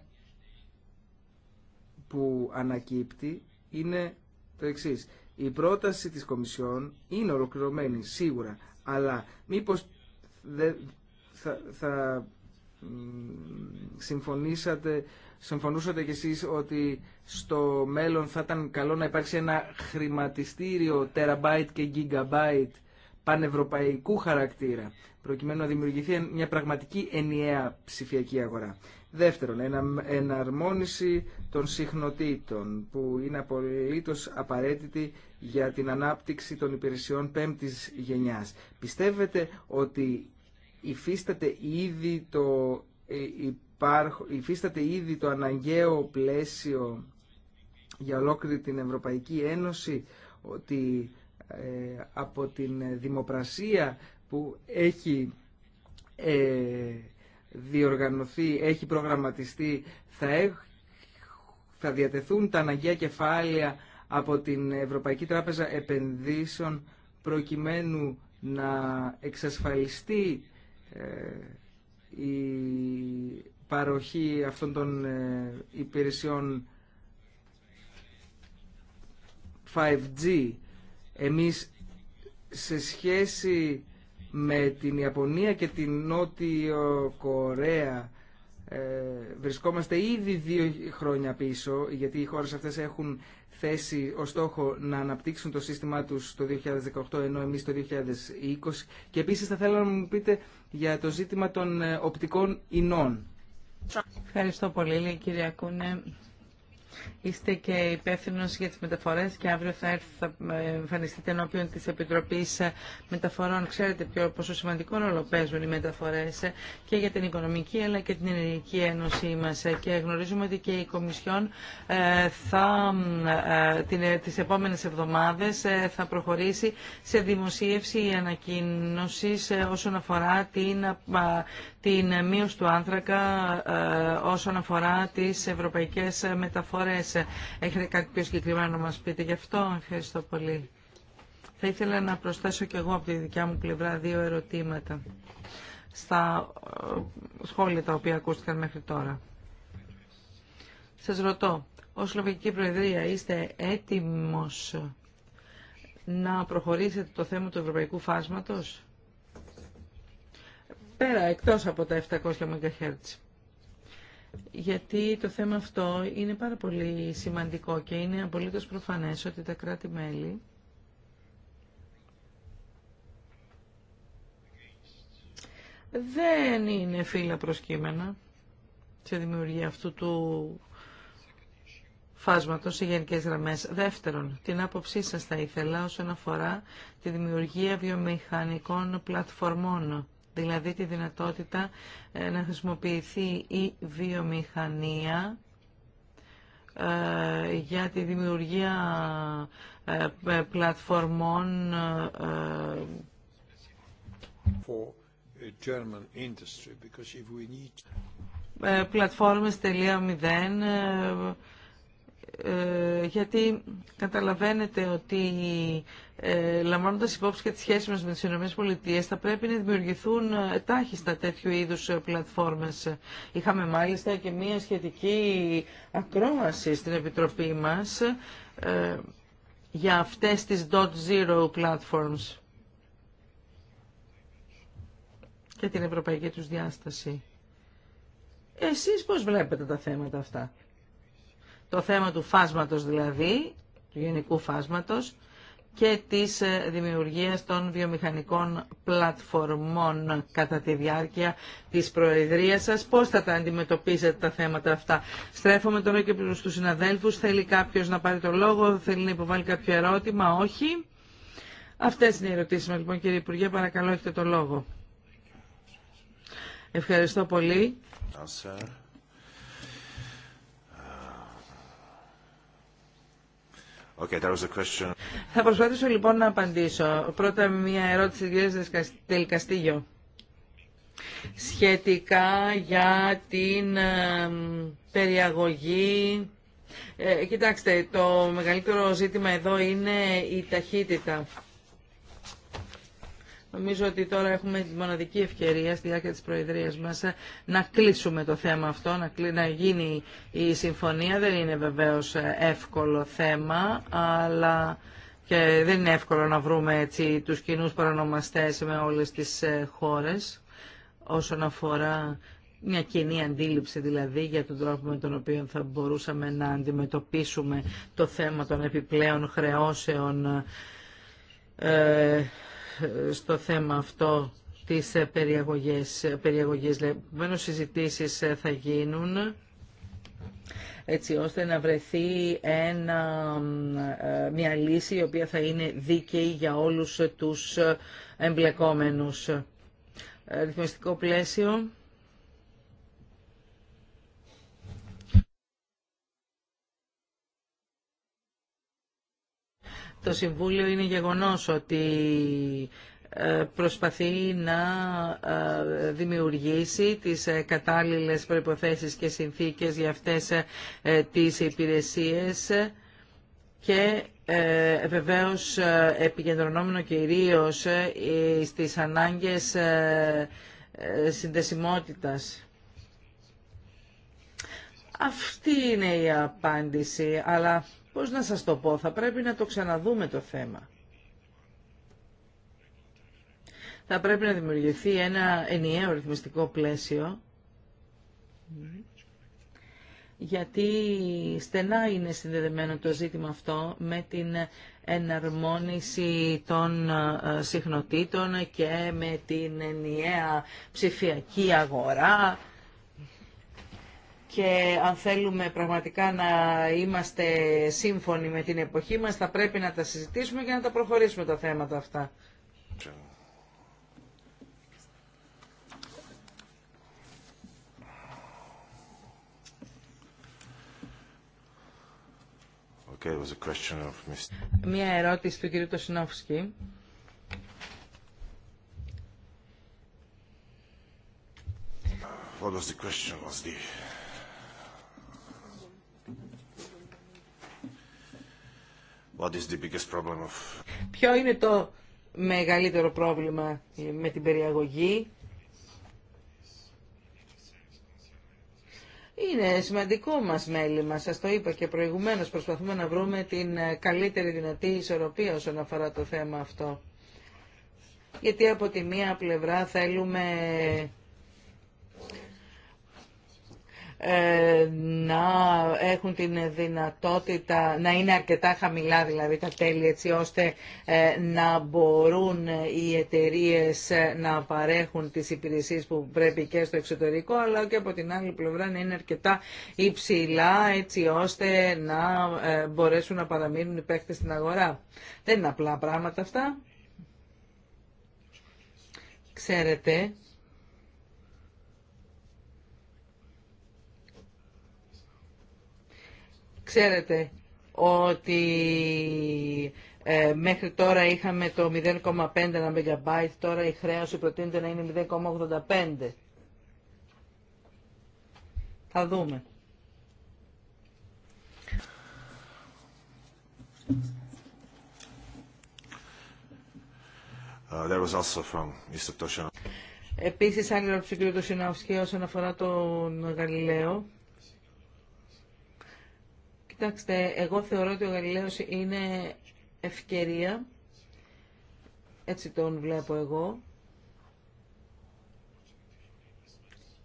που ανακύπτει είναι το εξή. Η πρόταση της Κομισιόν είναι ολοκληρωμένη σίγουρα, αλλά μήπως θα, συμφωνήσατε, συμφωνούσατε κι εσείς ότι στο μέλλον θα ήταν καλό να υπάρξει ένα χρηματιστήριο τεραμπάιτ και γιγκαμπάιτ πανευρωπαϊκού χαρακτήρα, προκειμένου να δημιουργηθεί μια πραγματική ενιαία ψηφιακή αγορά. Δεύτερον, εναρμόνιση των συχνοτήτων που είναι απολύτως απαραίτητη για την ανάπτυξη των υπηρεσιών πέμπτης γενιάς. Πιστεύετε ότι υφίσταται ήδη το, ε, υπάρχ, υφίσταται ήδη το αναγκαίο πλαίσιο για ολόκληρη την Ευρωπαϊκή Ένωση ότι ε, από την δημοπρασία που έχει ε, διοργανωθεί, έχει προγραμματιστεί, θα, έχ, θα διατεθούν τα αναγκαία κεφάλαια από την Ευρωπαϊκή Τράπεζα Επενδύσεων προκειμένου να εξασφαλιστεί ε, η παροχή αυτών των ε, υπηρεσιών 5G. Εμείς σε σχέση με την Ιαπωνία και την Νότιο Κορέα ε, βρισκόμαστε ήδη δύο χρόνια πίσω γιατί οι χώρες αυτές έχουν θέσει ως στόχο να αναπτύξουν το σύστημά τους το 2018 ενώ εμείς το 2020 και επίσης θα θέλω να μου πείτε για το ζήτημα των ε, οπτικών ινών. Ευχαριστώ πολύ λέει, κυρία Κούνε. Είστε και υπεύθυνο για τι μεταφορές και αύριο θα, έρθει, θα ε, εμφανιστείτε ενώπιον της Επιτροπής ε, Μεταφορών. Ξέρετε ποιο, πόσο σημαντικό ρόλο παίζουν οι μεταφορές ε, και για την Οικονομική αλλά και την ελληνική Ένωσή μα. Και γνωρίζουμε ότι και η Κομισιόν θα, επόμενε εβδομάδε εβδομάδες θα προχωρήσει σε δημοσίευση ανακοίνωση όσον αφορά την, την μείωση του άνθρακα όσον αφορά τι ευρωπαϊκέ μεταφορέ. Έχετε κάτι πιο συγκεκριμένο να μας πείτε γι' αυτό. Ευχαριστώ πολύ. Θα ήθελα να προσθέσω κι εγώ από τη δικιά μου πλευρά δύο ερωτήματα στα ε, σχόλια τα οποία ακούστηκαν μέχρι τώρα. Σας ρωτώ, ως Σλοβική Προεδρία είστε έτοιμος να προχωρήσετε το θέμα του ευρωπαϊκού φάσματος πέρα εκτός από τα 700 MHz γιατί το θέμα αυτό είναι πάρα πολύ σημαντικό και είναι απολύτως προφανές ότι τα κράτη-μέλη δεν είναι φύλλα προσκύμενα σε δημιουργία αυτού του φάσματος σε γενικές γραμμές. Δεύτερον, την άποψή σας θα ήθελα όσον αφορά τη δημιουργία βιομηχανικών πλατφορμών δηλαδή τη δυνατότητα ε, να χρησιμοποιηθεί η βιομηχανία ε, για τη δημιουργία ε, πλατφορμών For German industry, ε, γιατί καταλαβαίνετε ότι ε, λαμβάνοντας υπόψη και τις σχέσεις μας με τις ΗΠΑ θα πρέπει να δημιουργηθούν ε, τάχιστα τέτοιου είδους ε, πλατφόρμες. Είχαμε μάλιστα και μία σχετική ακρόαση στην Επιτροπή μας ε, για αυτές τις .zero platforms και την ευρωπαϊκή τους διάσταση. Εσείς πώς βλέπετε τα θέματα αυτά το θέμα του φάσματος δηλαδή, του γενικού φάσματος και της ε, δημιουργίας των βιομηχανικών πλατφορμών κατά τη διάρκεια της Προεδρίας σας. Πώς θα τα αντιμετωπίσετε τα θέματα αυτά. Στρέφομαι τώρα και προς τους συναδέλφους. Θέλει κάποιος να πάρει το λόγο, θέλει να υποβάλει κάποιο ερώτημα, όχι. Αυτές είναι οι ερωτήσεις μας λοιπόν κύριε Υπουργέ, παρακαλώ έχετε το λόγο. Ευχαριστώ πολύ. Θα προσπαθήσω λοιπόν να απαντήσω. Πρώτα μια ερώτηση τη κυρία Τελκαστήγιο σχετικά για την περιαγωγή. Ε, κοιτάξτε, το μεγαλύτερο ζήτημα εδώ είναι η ταχύτητα. Νομίζω ότι τώρα έχουμε τη μοναδική ευκαιρία στη διάρκεια της Προεδρίας μας ε, να κλείσουμε το θέμα αυτό, να γίνει η συμφωνία. Δεν είναι βεβαίως ε, εύκολο θέμα, αλλά και δεν είναι εύκολο να βρούμε έτσι, τους κοινούς παρανομαστές με όλες τις ε, χώρες όσον αφορά μια κοινή αντίληψη δηλαδή για τον τρόπο με τον οποίο θα μπορούσαμε να αντιμετωπίσουμε το θέμα των επιπλέον χρεώσεων στο θέμα αυτό τις ε, περιαγωγές. Ε, περιαγωγές. Επομένως, συζητήσεις ε, θα γίνουν έτσι ώστε να βρεθεί ένα, μια λύση η οποία θα είναι δίκαιη για όλους τους εμπλεκόμενους. Ρυθμιστικό πλαίσιο. το Συμβούλιο είναι γεγονός ότι ε, προσπαθεί να ε, δημιουργήσει τις ε, κατάλληλες προϋποθέσεις και συνθήκες για αυτές τις υπηρεσίες και βεβαίως επικεντρωνόμενο κυρίως στις ανάγκες συνδεσιμότητας. Αυτή είναι η απάντηση, αλλά πώς να σας το πω, θα πρέπει να το ξαναδούμε το θέμα. Θα πρέπει να δημιουργηθεί ένα ενιαίο ρυθμιστικό πλαίσιο, γιατί στενά είναι συνδεδεμένο το ζήτημα αυτό με την εναρμόνιση των ε, συχνοτήτων και με την ενιαία ψηφιακή αγορά και αν θέλουμε πραγματικά να είμαστε σύμφωνοι με την εποχή μας θα πρέπει να τα συζητήσουμε και να τα προχωρήσουμε τα θέματα αυτά. Μια ερώτηση του κ. Τοσινόφσκι. What Ποιο είναι το μεγαλύτερο πρόβλημα με την περιαγωγή. Είναι σημαντικό μας μας, σας το είπα και προηγουμένως, προσπαθούμε να βρούμε την καλύτερη δυνατή ισορροπία όσον αφορά το θέμα αυτό. Γιατί από τη μία πλευρά θέλουμε ε, να έχουν την δυνατότητα να είναι αρκετά χαμηλά δηλαδή τα τέλη έτσι ώστε ε, να μπορούν οι εταιρείε ε, να παρέχουν τις υπηρεσίες που πρέπει και στο εξωτερικό αλλά και από την άλλη πλευρά να είναι αρκετά υψηλά έτσι ώστε να μπορέσουν να παραμείνουν οι παίκτες στην αγορά. Δεν είναι απλά πράγματα αυτά. Ξέρετε Ξέρετε ότι ε, μέχρι τώρα είχαμε το 0,5 MB, τώρα η χρέωση προτείνεται να είναι 0,85. Θα δούμε. Uh, was also from Mr. Επίσης, άλλη ερώτηση του κ. όσον αφορά τον Γαλιλαίο. Κοιτάξτε, εγώ θεωρώ ότι ο Γαλιλαίος είναι ευκαιρία, έτσι τον βλέπω εγώ,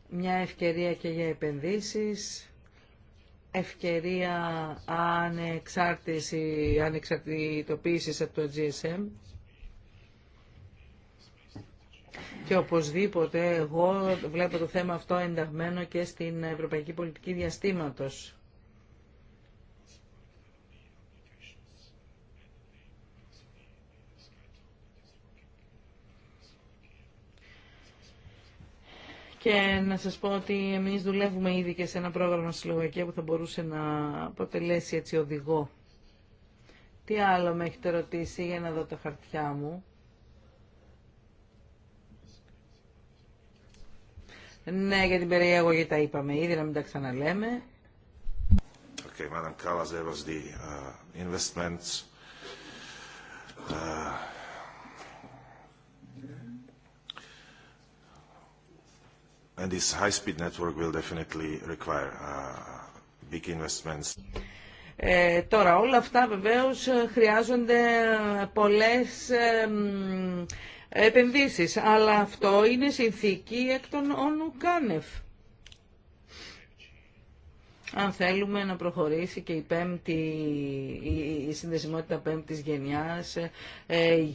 μια ευκαιρία και για επενδύσεις, ευκαιρία ανεξάρτηση, ανεξαρτητοποίησης από το GSM. Και οπωσδήποτε εγώ βλέπω το θέμα αυτό ενταγμένο και στην Ευρωπαϊκή Πολιτική Διαστήματος. Και να σας πω ότι εμείς δουλεύουμε ήδη και σε ένα πρόγραμμα συλλογική που θα μπορούσε να αποτελέσει έτσι οδηγό. Τι άλλο με έχετε ρωτήσει για να δω τα χαρτιά μου. Ναι, για την περιέγωγη τα είπαμε ήδη, να μην τα ξαναλέμε. Okay, Madam there was the uh, investments. Uh, and high network will definitely require uh, ε, τώρα όλα αυτά βεβαίως ε, χρειάζονται ε, πολλές ε, επενδύσεις, αλλά αυτό είναι συνθήκη εκ των όνου κάνευ. Αν θέλουμε να προχωρήσει και η, πέμπτη, η συνδεσιμότητα πέμπτης γενιάς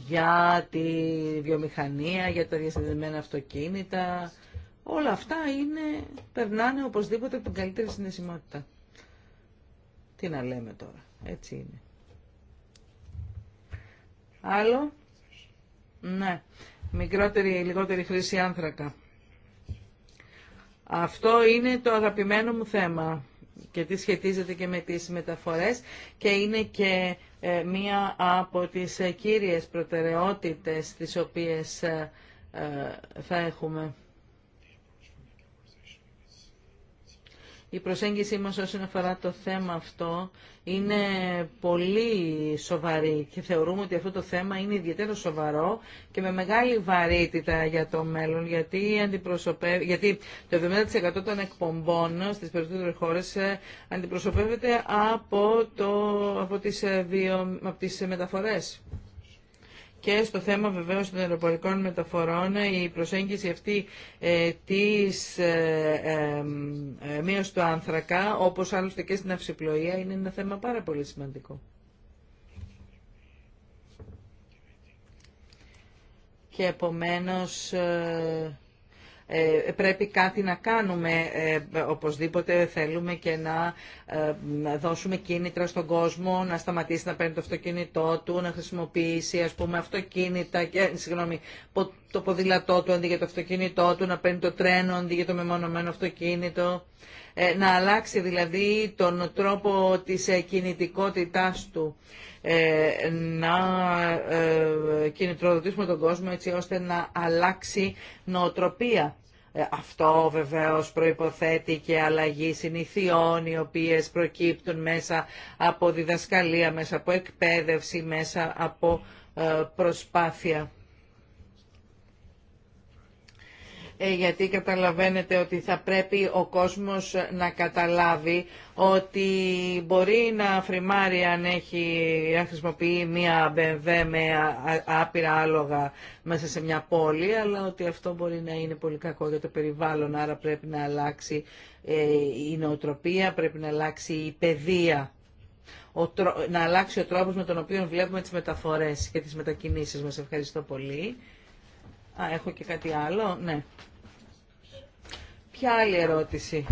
για τη βιομηχανία, για τα διασυνδεμένα αυτοκίνητα, όλα αυτά είναι, περνάνε οπωσδήποτε από την καλύτερη συναισθηματικότητα. Τι να λέμε τώρα, έτσι είναι. Άλλο, ναι, μικρότερη, ή λιγότερη χρήση άνθρακα. Αυτό είναι το αγαπημένο μου θέμα και τι σχετίζεται και με τις μεταφορές και είναι και ε, μία από τις ε, κύριες προτεραιότητες τις οποίες ε, θα έχουμε. Η προσέγγιση μας όσον αφορά το θέμα αυτό είναι πολύ σοβαρή και θεωρούμε ότι αυτό το θέμα είναι ιδιαίτερα σοβαρό και με μεγάλη βαρύτητα για το μέλλον γιατί, γιατί το 70% των εκπομπών στις περισσότερες χώρες ε, αντιπροσωπεύεται από, το... από, τις, ε, βιο... από τις μεταφορές και στο θέμα βεβαίως των αεροπορικών μεταφορών η προσέγγιση αυτή ε, της ε, ε, ε του άνθρακα, όπως άλλωστε και στην αυσιπλοεία, είναι ένα θέμα πάρα πολύ σημαντικό. Και επομένως... Ε, ε, πρέπει κάτι να κάνουμε. Ε, οπωσδήποτε θέλουμε και ε, να δώσουμε κίνητρα στον κόσμο να σταματήσει να παίρνει το αυτοκίνητό του, να χρησιμοποιήσει ας πούμε αυτοκίνητα και συγγνώμη, το ποδήλατό του αντί για το αυτοκίνητό του, να παίρνει το τρένο αντί για το μεμονωμένο αυτοκίνητο. Ε, να αλλάξει δηλαδή τον τρόπο της ε, κινητικότητάς του, ε, να κινητροδοτήσουμε τον κόσμο έτσι ώστε να αλλάξει νοοτροπία. Αυτό βεβαίως προϋποθέτει και αλλαγή συνηθιών οι οποίες προκύπτουν μέσα από διδασκαλία, μέσα από εκπαίδευση, μέσα από προσπάθεια. Ε, γιατί καταλαβαίνετε ότι θα πρέπει ο κόσμος να καταλάβει ότι μπορεί να φρημάρει αν έχει χρησιμοποιεί μία BMW με άπειρα άλογα μέσα σε μια πόλη, αλλά ότι αυτό μπορεί να είναι πολύ κακό για το περιβάλλον, άρα πρέπει να αλλάξει ε, η νοοτροπία, πρέπει να αλλάξει η παιδεία να αλλάξει ο τρόπος με τον οποίο βλέπουμε τις μεταφορές και τις μετακινήσεις μας. Ευχαριστώ πολύ. Α, έχω και κάτι άλλο, ναι. Ποια άλλη ερώτηση.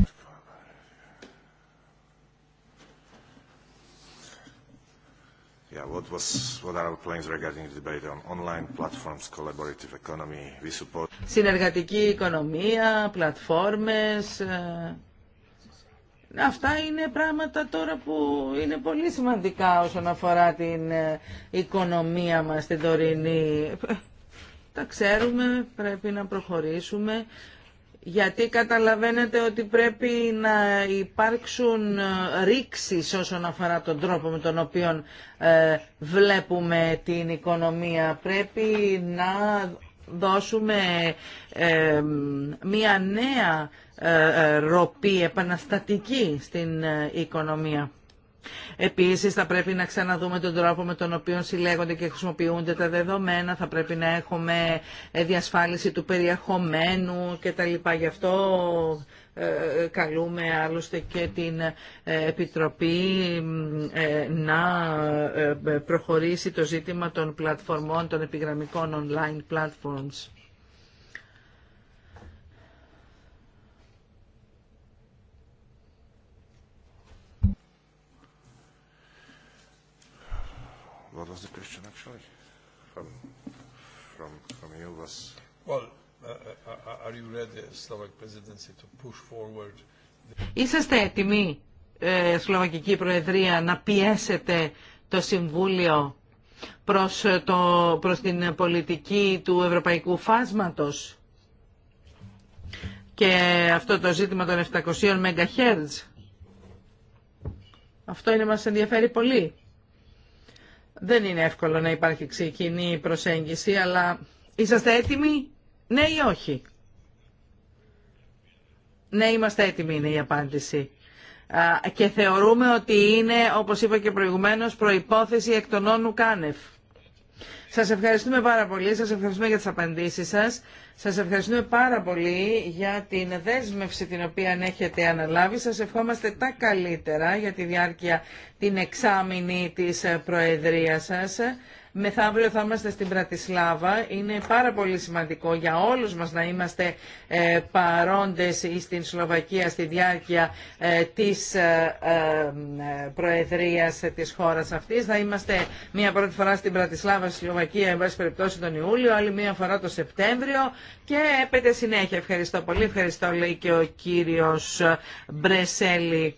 Yeah, what was what are our plans regarding the debate on online platforms, collaborative economy, we support. Συνεργατική οικονομία, πλατφόρμες. Ε, αυτά είναι πράγματα τώρα που είναι πολύ σημαντικά όσον αφορά την ε, οικονομία μας, την τωρινή. Τα ξέρουμε, πρέπει να προχωρήσουμε, γιατί καταλαβαίνετε ότι πρέπει να υπάρξουν ε, ρήξεις όσον αφορά τον τρόπο με τον οποίο ε, βλέπουμε την οικονομία. Πρέπει να δώσουμε ε, μια νέα ροπή επαναστατική στην οικονομία. Επίσης θα πρέπει να ξαναδούμε τον τρόπο με τον οποίο συλλέγονται και χρησιμοποιούνται τα δεδομένα, θα πρέπει να έχουμε ε, διασφάλιση του περιεχομένου κτλ. Γι' αυτό ε, καλούμε άλλωστε και την ε, Επιτροπή να προχωρήσει το ζήτημα των πλατφορμών, των επιγραμμικών online platforms. What was Είσαστε έτοιμοι, ε, Σλοβακική Προεδρία, να πιέσετε το Συμβούλιο προς, ε, το, προς την πολιτική του ευρωπαϊκού φάσματος και αυτό το ζήτημα των 700 MHz. Αυτό είναι, μας ενδιαφέρει πολύ. Δεν είναι εύκολο να υπάρχει ξεκινή προσέγγιση, αλλά είσαστε έτοιμοι, ναι ή όχι. Ναι, είμαστε έτοιμοι είναι η απάντηση. Και θεωρούμε ότι είναι, όπως είπα και προηγουμένως, προϋπόθεση εκ των όνου κάνευ. Σας ευχαριστούμε πάρα πολύ, σας ευχαριστούμε για τις απαντήσεις σας. Σας ευχαριστούμε πάρα πολύ για την δέσμευση την οποία έχετε αναλάβει. Σας ευχόμαστε τα καλύτερα για τη διάρκεια την εξάμηνη της Προεδρίας σας. Μεθαύριο θα είμαστε στην Πρατισλάβα. Είναι πάρα πολύ σημαντικό για όλους μας να είμαστε ε, παρόντες στην Σλοβακία στη διάρκεια ε, της ε, Προεδρίας της χώρας αυτής. Θα είμαστε μία πρώτη φορά στην Πρατισλάβα, στη Σλοβακία, εν πάση περιπτώσει τον Ιούλιο, άλλη μία φορά το Σεπτέμβριο και έπεται συνέχεια. Ευχαριστώ πολύ. Ευχαριστώ λέει και ο κύριος Μπρεσέλη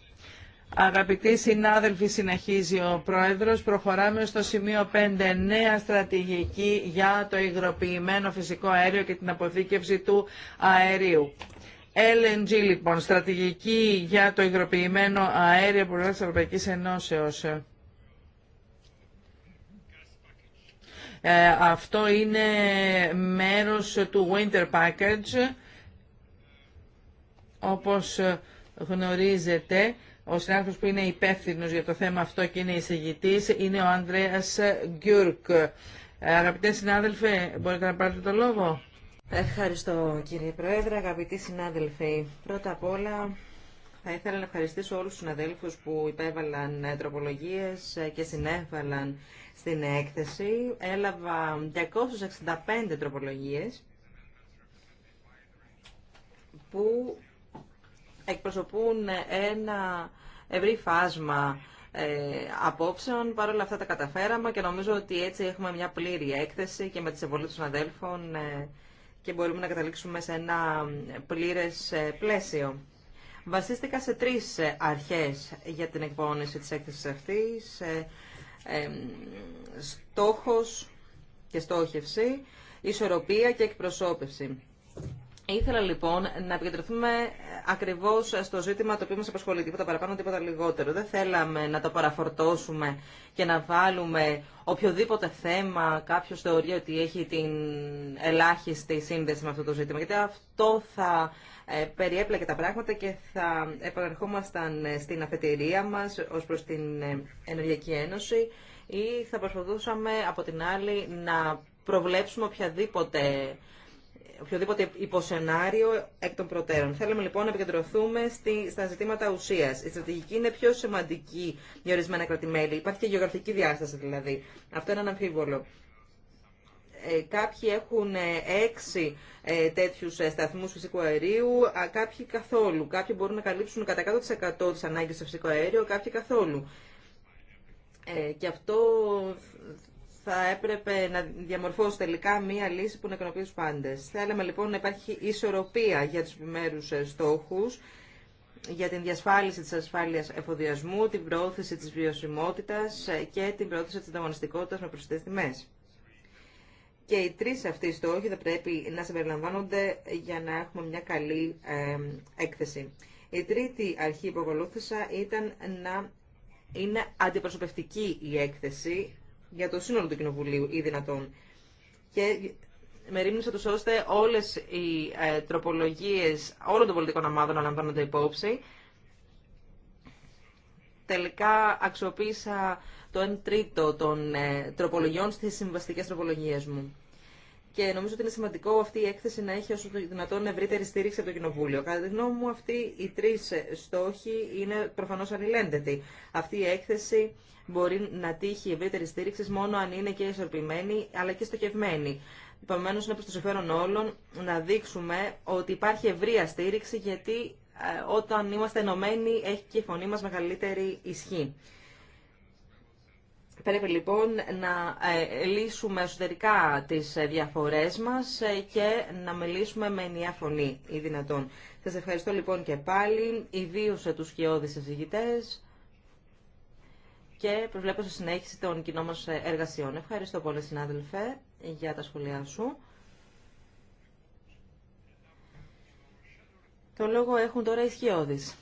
Αγαπητοί συνάδελφοι, συνεχίζει ο Πρόεδρος. Προχωράμε στο σημείο 5. Νέα στρατηγική για το υγροποιημένο φυσικό αέριο και την αποθήκευση του αερίου. LNG λοιπόν, στρατηγική για το υγροποιημένο αέριο από της Ευρωπαϊκής Ενώσεως. Ε, αυτό είναι μέρος του Winter Package, όπως γνωρίζετε ο συνάδελφος που είναι υπεύθυνο για το θέμα αυτό και είναι εισηγητή είναι ο Ανδρέας Γκιούρκ. Αγαπητέ συνάδελφε, μπορείτε να πάρετε το λόγο. Ευχαριστώ κύριε Πρόεδρε, αγαπητοί συνάδελφοι. Πρώτα απ' όλα θα ήθελα να ευχαριστήσω όλους τους συναδέλφους που υπέβαλαν τροπολογίες και συνέβαλαν στην έκθεση. Έλαβα 265 τροπολογίες που εκπροσωπούν ένα ευρύ φάσμα ε, απόψεων. Παρ' όλα αυτά τα καταφέραμε και νομίζω ότι έτσι έχουμε μια πλήρη έκθεση και με τις συμβολή των ε, και μπορούμε να καταλήξουμε σε ένα πλήρες ε, πλαίσιο. Βασίστηκα σε τρεις ε, αρχές για την εκπόνηση της έκθεσης αυτής. στόχος και στόχευση, ισορροπία και εκπροσώπευση. Ήθελα λοιπόν να επικεντρωθούμε ε, ακριβώ στο ζήτημα το οποίο μα απασχολεί. Τίποτα παραπάνω, τίποτα λιγότερο. Δεν θέλαμε να το παραφορτώσουμε και να βάλουμε οποιοδήποτε θέμα κάποιο θεωρεί ότι έχει την ελάχιστη σύνδεση με αυτό το ζήτημα. Γιατί αυτό θα ε, περιέπλεκε τα πράγματα και θα επαναρχόμασταν ε, στην αφετηρία μα ω προ την Ενεργειακή Ένωση ή θα προσπαθούσαμε από την άλλη να προβλέψουμε οποιαδήποτε οποιοδήποτε υποσενάριο εκ των προτέρων. Θέλουμε λοιπόν να επικεντρωθούμε στη, στα ζητήματα ουσία. Η στρατηγική είναι πιο σημαντική για ορισμένα κρατημέλη. Υπάρχει και γεωγραφική διάσταση δηλαδή. Αυτό είναι αναμφίβολο. Ε, κάποιοι έχουν ε, έξι ε, τέτοιου ε, σταθμού φυσικού αερίου, κάποιοι καθόλου. Κάποιοι μπορούν να καλύψουν κατά 100% τι ανάγκε στο φυσικό αέριο, κάποιοι καθόλου. Ε, και αυτό θα έπρεπε να διαμορφώσει τελικά μία λύση που να ικανοποιεί του πάντε. Θέλαμε λοιπόν να υπάρχει ισορροπία για του επιμέρου ε, στόχου, για την διασφάλιση τη ασφάλεια εφοδιασμού, την προώθηση τη βιωσιμότητα ε, και την προώθηση τη ανταγωνιστικότητα με προσιτέ τιμέ. Και οι τρει αυτοί στόχοι θα πρέπει να συμπεριλαμβάνονται για να έχουμε μια καλή ε, έκθεση. Η τρίτη αρχή που ακολούθησα ήταν να είναι αντιπροσωπευτική η έκθεση για το σύνολο του Κοινοβουλίου ή δυνατόν. Και ρίμνησα τους ώστε όλες οι ε, τροπολογίες όλων των πολιτικών ομάδων να λαμβάνονται υπόψη. Τελικά αξιοποίησα το 1 τρίτο των ε, τροπολογιών στις συμβαστικές τροπολογίες μου και νομίζω ότι είναι σημαντικό αυτή η έκθεση να έχει όσο το δυνατόν ευρύτερη στήριξη από το Κοινοβούλιο. Κατά τη γνώμη μου, αυτοί οι τρει στόχοι είναι προφανώ ανηλέντετοι. Αυτή η έκθεση μπορεί να τύχει ευρύτερη στήριξη μόνο αν είναι και ισορροπημένη αλλά και στοχευμένη. Επομένω, είναι προ το συμφέρον όλων να δείξουμε ότι υπάρχει ευρεία στήριξη γιατί ε, όταν είμαστε ενωμένοι έχει και η φωνή μα μεγαλύτερη ισχύ. Πρέπει λοιπόν να ε, λύσουμε εσωτερικά τις ε, διαφορές μας ε, και να μιλήσουμε με ενιαία φωνή ή δυνατόν. Σας ευχαριστώ λοιπόν και πάλι, ιδίως τους σκιώδεις συζητητές και προβλέπω σε συνέχιση των κοινών μας εργασιών. Ευχαριστώ πολύ συνάδελφε για τα σχολιά σου. Το λόγο έχουν τώρα οι σκιώδεις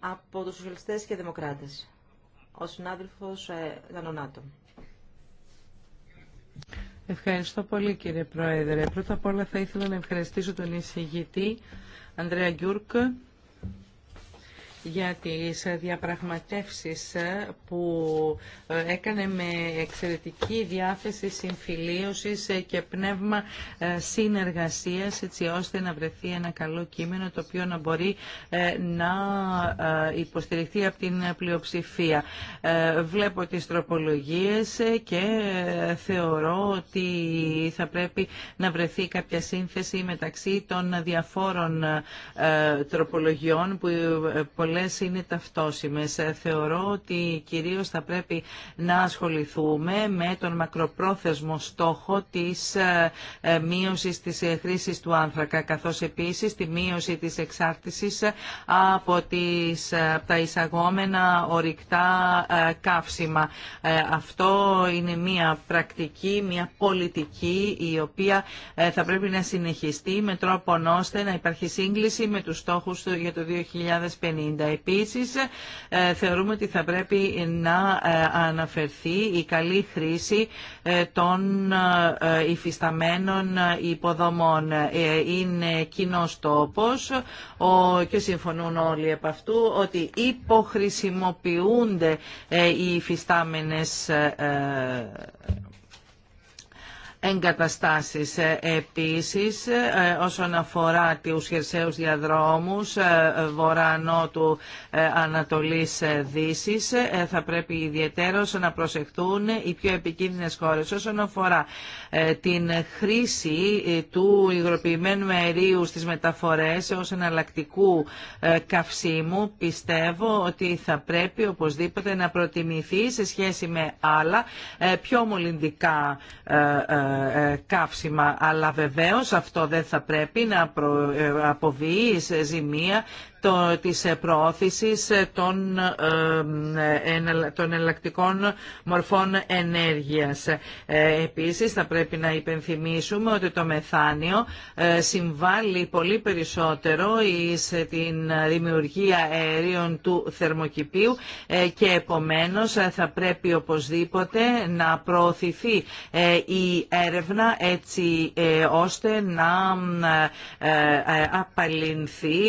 από τους σοσιαλιστές και δημοκράτες ο συνάδελφος ε, Γανονάτο. Ευχαριστώ πολύ κύριε Πρόεδρε. Πρώτα απ' όλα θα ήθελα να ευχαριστήσω τον εισηγητή Ανδρέα Γκιούρκ για τις διαπραγματεύσεις που έκανε με εξαιρετική διάθεση συμφιλίωσης και πνεύμα συνεργασίας έτσι ώστε να βρεθεί ένα καλό κείμενο το οποίο να μπορεί ε, να ε, υποστηριχθεί από την πλειοψηφία. Ε, βλέπω τις τροπολογίες και θεωρώ ότι θα πρέπει να βρεθεί κάποια σύνθεση μεταξύ των διαφόρων τροπολογιών που πολλές είναι ταυτόσιμες. Ε, θεωρώ ότι κυρίως θα πρέπει να ασχοληθούμε με τον μακροπρόθεσμο στόχο της ε, ε, μείωσης της χρήσης του άνθρακα, καθώς επίσης τη μείωση της εξάρτησης από, τις, τα εισαγόμενα ορυκτά καύσιμα. Αυτό είναι μια πρακτική, μια πολιτική η οποία θα πρέπει να συνεχιστεί με τρόπο ώστε να υπάρχει σύγκληση με τους στόχους για το 2050. Επίσης, ε, θεωρούμε ότι θα πρέπει να ε, αναφερθεί η καλή χρήση ε, των υφισταμένων υποδομών. Είναι κοινό τόπος και συμφωνούν όλοι από αυτού ότι υποχρησιμοποιούνται οι υφιστάμενες εγκαταστάσεις. Ε, επίσης, ε, όσον αφορά τους χερσαίους διαδρόμους ε, βορρά-νότου Ανατολής-Δύσης, θα πρέπει ιδιαίτερως να προσεχθούν οι πιο επικίνδυνες χώρες. Όσον αφορά ε, την χρήση ε, του υγροποιημένου αερίου στις μεταφορές ως εναλλακτικού ε, καυσίμου πιστεύω ότι θα πρέπει οπωσδήποτε να προτιμηθεί σε σχέση με άλλα πιο μολυντικά καύσιμα. Αλλά βεβαίως αυτό δεν θα πρέπει να αποβεί σε ζημία το, της ε, προώθησης ε, των, των εναλλακτικών μορφών ενέργειας. Ε, επίσης θα πρέπει να υπενθυμίσουμε ότι το μεθάνιο συμβάλλει πολύ περισσότερο σε την δημιουργία αερίων του θερμοκηπίου και επομένως θα πρέπει οπωσδήποτε να προωθηθεί η έρευνα έτσι ώστε να απαλληλθεί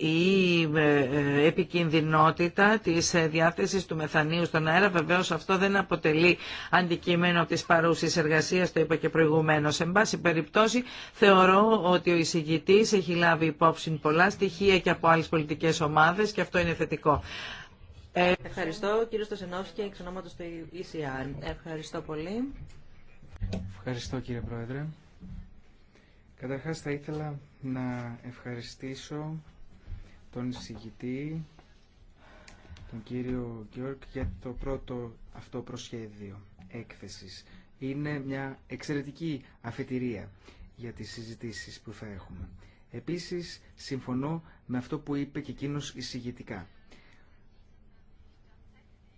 η η ε, ε, επικινδυνότητα της ε, διάθεσης του μεθανίου στον αέρα. Βεβαίως αυτό δεν αποτελεί αντικείμενο της παρούσης εργασίας, το είπα και προηγουμένως. Εν πάση περιπτώσει θεωρώ ότι ο εισηγητής έχει λάβει υπόψη πολλά στοιχεία και από άλλες πολιτικές ομάδες και αυτό είναι θετικό. Ευχαριστώ κύριο Στοσενόφσκι, εξ ονόματος του ECR. Ευχαριστώ πολύ. Ευχαριστώ κύριε Πρόεδρε. Καταρχάς θα ήθελα να ευχαριστήσω τον εισηγητή, τον κύριο Γιώργ για το πρώτο αυτό προσχέδιο έκθεσης. Είναι μια εξαιρετική αφετηρία για τις συζητήσεις που θα έχουμε. Επίσης, συμφωνώ με αυτό που είπε και εκείνος εισηγητικά.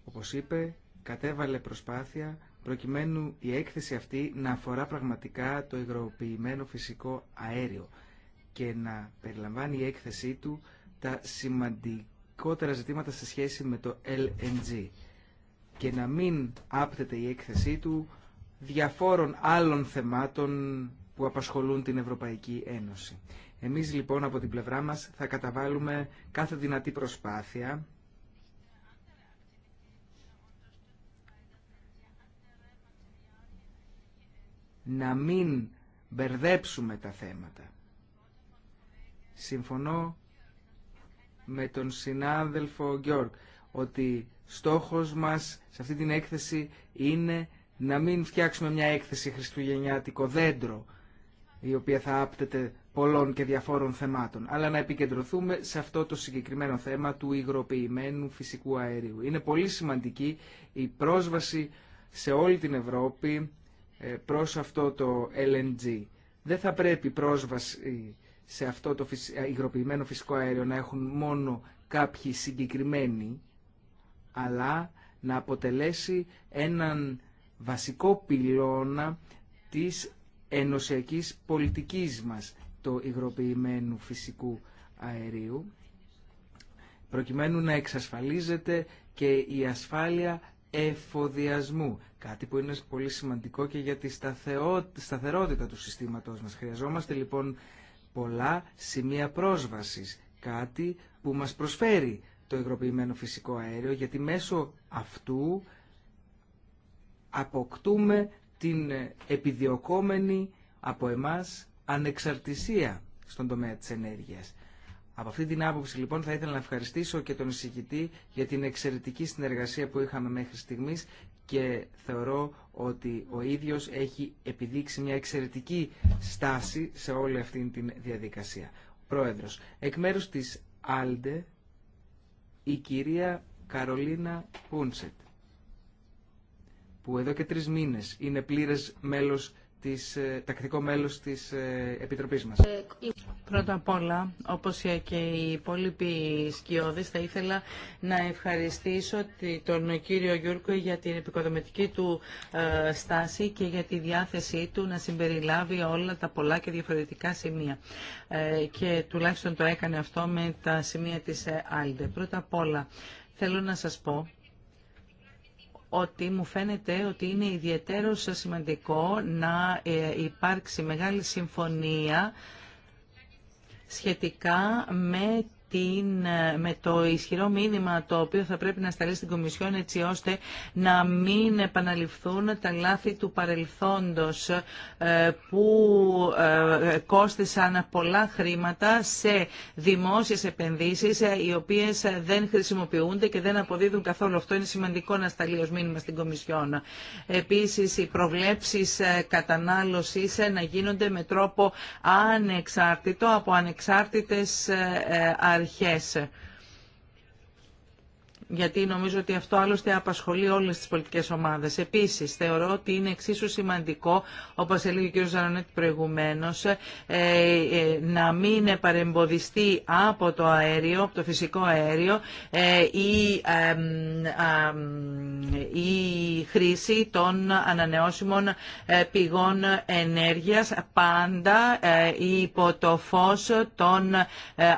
Όπως είπε, κατέβαλε προσπάθεια προκειμένου η έκθεση αυτή να αφορά πραγματικά το υγροποιημένο φυσικό αέριο και να περιλαμβάνει η έκθεσή του τα σημαντικότερα ζητήματα σε σχέση με το LNG και να μην άπτεται η έκθεσή του διαφόρων άλλων θεμάτων που απασχολούν την Ευρωπαϊκή Ένωση. Εμείς λοιπόν από την πλευρά μας θα καταβάλουμε κάθε δυνατή προσπάθεια να μην μπερδέψουμε τα θέματα. Συμφωνώ με τον συνάδελφο Γιώργ ότι στόχος μας σε αυτή την έκθεση είναι να μην φτιάξουμε μια έκθεση χριστουγεννιάτικο δέντρο η οποία θα άπτεται πολλών και διαφόρων θεμάτων, αλλά να επικεντρωθούμε σε αυτό το συγκεκριμένο θέμα του υγροποιημένου φυσικού αερίου. Είναι πολύ σημαντική η πρόσβαση σε όλη την Ευρώπη ε, προς αυτό το LNG. Δεν θα πρέπει πρόσβαση σε αυτό το ε, υγροποιημένο φυσικό αέριο να έχουν μόνο κάποιοι συγκεκριμένοι, αλλά να αποτελέσει έναν βασικό πυλώνα της ενωσιακής πολιτικής μας το υγροποιημένου φυσικού αερίου, προκειμένου να εξασφαλίζεται και η ασφάλεια εφοδιασμού. Κάτι που είναι πολύ σημαντικό και για τη σταθερότητα του συστήματος μας. Χρειαζόμαστε λοιπόν πολλά σημεία πρόσβασης, κάτι που μας προσφέρει το υγροποιημένο φυσικό αέριο, γιατί μέσω αυτού αποκτούμε την επιδιωκόμενη από εμάς ανεξαρτησία στον τομέα της ενέργειας. Από αυτή την άποψη λοιπόν θα ήθελα να ευχαριστήσω και τον εισηγητή για την εξαιρετική συνεργασία που είχαμε μέχρι στιγμής και θεωρώ ότι ο ίδιος έχει επιδείξει μια εξαιρετική στάση σε όλη αυτή τη διαδικασία. Πρόεδρος, εκ μέρους της Άλντε, η κυρία Καρολίνα Πούντσετ, που εδώ και τρεις μήνες είναι πλήρες μέλος της, ε, τακτικό μέλος της ε, Επιτροπής μας. Πρώτα απ' όλα, όπως και οι υπόλοιποι σκιώδεις, θα ήθελα να ευχαριστήσω τον κύριο Γιούρκο για την επικοδομητική του ε, στάση και για τη διάθεσή του να συμπεριλάβει όλα τα πολλά και διαφορετικά σημεία. και τουλάχιστον το έκανε αυτό με τα σημεία της Άλντε. Πρώτα απ' όλα, θέλω να σας πω ότι μου φαίνεται ότι είναι ιδιαίτερο σημαντικό να ε, υπάρξει μεγάλη συμφωνία σχετικά με την, ε, με το ισχυρό μήνυμα το οποίο θα πρέπει να σταλεί στην Κομισιόν έτσι ώστε να μην επαναληφθούν τα λάθη του παρελθόντος ε, που ε, κόστησαν πολλά χρήματα σε δημόσιες επενδύσεις οι οποίες δεν χρησιμοποιούνται και δεν αποδίδουν καθόλου. Αυτό είναι σημαντικό να σταλεί ως μήνυμα στην Κομισιόν. Επίσης οι προβλέψεις κατανάλωσης να γίνονται με τρόπο ανεξάρτητο από ανεξάρτητες αρχές αρχές γιατί νομίζω ότι αυτό άλλωστε απασχολεί όλες τις πολιτικές ομάδες. Επίσης, θεωρώ ότι είναι εξίσου σημαντικό, όπως έλεγε ο κ. Ζανονέτη προηγουμένως, ε, ε, να μην παρεμποδιστεί από το αέριο, από το φυσικό αέριο, ε, η, η χρήση των ανανεώσιμων πηγών ενέργειας πάντα υπό το φως των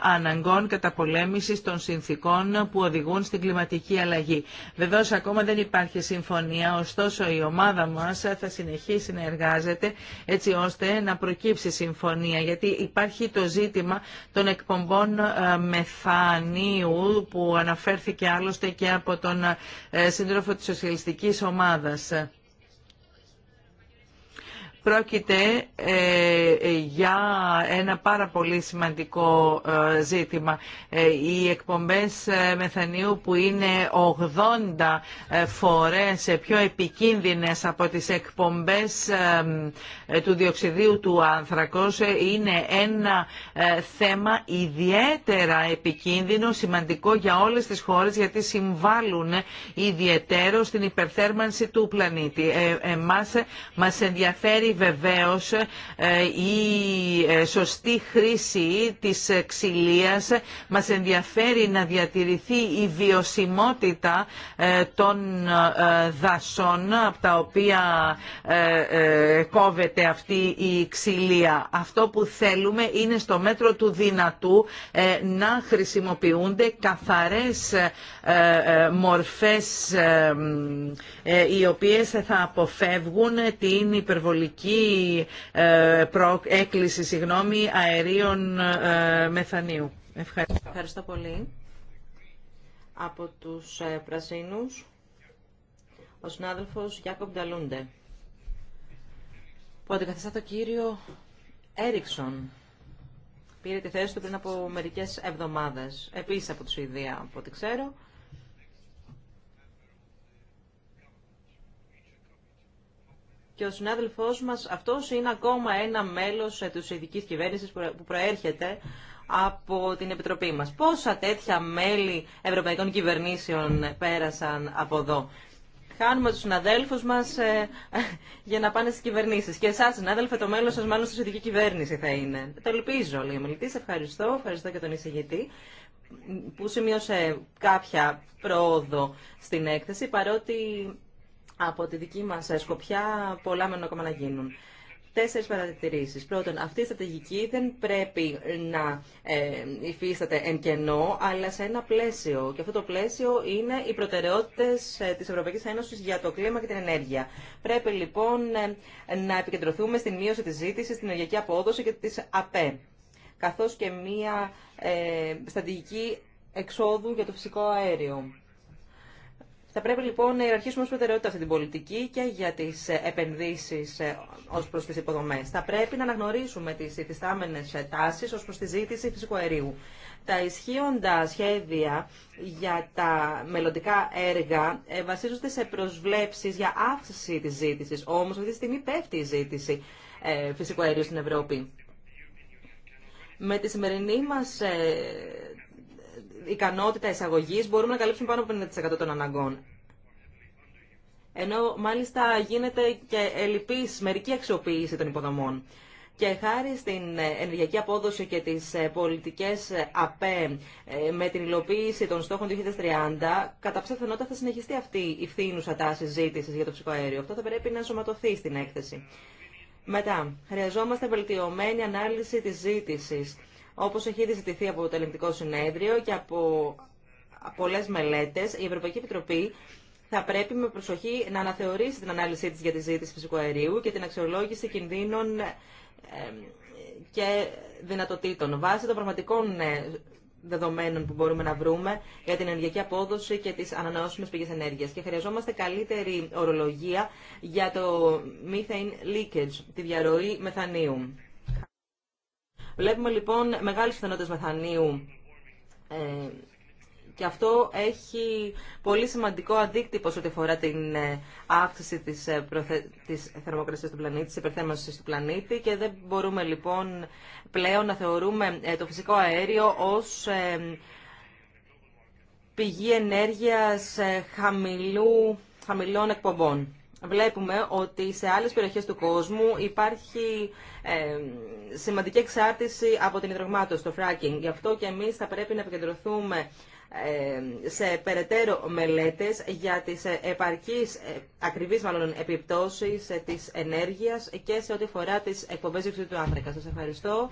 αναγκών καταπολέμησης των συνθήκων που οδηγούν στην κλιματική κλιματική αλλαγή. Βεβαίως ακόμα δεν υπάρχει συμφωνία, ωστόσο η ομάδα μας θα συνεχίσει να εργάζεται έτσι ώστε να προκύψει συμφωνία, γιατί υπάρχει το ζήτημα των εκπομπών ε, μεθανίου που αναφέρθηκε άλλωστε και από τον ε, σύντροφο της σοσιαλιστικής ομάδας. Πρόκειται ε, για ένα πάρα πολύ σημαντικό ε, ζήτημα. Ε, οι εκπομπές μεθανίου που είναι 80 φορές πιο επικίνδυνες από τις εκπομπές του διοξιδίου του άνθρακος είναι ένα θέμα ιδιαίτερα επικίνδυνο, σημαντικό για όλες τις χώρες γιατί συμβάλλουν ιδιαίτερο στην υπερθέρμανση του πλανήτη. Εμάς μας ενδιαφέρει βεβαίως ε, η ε, σωστή χρήση της ξυλίας. Μας ενδιαφέρει να διατηρηθεί η βιωσιμότητα ε, των δασών από τα οποία κόβεται αυτή η ξυλία. Αυτό που θέλουμε είναι στο μέτρο του δυνατού να χρησιμοποιούνται καθαρές μορφές οι οποίες θα αποφεύγουν την υπερβολική ε, προ, έκκληση συγγνώμη, αερίων ε, μεθανίου. Ευχαριστώ. Ευχαριστώ πολύ. Από τους ε, πρασίνους, ο συνάδελφος Γιάκοπ Νταλούντε, που αντικαθιστά το κύριο Έριξον. Πήρε τη θέση του πριν από μερικές εβδομάδες, επίσης από τη Σουηδία, από ό,τι ξέρω. Και ο συνάδελφό μα αυτό είναι ακόμα ένα μέλο ε, τη ειδική κυβέρνηση που προέρχεται από την Επιτροπή μας. Πόσα τέτοια μέλη ευρωπαϊκών κυβερνήσεων πέρασαν από εδώ. Χάνουμε τους συναδέλφους μας ε, *laughs* για να πάνε στις κυβερνήσεις. Και εσάς, συνάδελφε, το μέλος σας μάλλον στη ειδική κυβέρνηση θα είναι. Το ελπίζω, λέει ο μιλητής. Ευχαριστώ. Ευχαριστώ και τον εισηγητή που σημείωσε κάποια πρόοδο στην έκθεση, παρότι από τη δική μα σκοπιά πολλά μένουν ακόμα να γίνουν. Τέσσερι παρατηρήσεις. Πρώτον, αυτή η στρατηγική δεν πρέπει να ε, υφίσταται εν κενό, αλλά σε ένα πλαίσιο. Και αυτό το πλαίσιο είναι οι προτεραιότητες ε, της Ευρωπαϊκή Ένωση για το κλίμα και την ενέργεια. Πρέπει λοιπόν ε, να επικεντρωθούμε στην μείωση της ζήτησης, στην ενεργειακή απόδοση και τη ΑΠΕ, καθώ και μία στρατηγική εξόδου για το φυσικό αέριο. Θα πρέπει λοιπόν να ιεραρχήσουμε ως προτεραιότητα αυτή την πολιτική και για τις ε, επενδύσεις ε, ως προς τις υποδομές. Θα πρέπει να αναγνωρίσουμε τις υφιστάμενες ε, τάσεις ως προς τη ζήτηση φυσικού αερίου. Τα ισχύοντα σχέδια για τα μελλοντικά έργα βασίζονται σε προσβλέψεις για αύξηση της ζήτησης. Όμω αυτή τη στιγμή πέφτει η ζήτηση φυσικού αερίου στην Ευρώπη. Με τη σημερινή μας ικανότητα εισαγωγή μπορούμε να καλύψουμε πάνω από 50% των αναγκών. Ενώ μάλιστα γίνεται και ελλειπή μερική αξιοποίηση των υποδομών. Και χάρη στην ενεργειακή απόδοση και τις ε, πολιτικές ε, ΑΠΕ ε, με την υλοποίηση των στόχων του 2030, κατά ψευθενότητα θα συνεχιστεί αυτή η φθήνουσα τάση ζήτηση για το ψυχοαέριο. αέριο. Αυτό θα πρέπει να ενσωματωθεί στην έκθεση. Μετά, χρειαζόμαστε βελτιωμένη ανάλυση της ζήτησης όπως έχει ήδη ζητηθεί από το Ελληνικό Συνέδριο και από πολλές μελέτες, η Ευρωπαϊκή Επιτροπή θα πρέπει με προσοχή να αναθεωρήσει την ανάλυση της για τη ζήτηση φυσικού αερίου και την αξιολόγηση κινδύνων ε, και δυνατοτήτων βάσει των πραγματικών ε, δεδομένων που μπορούμε να βρούμε για την ενεργειακή απόδοση και τις ανανεώσιμες πηγές ενέργειας. Και χρειαζόμαστε καλύτερη ορολογία για το methane leakage, τη διαρροή μεθανίου. Βλέπουμε λοιπόν μεγάλες φθενότητες μεθανίου ε, και αυτό έχει πολύ σημαντικό αντίκτυπο σε ό,τι αφορά την ε, αύξηση της, ε, προθε... της θερμοκρασίας του πλανήτη, της υπερθέρμανσης του πλανήτη και δεν μπορούμε λοιπόν πλέον να θεωρούμε το φυσικό αέριο ως πηγή ενέργειας χαμηλού, χαμηλών εκπομπών βλέπουμε ότι σε άλλες περιοχές του κόσμου υπάρχει ε, σημαντική εξάρτηση από την υδρογμάτωση, το fracking. Γι' αυτό και εμείς θα πρέπει να επικεντρωθούμε ε, σε περαιτέρω μελέτες για τις ε, επαρκείς, ε, ακριβείς μάλλον, επιπτώσεις της ενέργειας και σε ό,τι φορά τις εκπομπές διευθυντήτου του άνθρακα. Σας ευχαριστώ.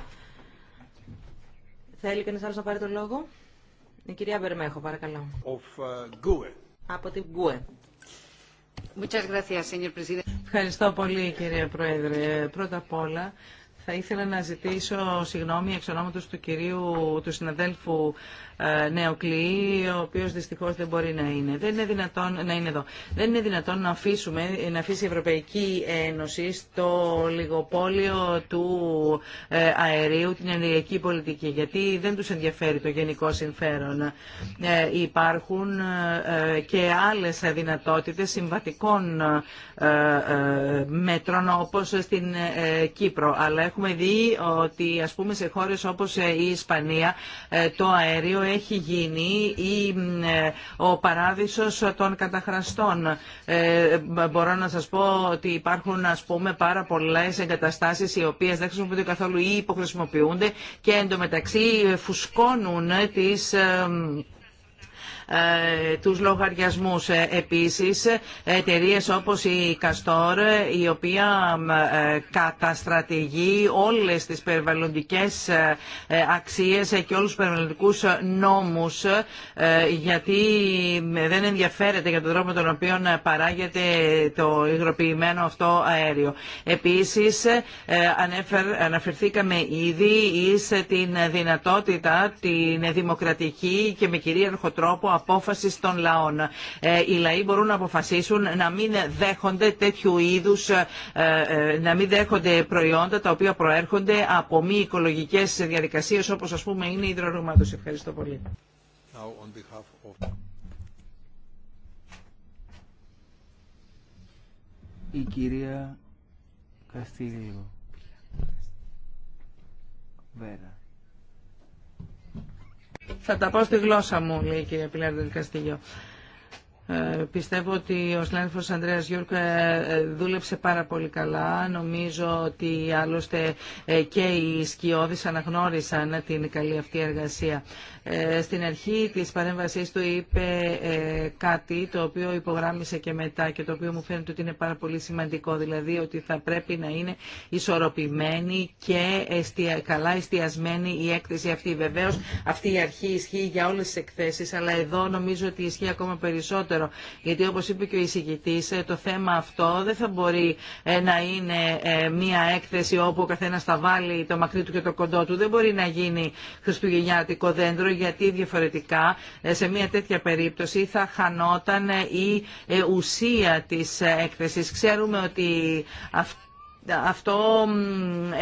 Θέλει κανείς άλλος να πάρει το λόγο. Η κυρία Μπερμέχο, παρακαλώ. Of, από την ΚΟΕ. Ευχαριστώ πολύ κύριε Πρόεδρε. Πρώτα απ' όλα θα ήθελα να ζητήσω συγγνώμη εξ ονόματος του κυρίου, του συναδέλφου ε, νεοκλειή, ο οποίο δυστυχώ δεν μπορεί να είναι. Δεν είναι δυνατόν να είναι εδώ. Δεν είναι δυνατόν να, αφήσουμε, να αφήσει η Ευρωπαϊκή Ένωση στο λιγοπόλιο του ε, αερίου την ενεργειακή πολιτική, γιατί δεν του ενδιαφέρει το γενικό συμφέρον. Ε, υπάρχουν και άλλε δυνατότητε συμβατικών μέτρων, όπω στην Κύπρο. Αλλά έχουμε δει ότι, ας πούμε, σε χώρες όπως η Ισπανία, το αέριο έχει γίνει ή ε, ο παράδεισος των καταχραστών. Ε, μπορώ να σας πω ότι υπάρχουν ας πούμε πάρα πολλές εγκαταστάσεις οι οποίες δεν χρησιμοποιούνται καθόλου ή υποχρησιμοποιούνται και εντωμεταξύ φουσκώνουν τις ε, ε, τους λογαριασμούς. Ε, επίσης, εταιρείε όπως η Καστόρ, η οποία ε, καταστρατηγεί όλες τις περιβαλλοντικές αξίες και όλους τους περιβαλλοντικούς νόμους, γιατί δεν ενδιαφέρεται για τον τρόπο με τον οποίο παράγεται το υγροποιημένο αυτό αέριο. Επίσης, αναφερθήκαμε ήδη εις την δυνατότητα την δημοκρατική και με κυρίαρχο τρόπο Απόφαση των λαών. Ε, οι λαοί μπορούν να αποφασίσουν να μην δέχονται τέτοιου είδους, ε, ε, να μην δέχονται προϊόντα τα οποία προέρχονται από μη οικολογικέ διαδικασίες όπως ας πούμε είναι η υδρορογμάτωση. Ευχαριστώ πολύ. Η κυρία Βέρα. Θα τα πω στη γλώσσα μου, λέει η κυρία Πιλάρ Καστίγιο. Ε, πιστεύω ότι ο σλένφος Ανδρέας Γιούρκ ε, ε, δούλεψε πάρα πολύ καλά. Νομίζω ότι άλλωστε ε, και οι σκιώδεις αναγνώρισαν την καλή αυτή εργασία. Ε, στην αρχή της παρέμβασής του είπε ε, κάτι το οποίο υπογράμμισε και μετά και το οποίο μου φαίνεται ότι είναι πάρα πολύ σημαντικό, δηλαδή ότι θα πρέπει να είναι ισορροπημένη και καλά εστιασμένη η έκθεση αυτή. Βεβαίως αυτή η αρχή ισχύει για όλες τις εκθέσεις, αλλά εδώ νομίζω ότι ισχύει ακόμα περισσότερο, γιατί όπως είπε και ο εισηγητής, ε, το θέμα αυτό δεν θα μπορεί να είναι μία έκθεση όπου ο καθένας θα βάλει το μακρύ του και το κοντό του, δεν μπορεί να γίνει χριστουγεννιάτικο δέντρο, γιατί διαφορετικά ε, σε μια τέτοια περίπτωση θα χανόταν ε, η ε, ουσία της έκθεσης. Ξέρουμε ότι αυτό αυτό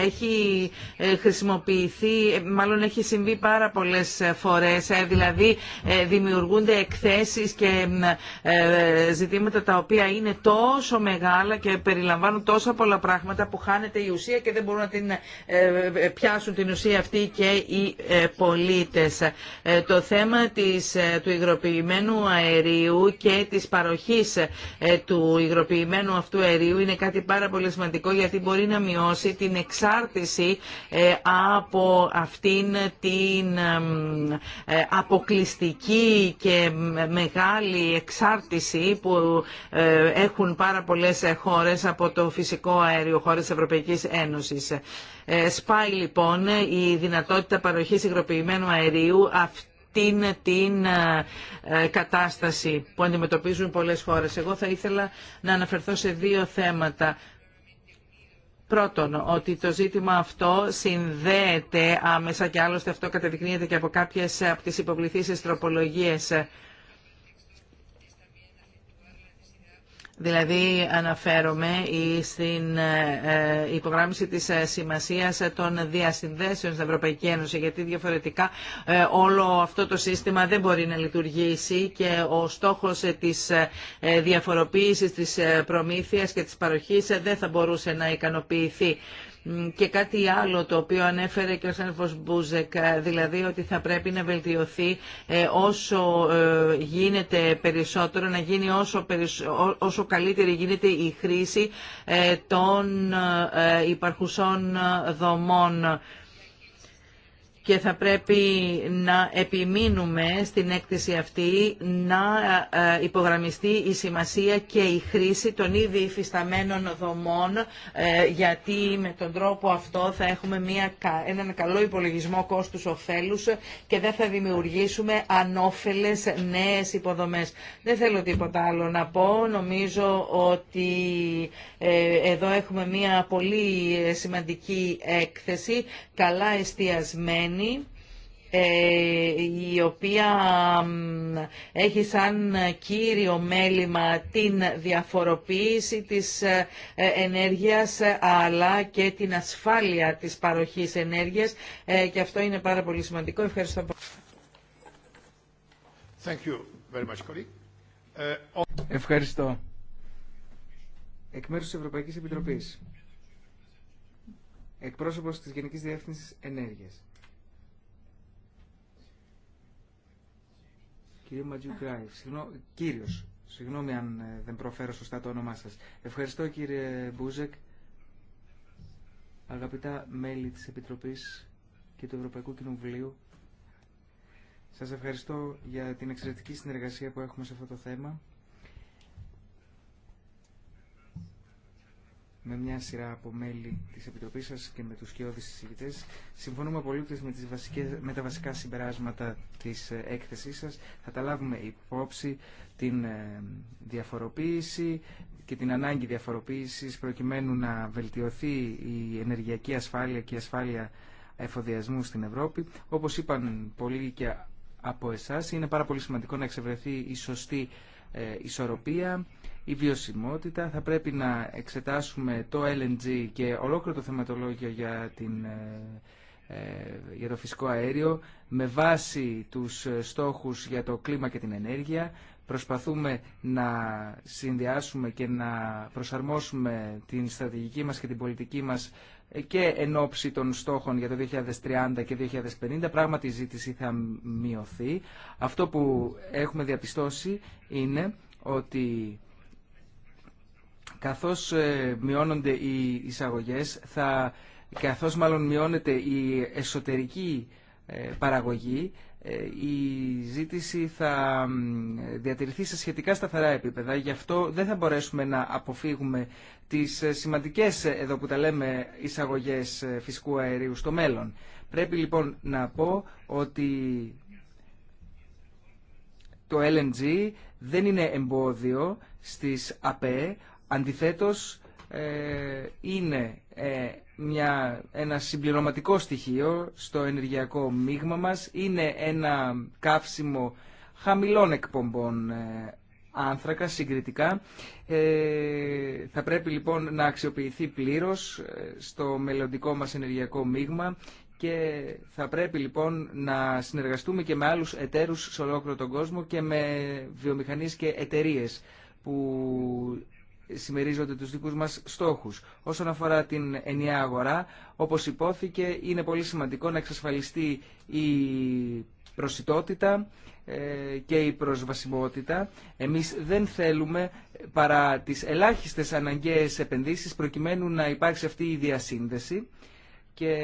έχει ε, χρησιμοποιηθεί, ε, μάλλον έχει συμβεί πάρα πολλές φορές, ε, δηλαδή δημιουργούνται εκθέσεις και ζητήματα τα οποία είναι τόσο μεγάλα και περιλαμβάνουν τόσα πολλά πράγματα που χάνεται η ουσία και δεν μπορούν να την πιάσουν την ουσία αυτή και οι πολίτες. Το θέμα της, του υγροποιημένου αερίου και της παροχής του υγροποιημένου αυτού αερίου είναι κάτι πάρα πολύ σημαντικό για γιατί μπορεί να μειώσει την εξάρτηση ε, από αυτήν την ε, αποκλειστική και μεγάλη εξάρτηση που ε, έχουν πάρα πολλές χώρες από το φυσικό αέριο, χώρες της Ευρωπαϊκής Ένωσης. Σπάει λοιπόν η δυνατότητα παροχής υγροποιημένου αερίου την, την κατάσταση που αντιμετωπίζουν πολλές χώρες. Εγώ θα ήθελα να αναφερθώ σε δύο θέματα. Πρώτον, ότι το ζήτημα αυτό συνδέεται άμεσα και άλλωστε αυτό καταδεικνύεται και από κάποιες από τις υποβληθήσεις τροπολογίες Δηλαδή αναφέρομαι στην ε, ε, υπογράμμιση της ε, σημασίας των διασυνδέσεων στην Ευρωπαϊκή Ένωση γιατί διαφορετικά όλο αυτό το σύστημα δεν μπορεί να λειτουργήσει και ο στόχος της διαφοροποίησης της προμήθειας και της παροχής δεν θα μπορούσε να ικανοποιηθεί. Και κάτι άλλο το οποίο ανέφερε και ο Σένφος Μπούζεκ, ε, δηλαδή ότι θα πρέπει να βελτιωθεί ε, όσο ε, γίνεται περισσότερο, να γίνει όσο, όσο καλύτερη γίνεται η χρήση των υπαρχουσών δομών και θα πρέπει να επιμείνουμε στην έκθεση αυτή να ε, υπογραμμιστεί η σημασία και η χρήση των ήδη υφισταμένων δομών ε, γιατί με τον τρόπο αυτό θα έχουμε μια, έναν καλό υπολογισμό κόστους κόστους-οφέλους και δεν θα δημιουργήσουμε ανώφελες νέες υποδομές. Δεν θέλω τίποτα άλλο να πω. Νομίζω ότι ε, εδώ έχουμε μια πολύ σημαντική έκθεση, καλά εστιασμένη η οποία έχει σαν κύριο μέλημα την διαφοροποίηση της ενέργειας αλλά και την ασφάλεια της παροχής ενέργειας και αυτό είναι πάρα πολύ σημαντικό. Ευχαριστώ πολύ. Ευχαριστώ. Εκ μέρους της Ευρωπαϊκής Επιτροπής, εκπρόσωπος της Γενικής Διεύθυνσης Ενέργειας. Κύριε Συγγνώ... κύριος, συγγνώμη αν ε, δεν προφέρω σωστά το όνομά σας. Ευχαριστώ κύριε Μπούζεκ, αγαπητά μέλη της Επιτροπής και του Ευρωπαϊκού Κοινοβουλίου. Σας ευχαριστώ για την εξαιρετική συνεργασία που έχουμε σε αυτό το θέμα. με μια σειρά από μέλη της Επιτροπής σας και με τους κοιόδης συζητητές. Συμφωνούμε απολύτως με, τις βασικές, με τα βασικά συμπεράσματα της ε, έκθεσής σας. Θα τα λάβουμε υπόψη την ε, διαφοροποίηση και την ανάγκη διαφοροποίησης προκειμένου να βελτιωθεί η ενεργειακή ασφάλεια και η ασφάλεια εφοδιασμού στην Ευρώπη. Όπως είπαν πολλοί και από εσάς, είναι πάρα πολύ σημαντικό να εξευρεθεί η σωστή ε, ισορροπία η βιωσιμότητα, θα πρέπει να εξετάσουμε το LNG και ολόκληρο το θεματολόγιο για, την, ε, ε, για το φυσικό αέριο με βάση τους στόχους για το κλίμα και την ενέργεια. Προσπαθούμε να συνδυάσουμε και να προσαρμόσουμε την στρατηγική μας και την πολιτική μας ε, και εν ώψη των στόχων για το 2030 και 2050 πράγματι η ζήτηση θα μειωθεί. Αυτό που έχουμε διαπιστώσει είναι ότι καθώς ε, μειώνονται οι εισαγωγές, θα, καθώς μάλλον μειώνεται η εσωτερική ε, παραγωγή, ε, η ζήτηση θα διατηρηθεί σε σχετικά σταθερά επίπεδα. Γι' αυτό δεν θα μπορέσουμε να αποφύγουμε τις σημαντικές, εδώ που τα λέμε, εισαγωγές φυσικού αερίου στο μέλλον. Πρέπει λοιπόν να πω ότι το LNG δεν είναι εμπόδιο στις ΑΠΕ, Αντιθέτως, ε, είναι ε, μια, ένα συμπληρωματικό στοιχείο στο ενεργειακό μείγμα μας. Είναι ένα καύσιμο χαμηλών εκπομπών ε, άνθρακα συγκριτικά. θα πρέπει λοιπόν να αξιοποιηθεί πλήρως στο μελλοντικό μας ενεργειακό μείγμα και θα πρέπει λοιπόν να συνεργαστούμε και με άλλους εταίρους σε ολόκληρο τον κόσμο και με βιομηχανίες και εταιρείες που συμμερίζονται τους δικούς μας στόχους. Όσον αφορά την ενιαία αγορά, όπως υπόθηκε, είναι πολύ σημαντικό να εξασφαλιστεί η προσιτότητα ε, και η προσβασιμότητα. Εμείς δεν θέλουμε παρά τις ελάχιστες αναγκαίες επενδύσεις προκειμένου να υπάρξει αυτή η διασύνδεση και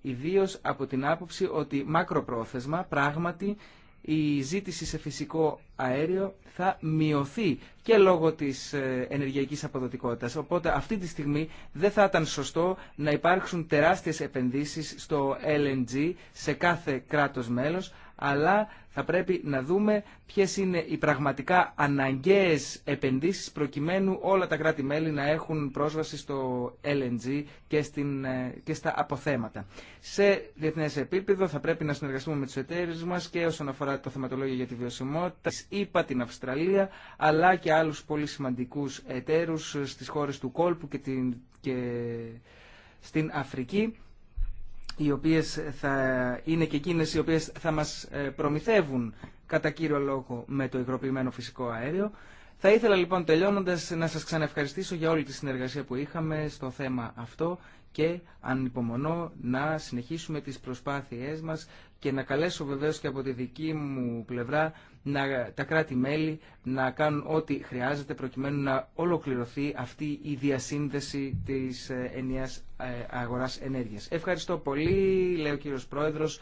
ιδίως από την άποψη ότι μακροπρόθεσμα πράγματι η ζήτηση σε φυσικό αέριο θα μειωθεί και λόγω της ε, ενεργειακής αποδοτικότητας. Οπότε αυτή τη στιγμή δεν θα ήταν σωστό να υπάρξουν τεράστιες επενδύσεις στο LNG σε κάθε κράτος μέλος, αλλά θα πρέπει να δούμε ποιες είναι οι πραγματικά αναγκαίες επενδύσεις προκειμένου όλα τα κράτη-μέλη να έχουν πρόσβαση στο LNG και, στην, ε, και στα αποθέματα. Σε διεθνές επίπεδο θα πρέπει να συνεργαστούμε με τους εταίρους μας και όσον αφορά το θεματολόγιο για τη βιωσιμότητα, είπα την Αυστραλία, αλλά και άλλους πολύ σημαντικούς εταίρους στις χώρες του κόλπου και, την, και στην Αφρική οι οποίες θα είναι και εκείνες οι οποίες θα μας ε, προμηθεύουν κατά κύριο λόγο με το υγροποιημένο φυσικό αέριο. Θα ήθελα λοιπόν τελειώνοντας να σας ξαναευχαριστήσω για όλη τη συνεργασία που είχαμε στο θέμα αυτό και ανυπομονώ να συνεχίσουμε τις προσπάθειές μας και να καλέσω βεβαίως και από τη δική μου πλευρά να, τα κράτη-μέλη να κάνουν ό,τι χρειάζεται προκειμένου να ολοκληρωθεί αυτή η διασύνδεση της ε, ενιαίας ε, αγοράς ενέργειας. Ευχαριστώ πολύ, λέει ο κύριος Πρόεδρος,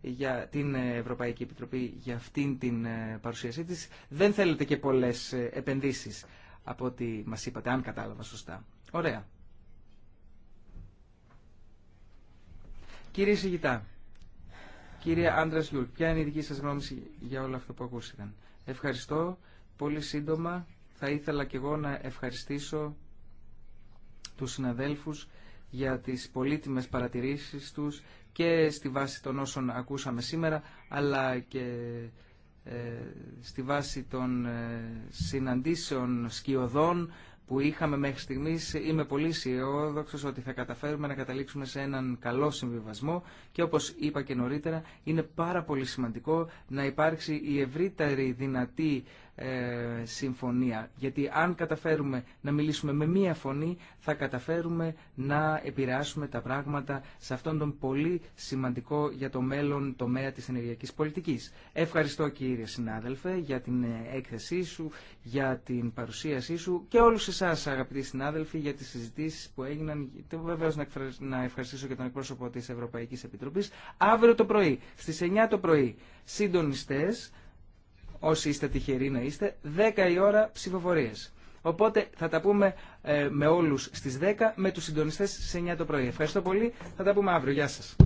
για την ε, Ευρωπαϊκή Επιτροπή για αυτήν την παρουσίασή της. Δεν θέλετε και πολλές επενδύσεις από ό,τι μας είπατε, αν κατάλαβα σωστά. Ωραία. Κύριε Σιγητά, Κύριε Άντρα Γιούρ, ποια είναι η δική σα γνώμη για όλα αυτά που ακούστηκαν. Ευχαριστώ. Πολύ σύντομα θα ήθελα και εγώ να ευχαριστήσω τους συναδέλφους για τις πολύτιμες παρατηρήσεις τους και στη βάση των όσων ακούσαμε σήμερα αλλά και ε, στη βάση των ε, συναντήσεων σκιωδών που είχαμε μέχρι στιγμή, είμαι πολύ αισιόδοξο ότι θα καταφέρουμε να καταλήξουμε σε έναν καλό συμβιβασμό και όπως είπα και νωρίτερα είναι πάρα πολύ σημαντικό να υπάρξει η ευρύτερη δυνατή ε, συμφωνία. Γιατί αν καταφέρουμε να μιλήσουμε με μία φωνή, θα καταφέρουμε να επηρεάσουμε τα πράγματα σε αυτόν τον πολύ σημαντικό για το μέλλον τομέα της ενεργειακής πολιτικής. Ευχαριστώ κύριε συνάδελφε για την έκθεσή σου, για την παρουσίασή σου και όλους εσάς αγαπητοί συνάδελφοι για τις συζητήσεις που έγιναν. Βεβαίως να ευχαριστήσω και τον εκπρόσωπο της Ευρωπαϊκής Επιτροπής. Αύριο το πρωί, στις 9 το πρωί, συντονιστές όσοι είστε τυχεροί να είστε, 10 η ώρα ψηφοφορίε. Οπότε θα τα πούμε ε, με όλους στις 10, με τους συντονιστές σε 9 το πρωί. Ευχαριστώ πολύ, θα τα πούμε αύριο. Γεια σας.